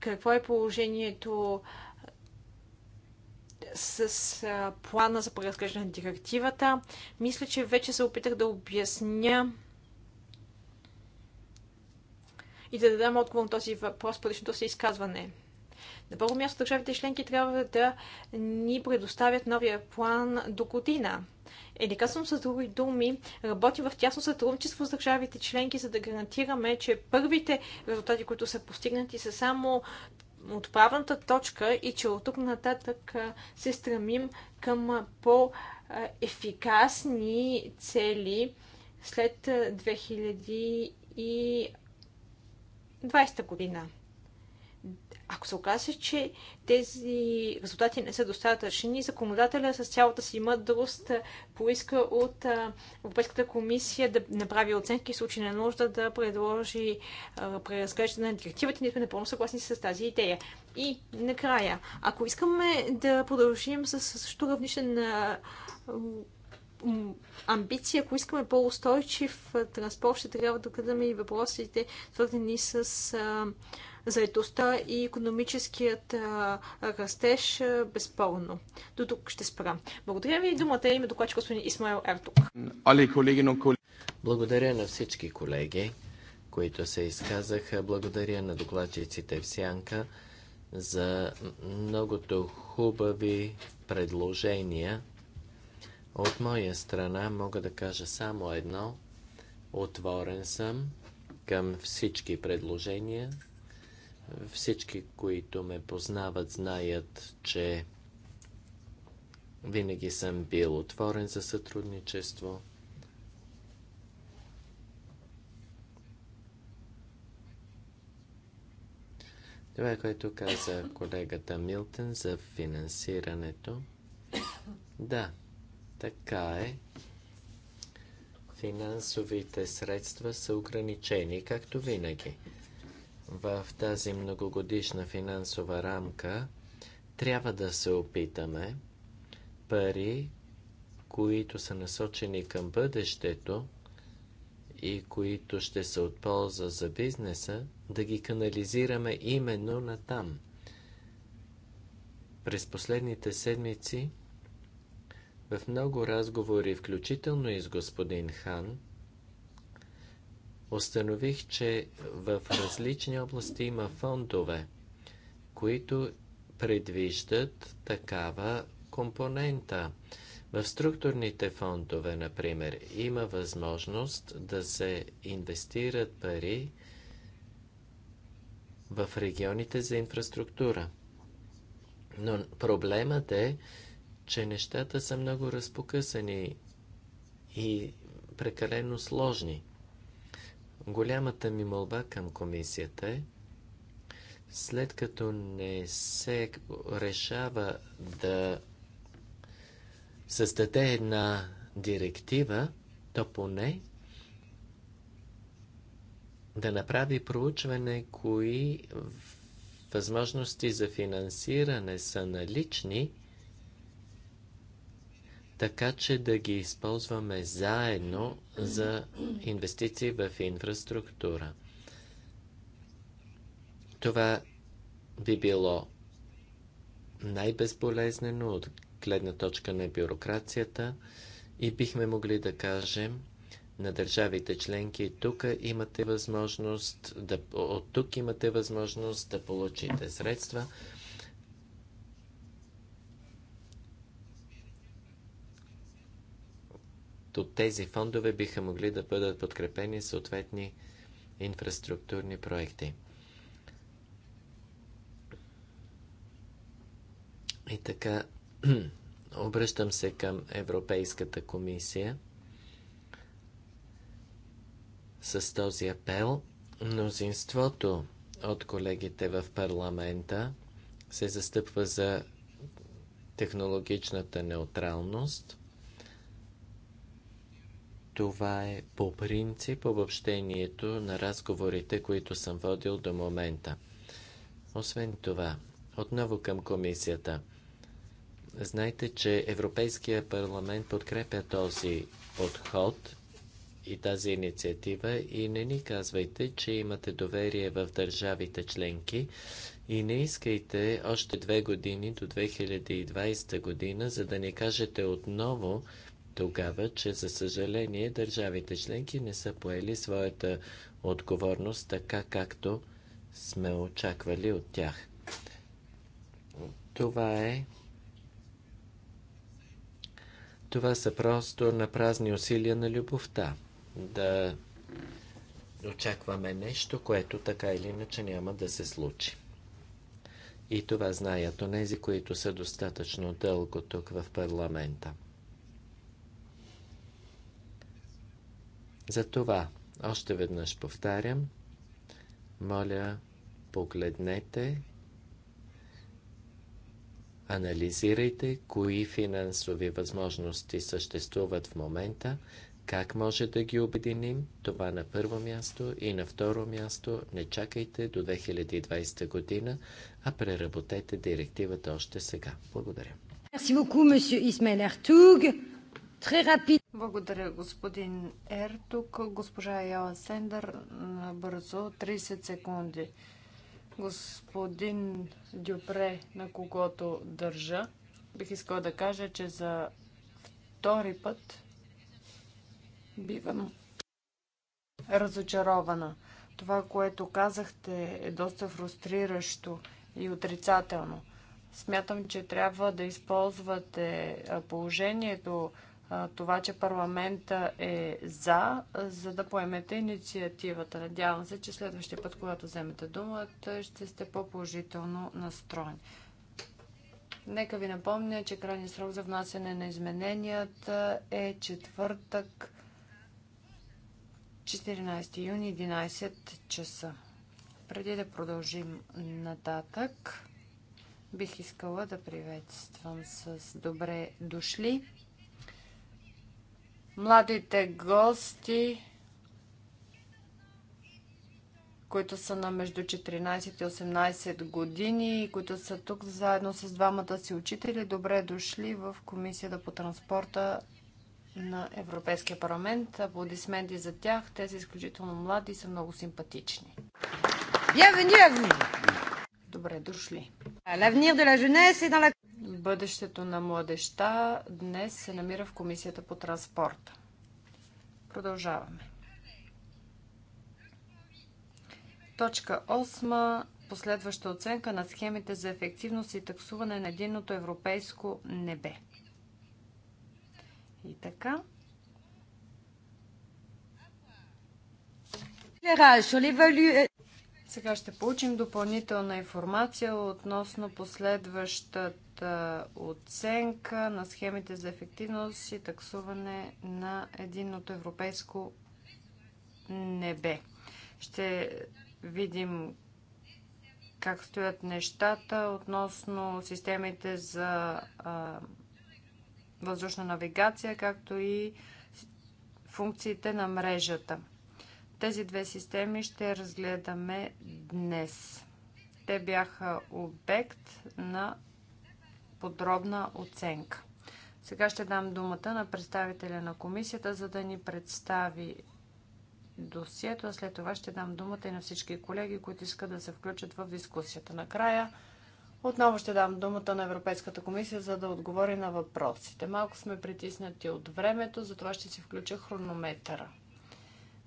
какво е положението с а, плана за преразглеждане на директивата. Мисля, че вече се опитах да обясня и да дадам отговор на този въпрос по личното си изказване. На първо място държавите членки трябва да ни предоставят новия план до година. Е, не казвам с други думи, работи в тясно сътрудничество с държавите членки, за да гарантираме, че първите резултати, които са постигнати, са само отправната точка и че от тук нататък се стремим към по-ефикасни цели след 2020 година. Ако се окаже, че тези резултати не са достатъчни, законодателя с цялата си мъдрост поиска от Европейската комисия да направи оценки в случай на нужда да предложи преразглеждане на директивата. Ние сме напълно съгласни с тази идея. И накрая, ако искаме да продължим с също равнище на амбиция, ако искаме по-устойчив транспорт, ще трябва да гледаме и въпросите, свързани с заедостта и економическият растеж, безпълно. До тук ще спра. Благодаря ви. Думата е име докладчик господин Исмаел Ертук. Благодаря на всички колеги, които се изказаха. Благодаря на докладчиците в Сянка за многото хубави предложения. От моя страна мога да кажа само едно. Отворен съм към всички предложения, всички, които ме познават, знаят, че винаги съм бил отворен за сътрудничество. Това, е което каза колегата Милтън за финансирането. Да, така е. Финансовите средства са ограничени, както винаги в тази многогодишна финансова рамка трябва да се опитаме пари, които са насочени към бъдещето и които ще се от полза за бизнеса, да ги канализираме именно на там. През последните седмици в много разговори, включително и с господин Хан, установих, че в различни области има фондове, които предвиждат такава компонента. В структурните фондове, например, има възможност да се инвестират пари в регионите за инфраструктура. Но проблемът е, че нещата са много разпокъсани и прекалено сложни. Голямата ми молба към комисията е, след като не се решава да създаде една директива, то поне да направи проучване, кои възможности за финансиране са налични така че да ги използваме заедно за инвестиции в инфраструктура. Това би било най-безболезнено от гледна точка на бюрокрацията и бихме могли да кажем на държавите членки, тук имате възможност да, от тук имате възможност да получите средства от тези фондове биха могли да бъдат подкрепени съответни инфраструктурни проекти. И така, *clears throat* обръщам се към Европейската комисия с този апел. Мнозинството от колегите в парламента се застъпва за технологичната неутралност – това е по принцип обобщението на разговорите, които съм водил до момента. Освен това, отново към комисията. Знайте, че Европейския парламент подкрепя този подход и тази инициатива и не ни казвайте, че имате доверие в държавите членки и не искайте още две години до 2020 година, за да ни кажете отново, тогава, че за съжаление държавите членки не са поели своята отговорност така, както сме очаквали от тях. Това е. Това са просто на празни усилия на любовта. Да очакваме нещо, което така или иначе няма да се случи. И това знаят онези, които са достатъчно дълго тук в парламента. Затова, още веднъж повтарям, моля, погледнете, анализирайте кои финансови възможности съществуват в момента, как може да ги обединим, това на първо място и на второ място не чакайте до 2020 година, а преработете директивата още сега. Благодаря. Merci beaucoup, monsieur Ismail Très rapide. Благодаря, господин Ертук. Госпожа Яла Сендър, бързо, 30 секунди. Господин Дюпре, на когото държа, бих искала да кажа, че за втори път бивам разочарована. Това, което казахте, е доста фрустриращо и отрицателно. Смятам, че трябва да използвате положението, това, че парламента е за, за да поемете инициативата. Надявам се, че следващия път, когато вземете думата, ще сте по-положително настроен. Нека ви напомня, че крайният срок за внасяне на измененията е четвъртък, 14 юни, 11 часа. Преди да продължим нататък, бих искала да приветствам с добре дошли Младите гости, които са на между 14 и 18 години и които са тук заедно с двамата си учители, добре дошли в Комисията по транспорта на Европейския парламент. Аплодисменти за тях. Те са изключително млади и са много симпатични. Добре дошли. L'avenir de la jeunesse est dans la Бъдещето на младеща днес се намира в Комисията по транспорт. Продължаваме. Точка 8. Последваща оценка на схемите за ефективност и таксуване на единното европейско небе. И така. Сега ще получим допълнителна информация относно последващата оценка на схемите за ефективност и таксуване на единното европейско небе. Ще видим как стоят нещата относно системите за въздушна навигация, както и функциите на мрежата. Тези две системи ще разгледаме днес. Те бяха обект на подробна оценка. Сега ще дам думата на представителя на комисията, за да ни представи досието, а след това ще дам думата и на всички колеги, които искат да се включат в дискусията. Накрая отново ще дам думата на Европейската комисия, за да отговори на въпросите. Малко сме притиснати от времето, затова ще си включа хронометъра.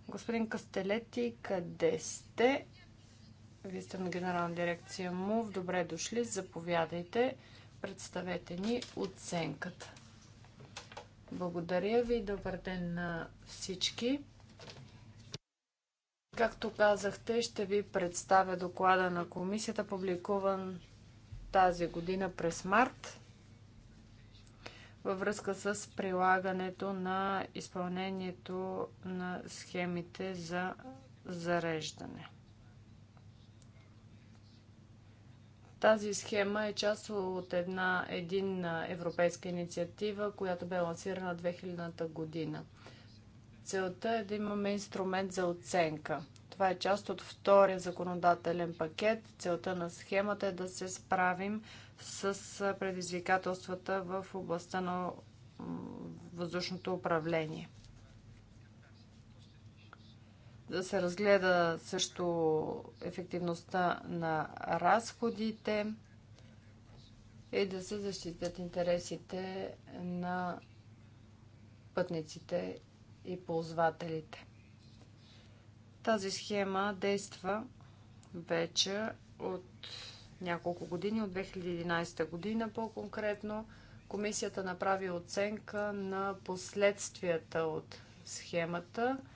Господин Кастелети, къде сте? Вие сте на генерална дирекция МУВ. Добре дошли, заповядайте. Представете ни оценката. Благодаря ви. Добър ден на всички. Както казахте, ще ви представя доклада на комисията, публикуван тази година през март във връзка с прилагането на изпълнението на схемите за зареждане. Тази схема е част от една единна европейска инициатива, която бе лансирана 2000-та година. Целта е да имаме инструмент за оценка. Това е част от втория законодателен пакет. Целта на схемата е да се справим с предизвикателствата в областта на въздушното управление да се разгледа също ефективността на разходите и да се защитят интересите на пътниците и ползвателите. Тази схема действа вече от няколко години, от 2011 година по-конкретно. Комисията направи оценка на последствията от схемата –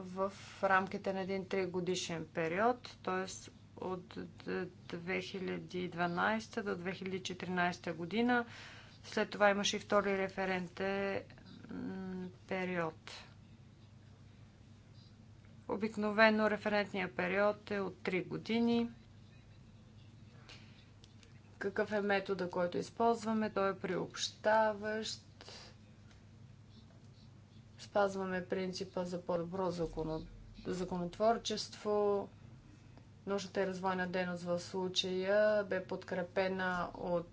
в рамките на един 3 годишен период, т.е. от 2012 до 2014 година. След това имаше и втори референтен период. Обикновено референтният период е от 3 години. Какъв е метода, който използваме? Той е приобщаващ Спазваме принципа за по-добро законотворчество. Нужната и е развойна дейност в случая бе подкрепена от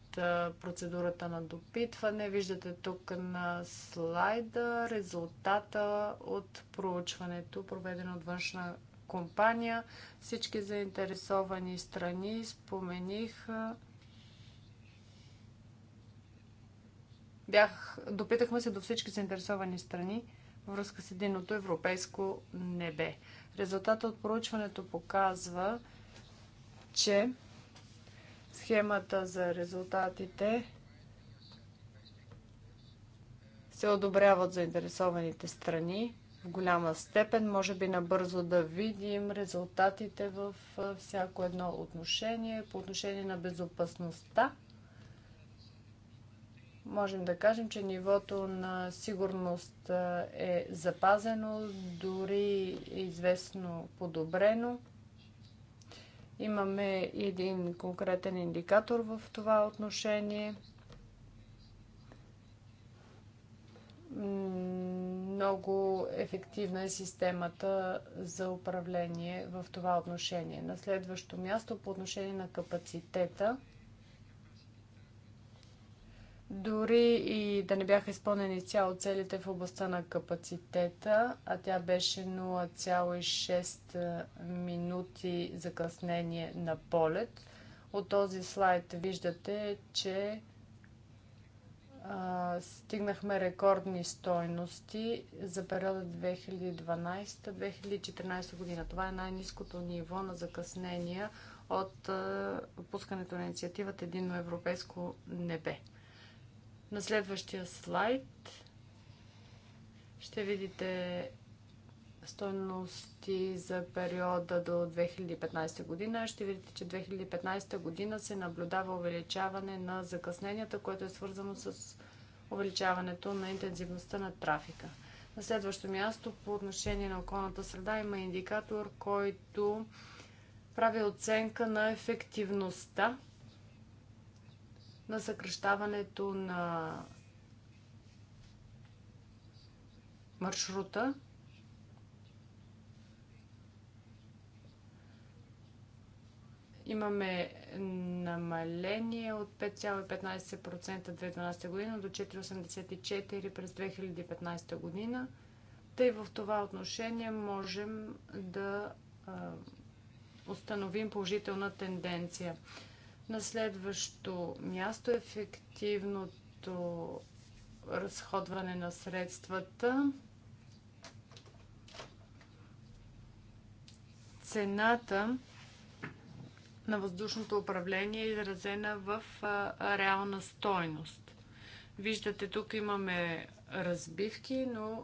процедурата на допитване. Виждате тук на слайда резултата от проучването, проведено от външна компания. Всички заинтересовани страни спомениха Бях, допитахме се до всички заинтересовани страни във връзка с единното европейско небе. Резултата от проучването показва, че схемата за резултатите се одобряват заинтересованите страни в голяма степен. Може би набързо да видим резултатите в всяко едно отношение по отношение на безопасността можем да кажем, че нивото на сигурност е запазено, дори известно подобрено. Имаме един конкретен индикатор в това отношение. Много ефективна е системата за управление в това отношение. На следващо място по отношение на капацитета – дори и да не бяха изпълнени цяло целите в областта на капацитета, а тя беше 0,6 минути закъснение на полет. От този слайд виждате, че а, стигнахме рекордни стойности за периода 2012-2014 година. Това е най-низкото ниво на закъснения от а, пускането на инициативата Единно европейско небе. На следващия слайд ще видите стойности за периода до 2015 година. Ще видите, че 2015 година се наблюдава увеличаване на закъсненията, което е свързано с увеличаването на интензивността на трафика. На следващо място, по отношение на околната среда, има индикатор, който прави оценка на ефективността на съкръщаването на маршрута. Имаме намаление от 5,15% 2012 година до 4,84% през 2015 година. Тъй в това отношение можем да установим положителна тенденция. На следващо място ефективното разходване на средствата. Цената на въздушното управление е изразена в реална стойност. Виждате, тук имаме разбивки, но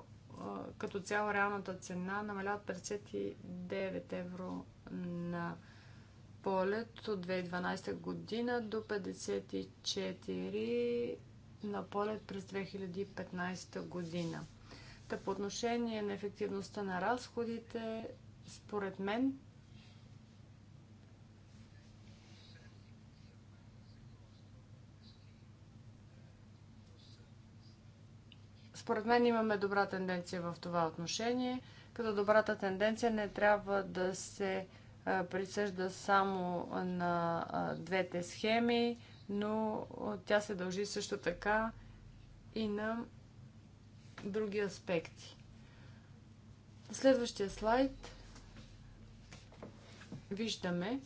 като цяло реалната цена намалява от 59 евро на полет от 2012 година до 54 на полет през 2015 година. Та по отношение на ефективността на разходите, според мен Според мен имаме добра тенденция в това отношение, като добрата тенденция не трябва да се присъжда само на двете схеми, но тя се дължи също така и на други аспекти. следващия слайд виждаме,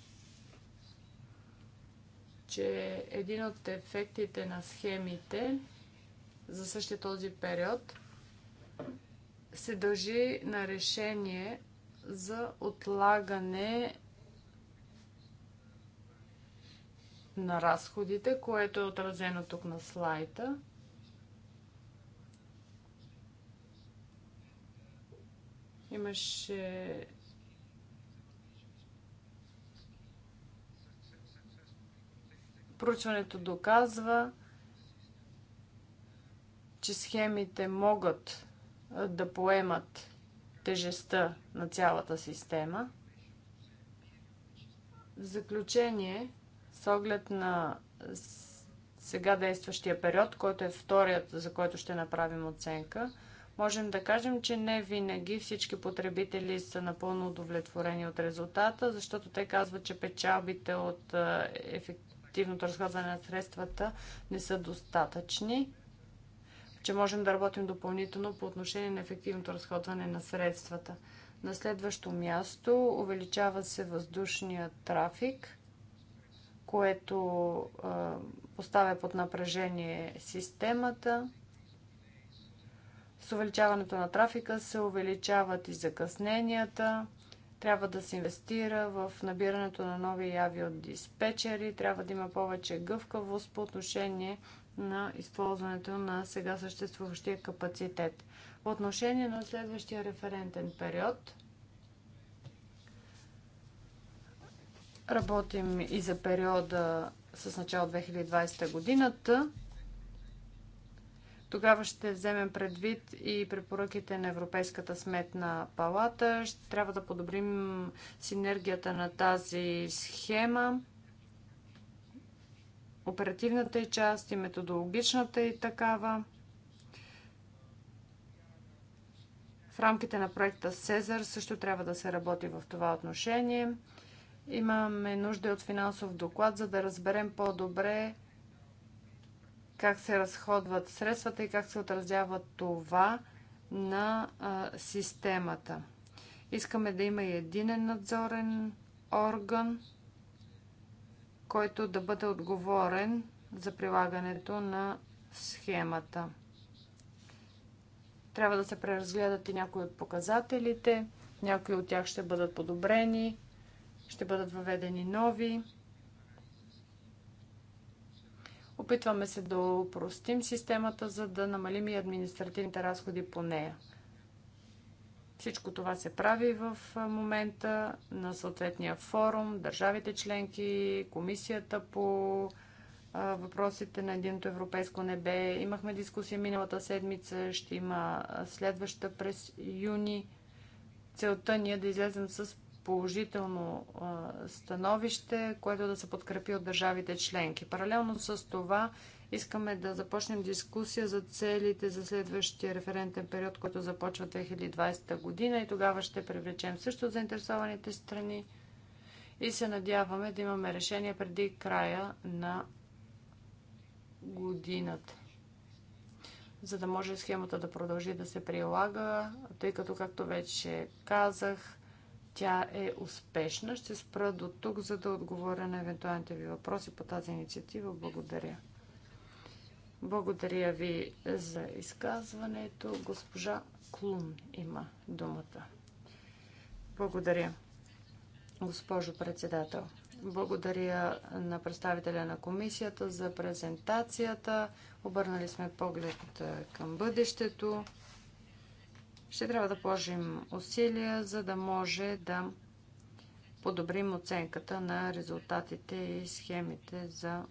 че един от ефектите на схемите за същия този период се дължи на решение за отлагане на разходите, което е отразено тук на слайда. Имаше проучването доказва, че схемите могат да поемат тежестта на цялата система. В заключение, с оглед на сега действащия период, който е вторият, за който ще направим оценка, можем да кажем, че не винаги всички потребители са напълно удовлетворени от резултата, защото те казват, че печалбите от ефективното разходване на средствата не са достатъчни че можем да работим допълнително по отношение на ефективното разходване на средствата. На следващо място увеличава се въздушния трафик, което поставя под напрежение системата. С увеличаването на трафика се увеличават и закъсненията. Трябва да се инвестира в набирането на нови яви от диспетчери. Трябва да има повече гъвкавост по отношение на на използването на сега съществуващия капацитет. В отношение на следващия референтен период, работим и за периода с начало 2020 годината. Тогава ще вземем предвид и препоръките на Европейската сметна палата. Ще трябва да подобрим синергията на тази схема оперативната и част, и методологичната и такава. В рамките на проекта Сезар също трябва да се работи в това отношение. Имаме нужда от финансов доклад, за да разберем по-добре как се разходват средствата и как се отразява това на а, системата. Искаме да има и единен надзорен орган който да бъде отговорен за прилагането на схемата. Трябва да се преразгледат и някои от показателите. Някои от тях ще бъдат подобрени, ще бъдат въведени нови. Опитваме се да упростим системата, за да намалим и административните разходи по нея. Всичко това се прави в момента на съответния форум, държавите членки, комисията по въпросите на Единото европейско небе. Имахме дискусия миналата седмица, ще има следваща през юни. Целта ни е да излезем с положително становище, което да се подкрепи от държавите членки. Паралелно с това Искаме да започнем дискусия за целите за следващия референтен период, който започва 2020 година и тогава ще привлечем също заинтересованите страни и се надяваме да имаме решение преди края на годината за да може схемата да продължи да се прилага, тъй като, както вече казах, тя е успешна. Ще спра до тук, за да отговоря на евентуалните ви въпроси по тази инициатива. Благодаря. Благодаря ви за изказването. Госпожа Клун има думата. Благодаря, госпожо председател. Благодаря на представителя на комисията за презентацията. Обърнали сме поглед към бъдещето. Ще трябва да положим усилия, за да може да подобрим оценката на резултатите и схемите за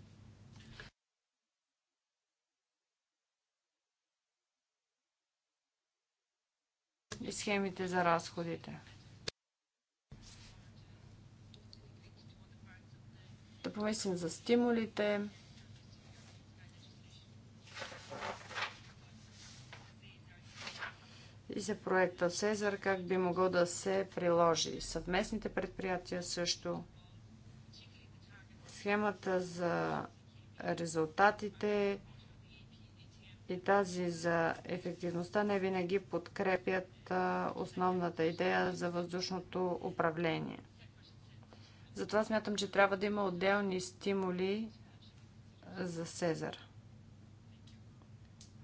и схемите за разходите. Да помислим за стимулите. и за проекта Сезар, как би могло да се приложи. Съвместните предприятия също. Схемата за резултатите и тази за ефективността не винаги подкрепят е основната идея за въздушното управление. Затова смятам, че трябва да има отделни стимули за Сезар.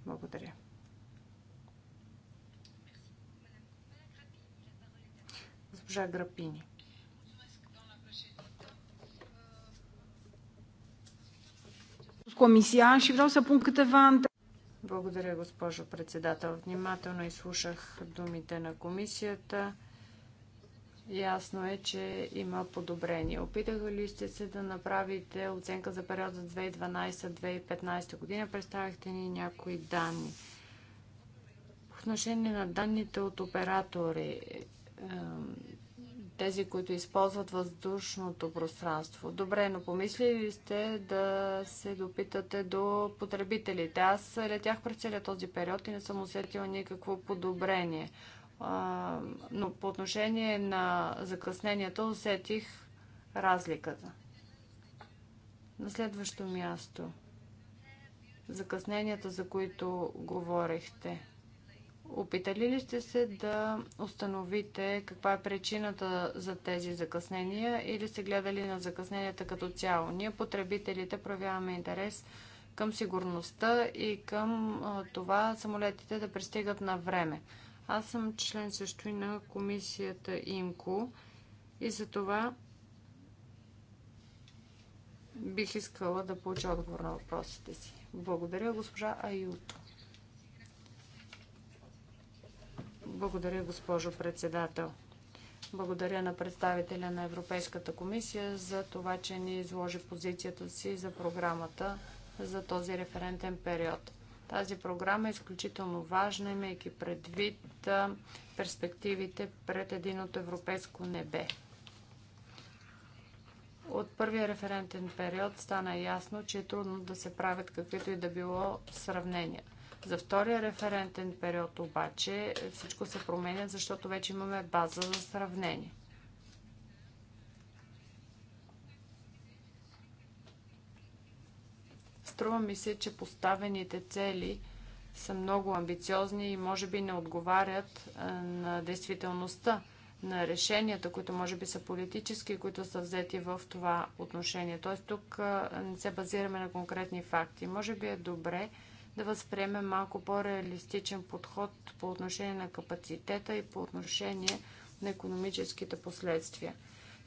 Благодаря. Госпожа Грапини. Comisia și vreau să pun câteva întrebări. Благодаря, госпожо председател. Внимателно изслушах думите на комисията. Ясно е, че има подобрение. Опитаха ли сте се да направите оценка за периода 2012-2015 година? Представихте ни някои данни. В отношение на данните от оператори, тези, които използват въздушното пространство. Добре, но помислили сте да се допитате до потребителите. Аз летях през целия този период и не съм усетила никакво подобрение. но по отношение на закъсненията усетих разликата. На следващо място. Закъсненията, за които говорихте. Опитали ли сте се да установите каква е причината за тези закъснения или сте гледали на закъсненията като цяло? Ние, потребителите, проявяваме интерес към сигурността и към това самолетите да пристигат на време. Аз съм член също и на комисията ИМКО и за това бих искала да получа отговор на въпросите си. Благодаря, госпожа Аюто. Благодаря, госпожо председател. Благодаря на представителя на Европейската комисия за това, че ни изложи позицията си за програмата за този референтен период. Тази програма е изключително важна, имайки предвид перспективите пред един от европейско небе. От първия референтен период стана ясно, че е трудно да се правят каквито и да било сравнения. За втория референтен период обаче всичко се променя, защото вече имаме база за сравнение. Струва ми се, че поставените цели са много амбициозни и може би не отговарят на действителността на решенията, които може би са политически, които са взети в това отношение. Т.е. тук не се базираме на конкретни факти. Може би е добре да възприеме малко по-реалистичен подход по отношение на капацитета и по отношение на економическите последствия.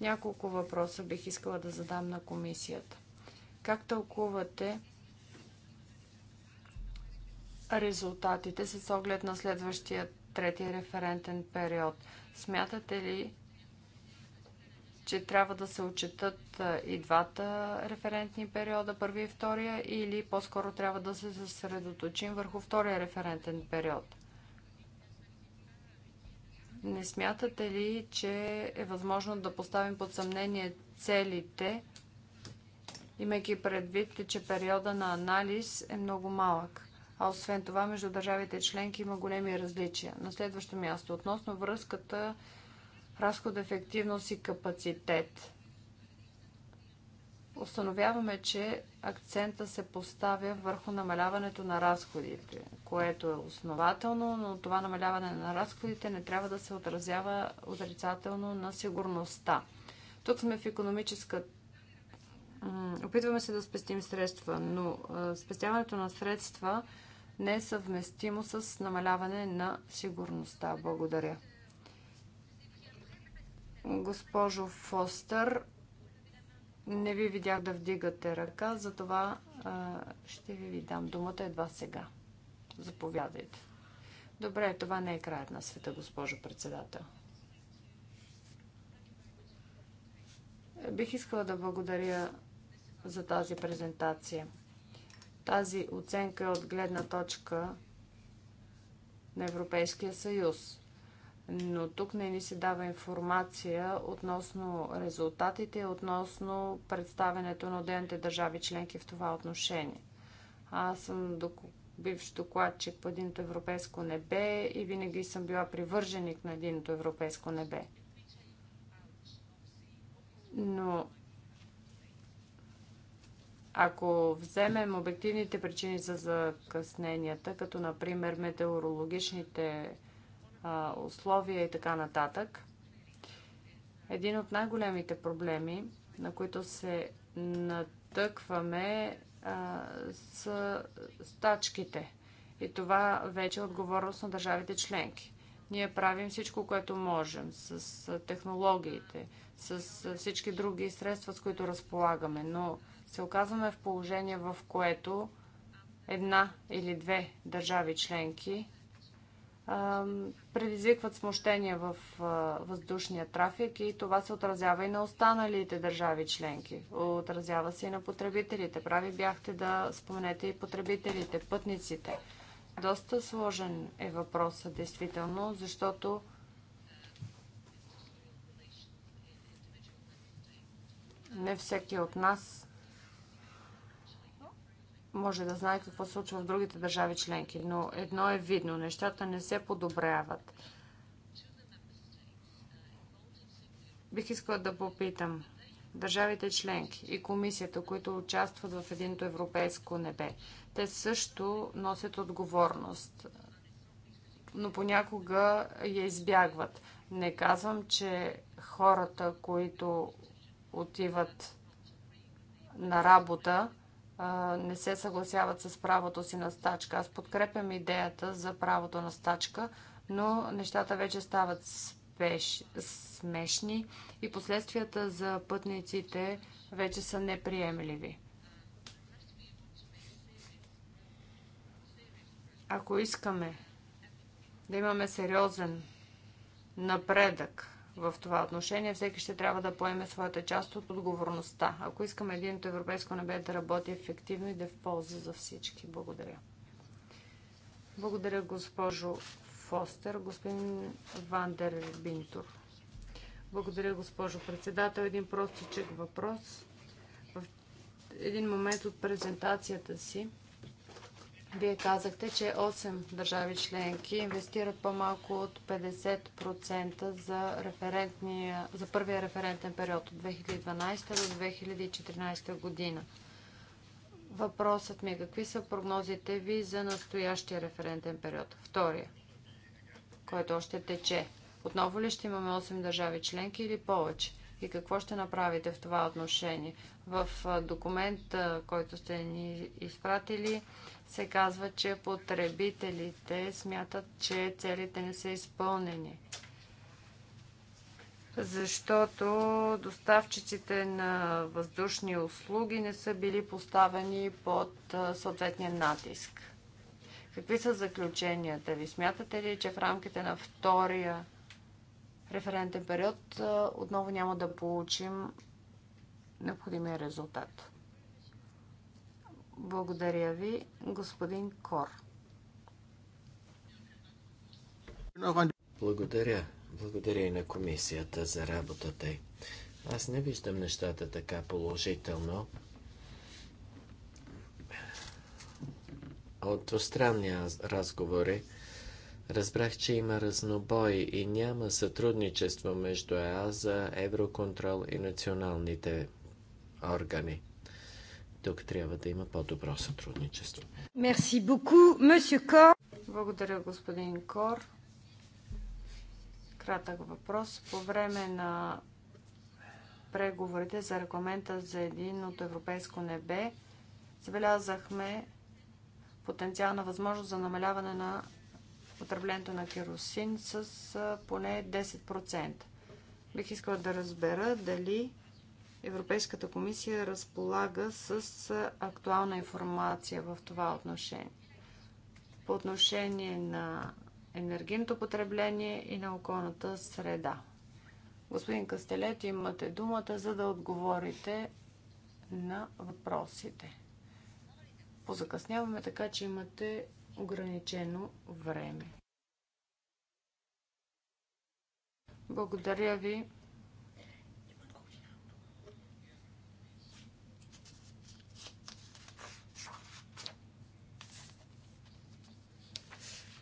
Няколко въпроса бих искала да задам на комисията. Как тълкувате резултатите с оглед на следващия трети референтен период? Смятате ли, че трябва да се отчетат и двата референтни периода, първи и втория, или по-скоро трябва да се съсредоточим върху втория референтен период? Не смятате ли, че е възможно да поставим под съмнение целите, имайки предвид, че периода на анализ е много малък? А освен това, между държавите членки има големи различия. На следващо място, относно връзката разход, ефективност и капацитет. Установяваме, че акцента се поставя върху намаляването на разходите, което е основателно, но това намаляване на разходите не трябва да се отразява отрицателно на сигурността. Тук сме в економическа опитваме се да спестим средства, но спестяването на средства не е съвместимо с намаляване на сигурността. Благодаря. Госпожо Фостър, не ви видях да вдигате ръка, затова ще ще ви дам думата едва сега. Заповядайте. Добре, това не е краят на света, госпожо председател. Бих искала да благодаря за тази презентация. Тази оценка е от гледна точка на Европейския съюз но тук не ни се дава информация относно резултатите, относно представенето на отделните държави членки в това отношение. Аз съм бивш докладчик по Единото европейско небе и винаги съм била привърженик на Единото европейско небе. Но ако вземем обективните причини за закъсненията, като например метеорологичните а, условия и така нататък. Един от най-големите проблеми, на които се натъкваме, а, са стачките. И това вече е отговорност на държавите членки. Ние правим всичко, което можем с технологиите, с всички други средства, с които разполагаме, но се оказваме в положение, в което една или две държави членки предизвикват смущения в въздушния трафик и това се отразява и на останалите държави членки. Отразява се и на потребителите. Прави бяхте да споменете и потребителите, пътниците. Доста сложен е въпросът, действително, защото не всеки от нас може да знае какво се случва в другите държави членки. Но едно е видно, нещата не се подобряват. Бих искала да попитам държавите членки и комисията, които участват в единто европейско небе. Те също носят отговорност, но понякога я избягват. Не казвам, че хората, които отиват на работа, не се съгласяват с правото си на стачка. Аз подкрепям идеята за правото на стачка, но нещата вече стават спеш, смешни и последствията за пътниците вече са неприемливи. Ако искаме да имаме сериозен напредък в това отношение. Всеки ще трябва да поеме своята част от отговорността. Ако искаме единото европейско небе да работи ефективно и да е в полза за всички. Благодаря. Благодаря, госпожо Фостер, господин Вандер Бинтур. Благодаря, госпожо председател. Един простичък въпрос. В един момент от презентацията си вие казахте, че 8 държави членки инвестират по-малко от 50% за, за първия референтен период от 2012 до 2014 година. Въпросът ми е какви са прогнозите ви за настоящия референтен период? Втория, който още тече. Отново ли ще имаме 8 държави членки или повече? и какво ще направите в това отношение. В документ, който сте ни изпратили, се казва, че потребителите смятат, че целите не са изпълнени. Защото доставчиците на въздушни услуги не са били поставени под съответния натиск. Какви са заключенията ви? Смятате ли, че в рамките на втория референтен период отново няма да получим необходимия резултат? Благодаря ви, господин Кор. Благодаря. Благодаря и на комисията за работата й. Аз не виждам нещата така положително. От двустранни разговори разбрах, че има разнобой и няма сътрудничество между ЕАЗа, Евроконтрол и националните органи тук трябва да има по-добро сътрудничество. Мерси буку, месье Кор. Благодаря, господин Кор. Кратък въпрос. По време на преговорите за регламента за единното европейско небе, забелязахме потенциална възможност за намаляване на потреблението на керосин с поне 10%. Бих искала да разбера дали Европейската комисия разполага с актуална информация в това отношение. По отношение на енергийното потребление и на околната среда. Господин Кастелет, имате думата, за да отговорите на въпросите. Позакъсняваме така, че имате ограничено време. Благодаря ви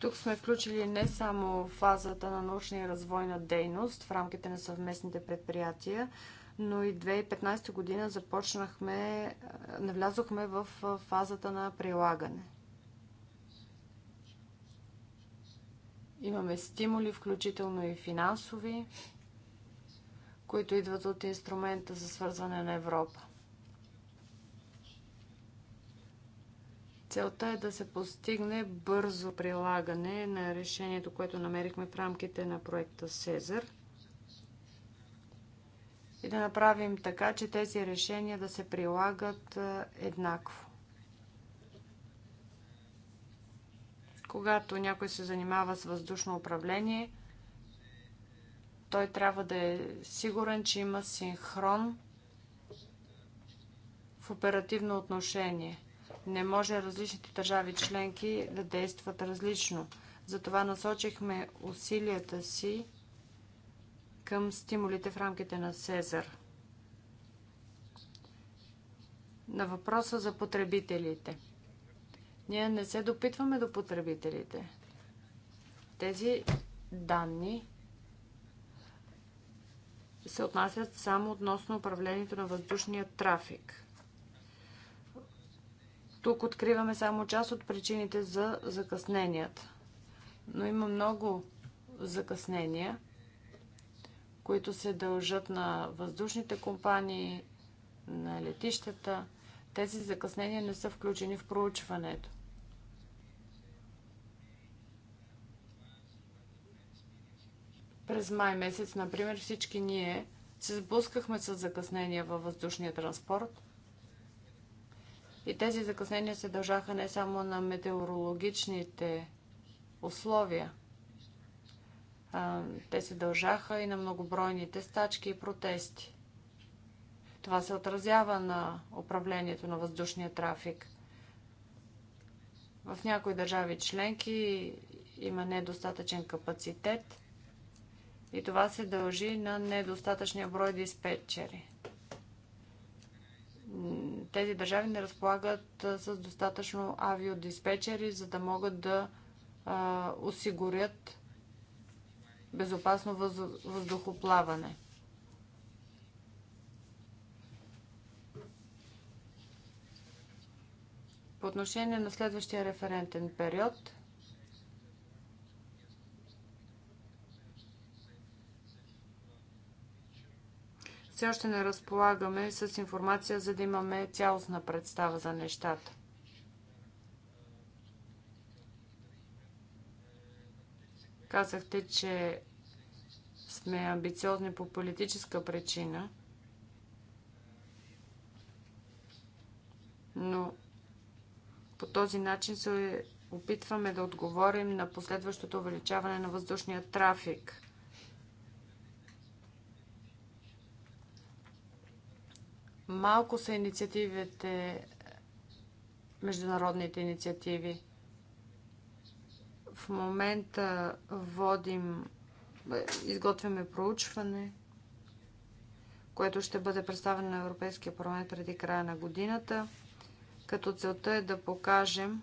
Тук сме включили не само фазата на научния развой развойна дейност в рамките на съвместните предприятия, но и 2015 година започнахме, навлязохме в фазата на прилагане. Имаме стимули, включително и финансови, които идват от инструмента за свързване на Европа. Целта е да се постигне бързо прилагане на решението, което намерихме в рамките на проекта Сезар и да направим така, че тези решения да се прилагат еднакво. Когато някой се занимава с въздушно управление, той трябва да е сигурен, че има синхрон в оперативно отношение. Не може различните държави членки да действат различно. Затова насочихме усилията си към стимулите в рамките на Сезар. На въпроса за потребителите. Ние не се допитваме до потребителите. Тези данни се отнасят само относно управлението на въздушния трафик. Тук откриваме само част от причините за закъсненията. Но има много закъснения, които се дължат на въздушните компании, на летищата. Тези закъснения не са включени в проучването. През май месец, например, всички ние се сблъскахме с закъснения във въздушния транспорт – и тези закъснения се дължаха не само на метеорологичните условия, те се дължаха и на многобройните стачки и протести. Това се отразява на управлението на въздушния трафик. В някои държави членки има недостатъчен капацитет и това се дължи на недостатъчния брой диспетчери тези държави не разполагат с достатъчно авиодиспетчери, за да могат да осигурят безопасно въздухоплаване. По отношение на следващия референтен период – все още не разполагаме с информация, за да имаме цялостна представа за нещата. Казахте, че сме амбициозни по политическа причина, но по този начин се опитваме да отговорим на последващото увеличаване на въздушния трафик. Малко са инициативите, международните инициативи. В момента водим, изготвяме проучване, което ще бъде представено на Европейския парламент преди края на годината, като целта е да покажем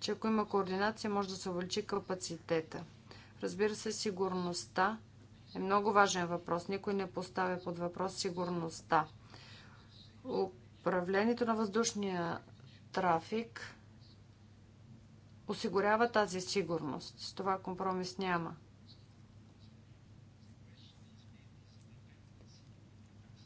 че ако има координация, може да се увеличи капацитета. Разбира се, сигурността е много важен въпрос. Никой не поставя под въпрос сигурността. Управлението на въздушния трафик осигурява тази сигурност. С това компромис няма.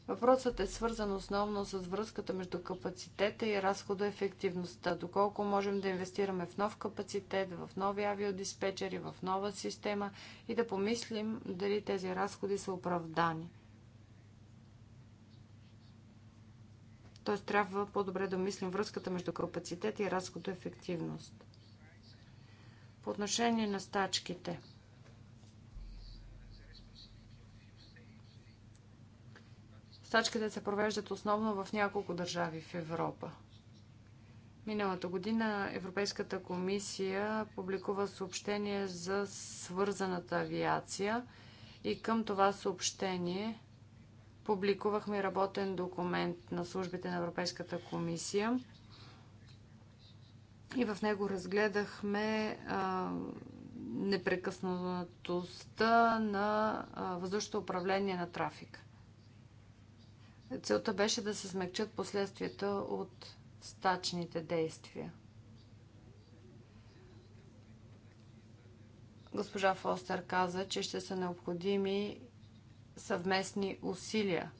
Въпросът е свързан основно с връзката между капацитета и разходоефективността. Доколко можем да инвестираме в нов капацитет, в нови авиодиспетчери, в нова система и да помислим дали тези разходи са оправдани. Т.е. трябва по-добре да мислим връзката между капацитет и разходоефективност. По отношение на стачките – Стачките се провеждат основно в няколко държави в Европа. Миналата година Европейската комисия публикува съобщение за свързаната авиация и към това съобщение публикувахме работен документ на службите на Европейската комисия и в него разгледахме непрекъснатостта на въздушното управление на трафика. Целта беше да се смекчат последствията от стачните действия. Госпожа Фостер каза, че ще са необходими съвместни усилия.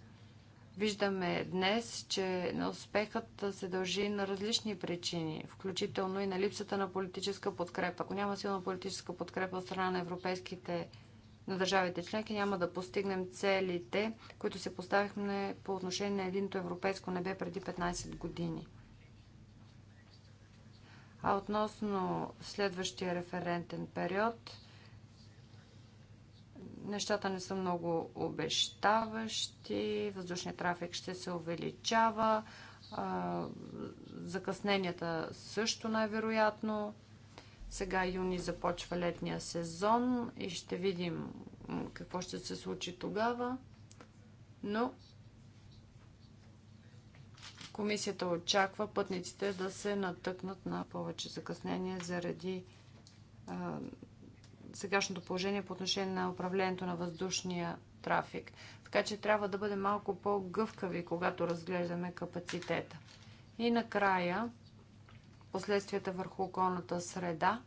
Виждаме днес, че неуспехът се дължи на различни причини, включително и на липсата на политическа подкрепа. Ако няма силна политическа подкрепа от страна на европейските на държавите членки няма да постигнем целите, които се поставихме по отношение на единто европейско небе преди 15 години. А относно следващия референтен период, нещата не са много обещаващи, въздушният трафик ще се увеличава, закъсненията също най-вероятно. Сега юни започва летния сезон и ще видим какво ще се случи тогава. Но комисията очаква пътниците да се натъкнат на повече закъснение заради а, сегашното положение по отношение на управлението на въздушния трафик. Така че трябва да бъдем малко по-гъвкави, когато разглеждаме капацитета. И накрая, последствията върху околната среда.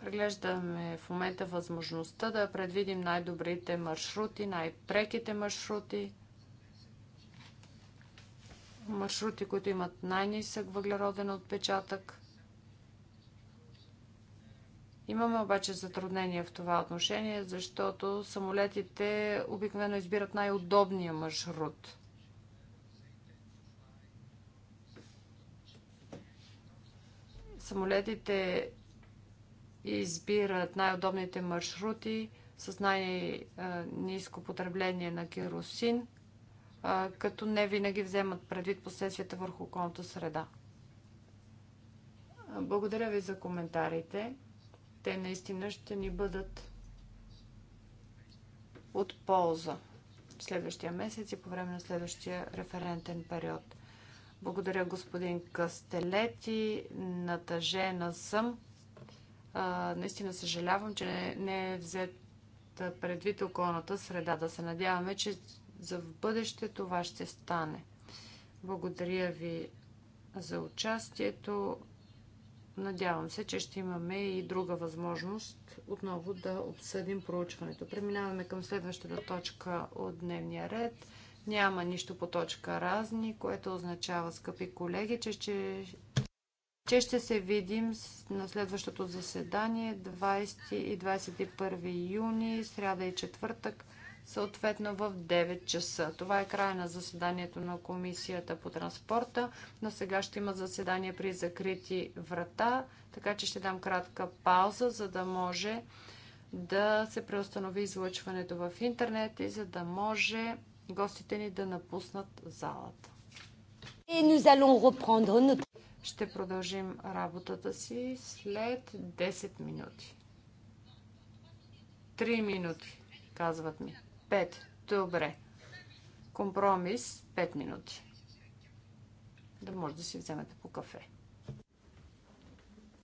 Преглеждаме в момента възможността да предвидим най-добрите маршрути, най-преките маршрути, маршрути, които имат най-нисък въглероден отпечатък – Имаме обаче затруднения в това отношение, защото самолетите обикновено избират най-удобния маршрут. Самолетите избират най-удобните маршрути с най-низко потребление на керосин, като не винаги вземат предвид последствията върху околната среда. Благодаря ви за коментарите те наистина ще ни бъдат от полза в следващия месец и по време на следващия референтен период. Благодаря, господин Кастелети. Натъжена съм. А, наистина съжалявам, че не, не е взет предвид околната среда. Да се надяваме, че за в бъдеще това ще стане. Благодаря ви за участието. Надявам се, че ще имаме и друга възможност отново да обсъдим проучването. Преминаваме към следващата точка от дневния ред. Няма нищо по точка разни, което означава, скъпи колеги, че ще, че ще се видим на следващото заседание 20 и 21 юни, сряда и четвъртък съответно в 9 часа. Това е края на заседанието на Комисията по транспорта, но сега ще има заседание при закрити врата, така че ще дам кратка пауза, за да може да се преустанови излъчването в интернет и за да може гостите ни да напуснат залата. Ще продължим работата си след 10 минути. 3 минути, казват ми. 5. Добре. Компромис 5 минути. Да може да си вземете по кафе.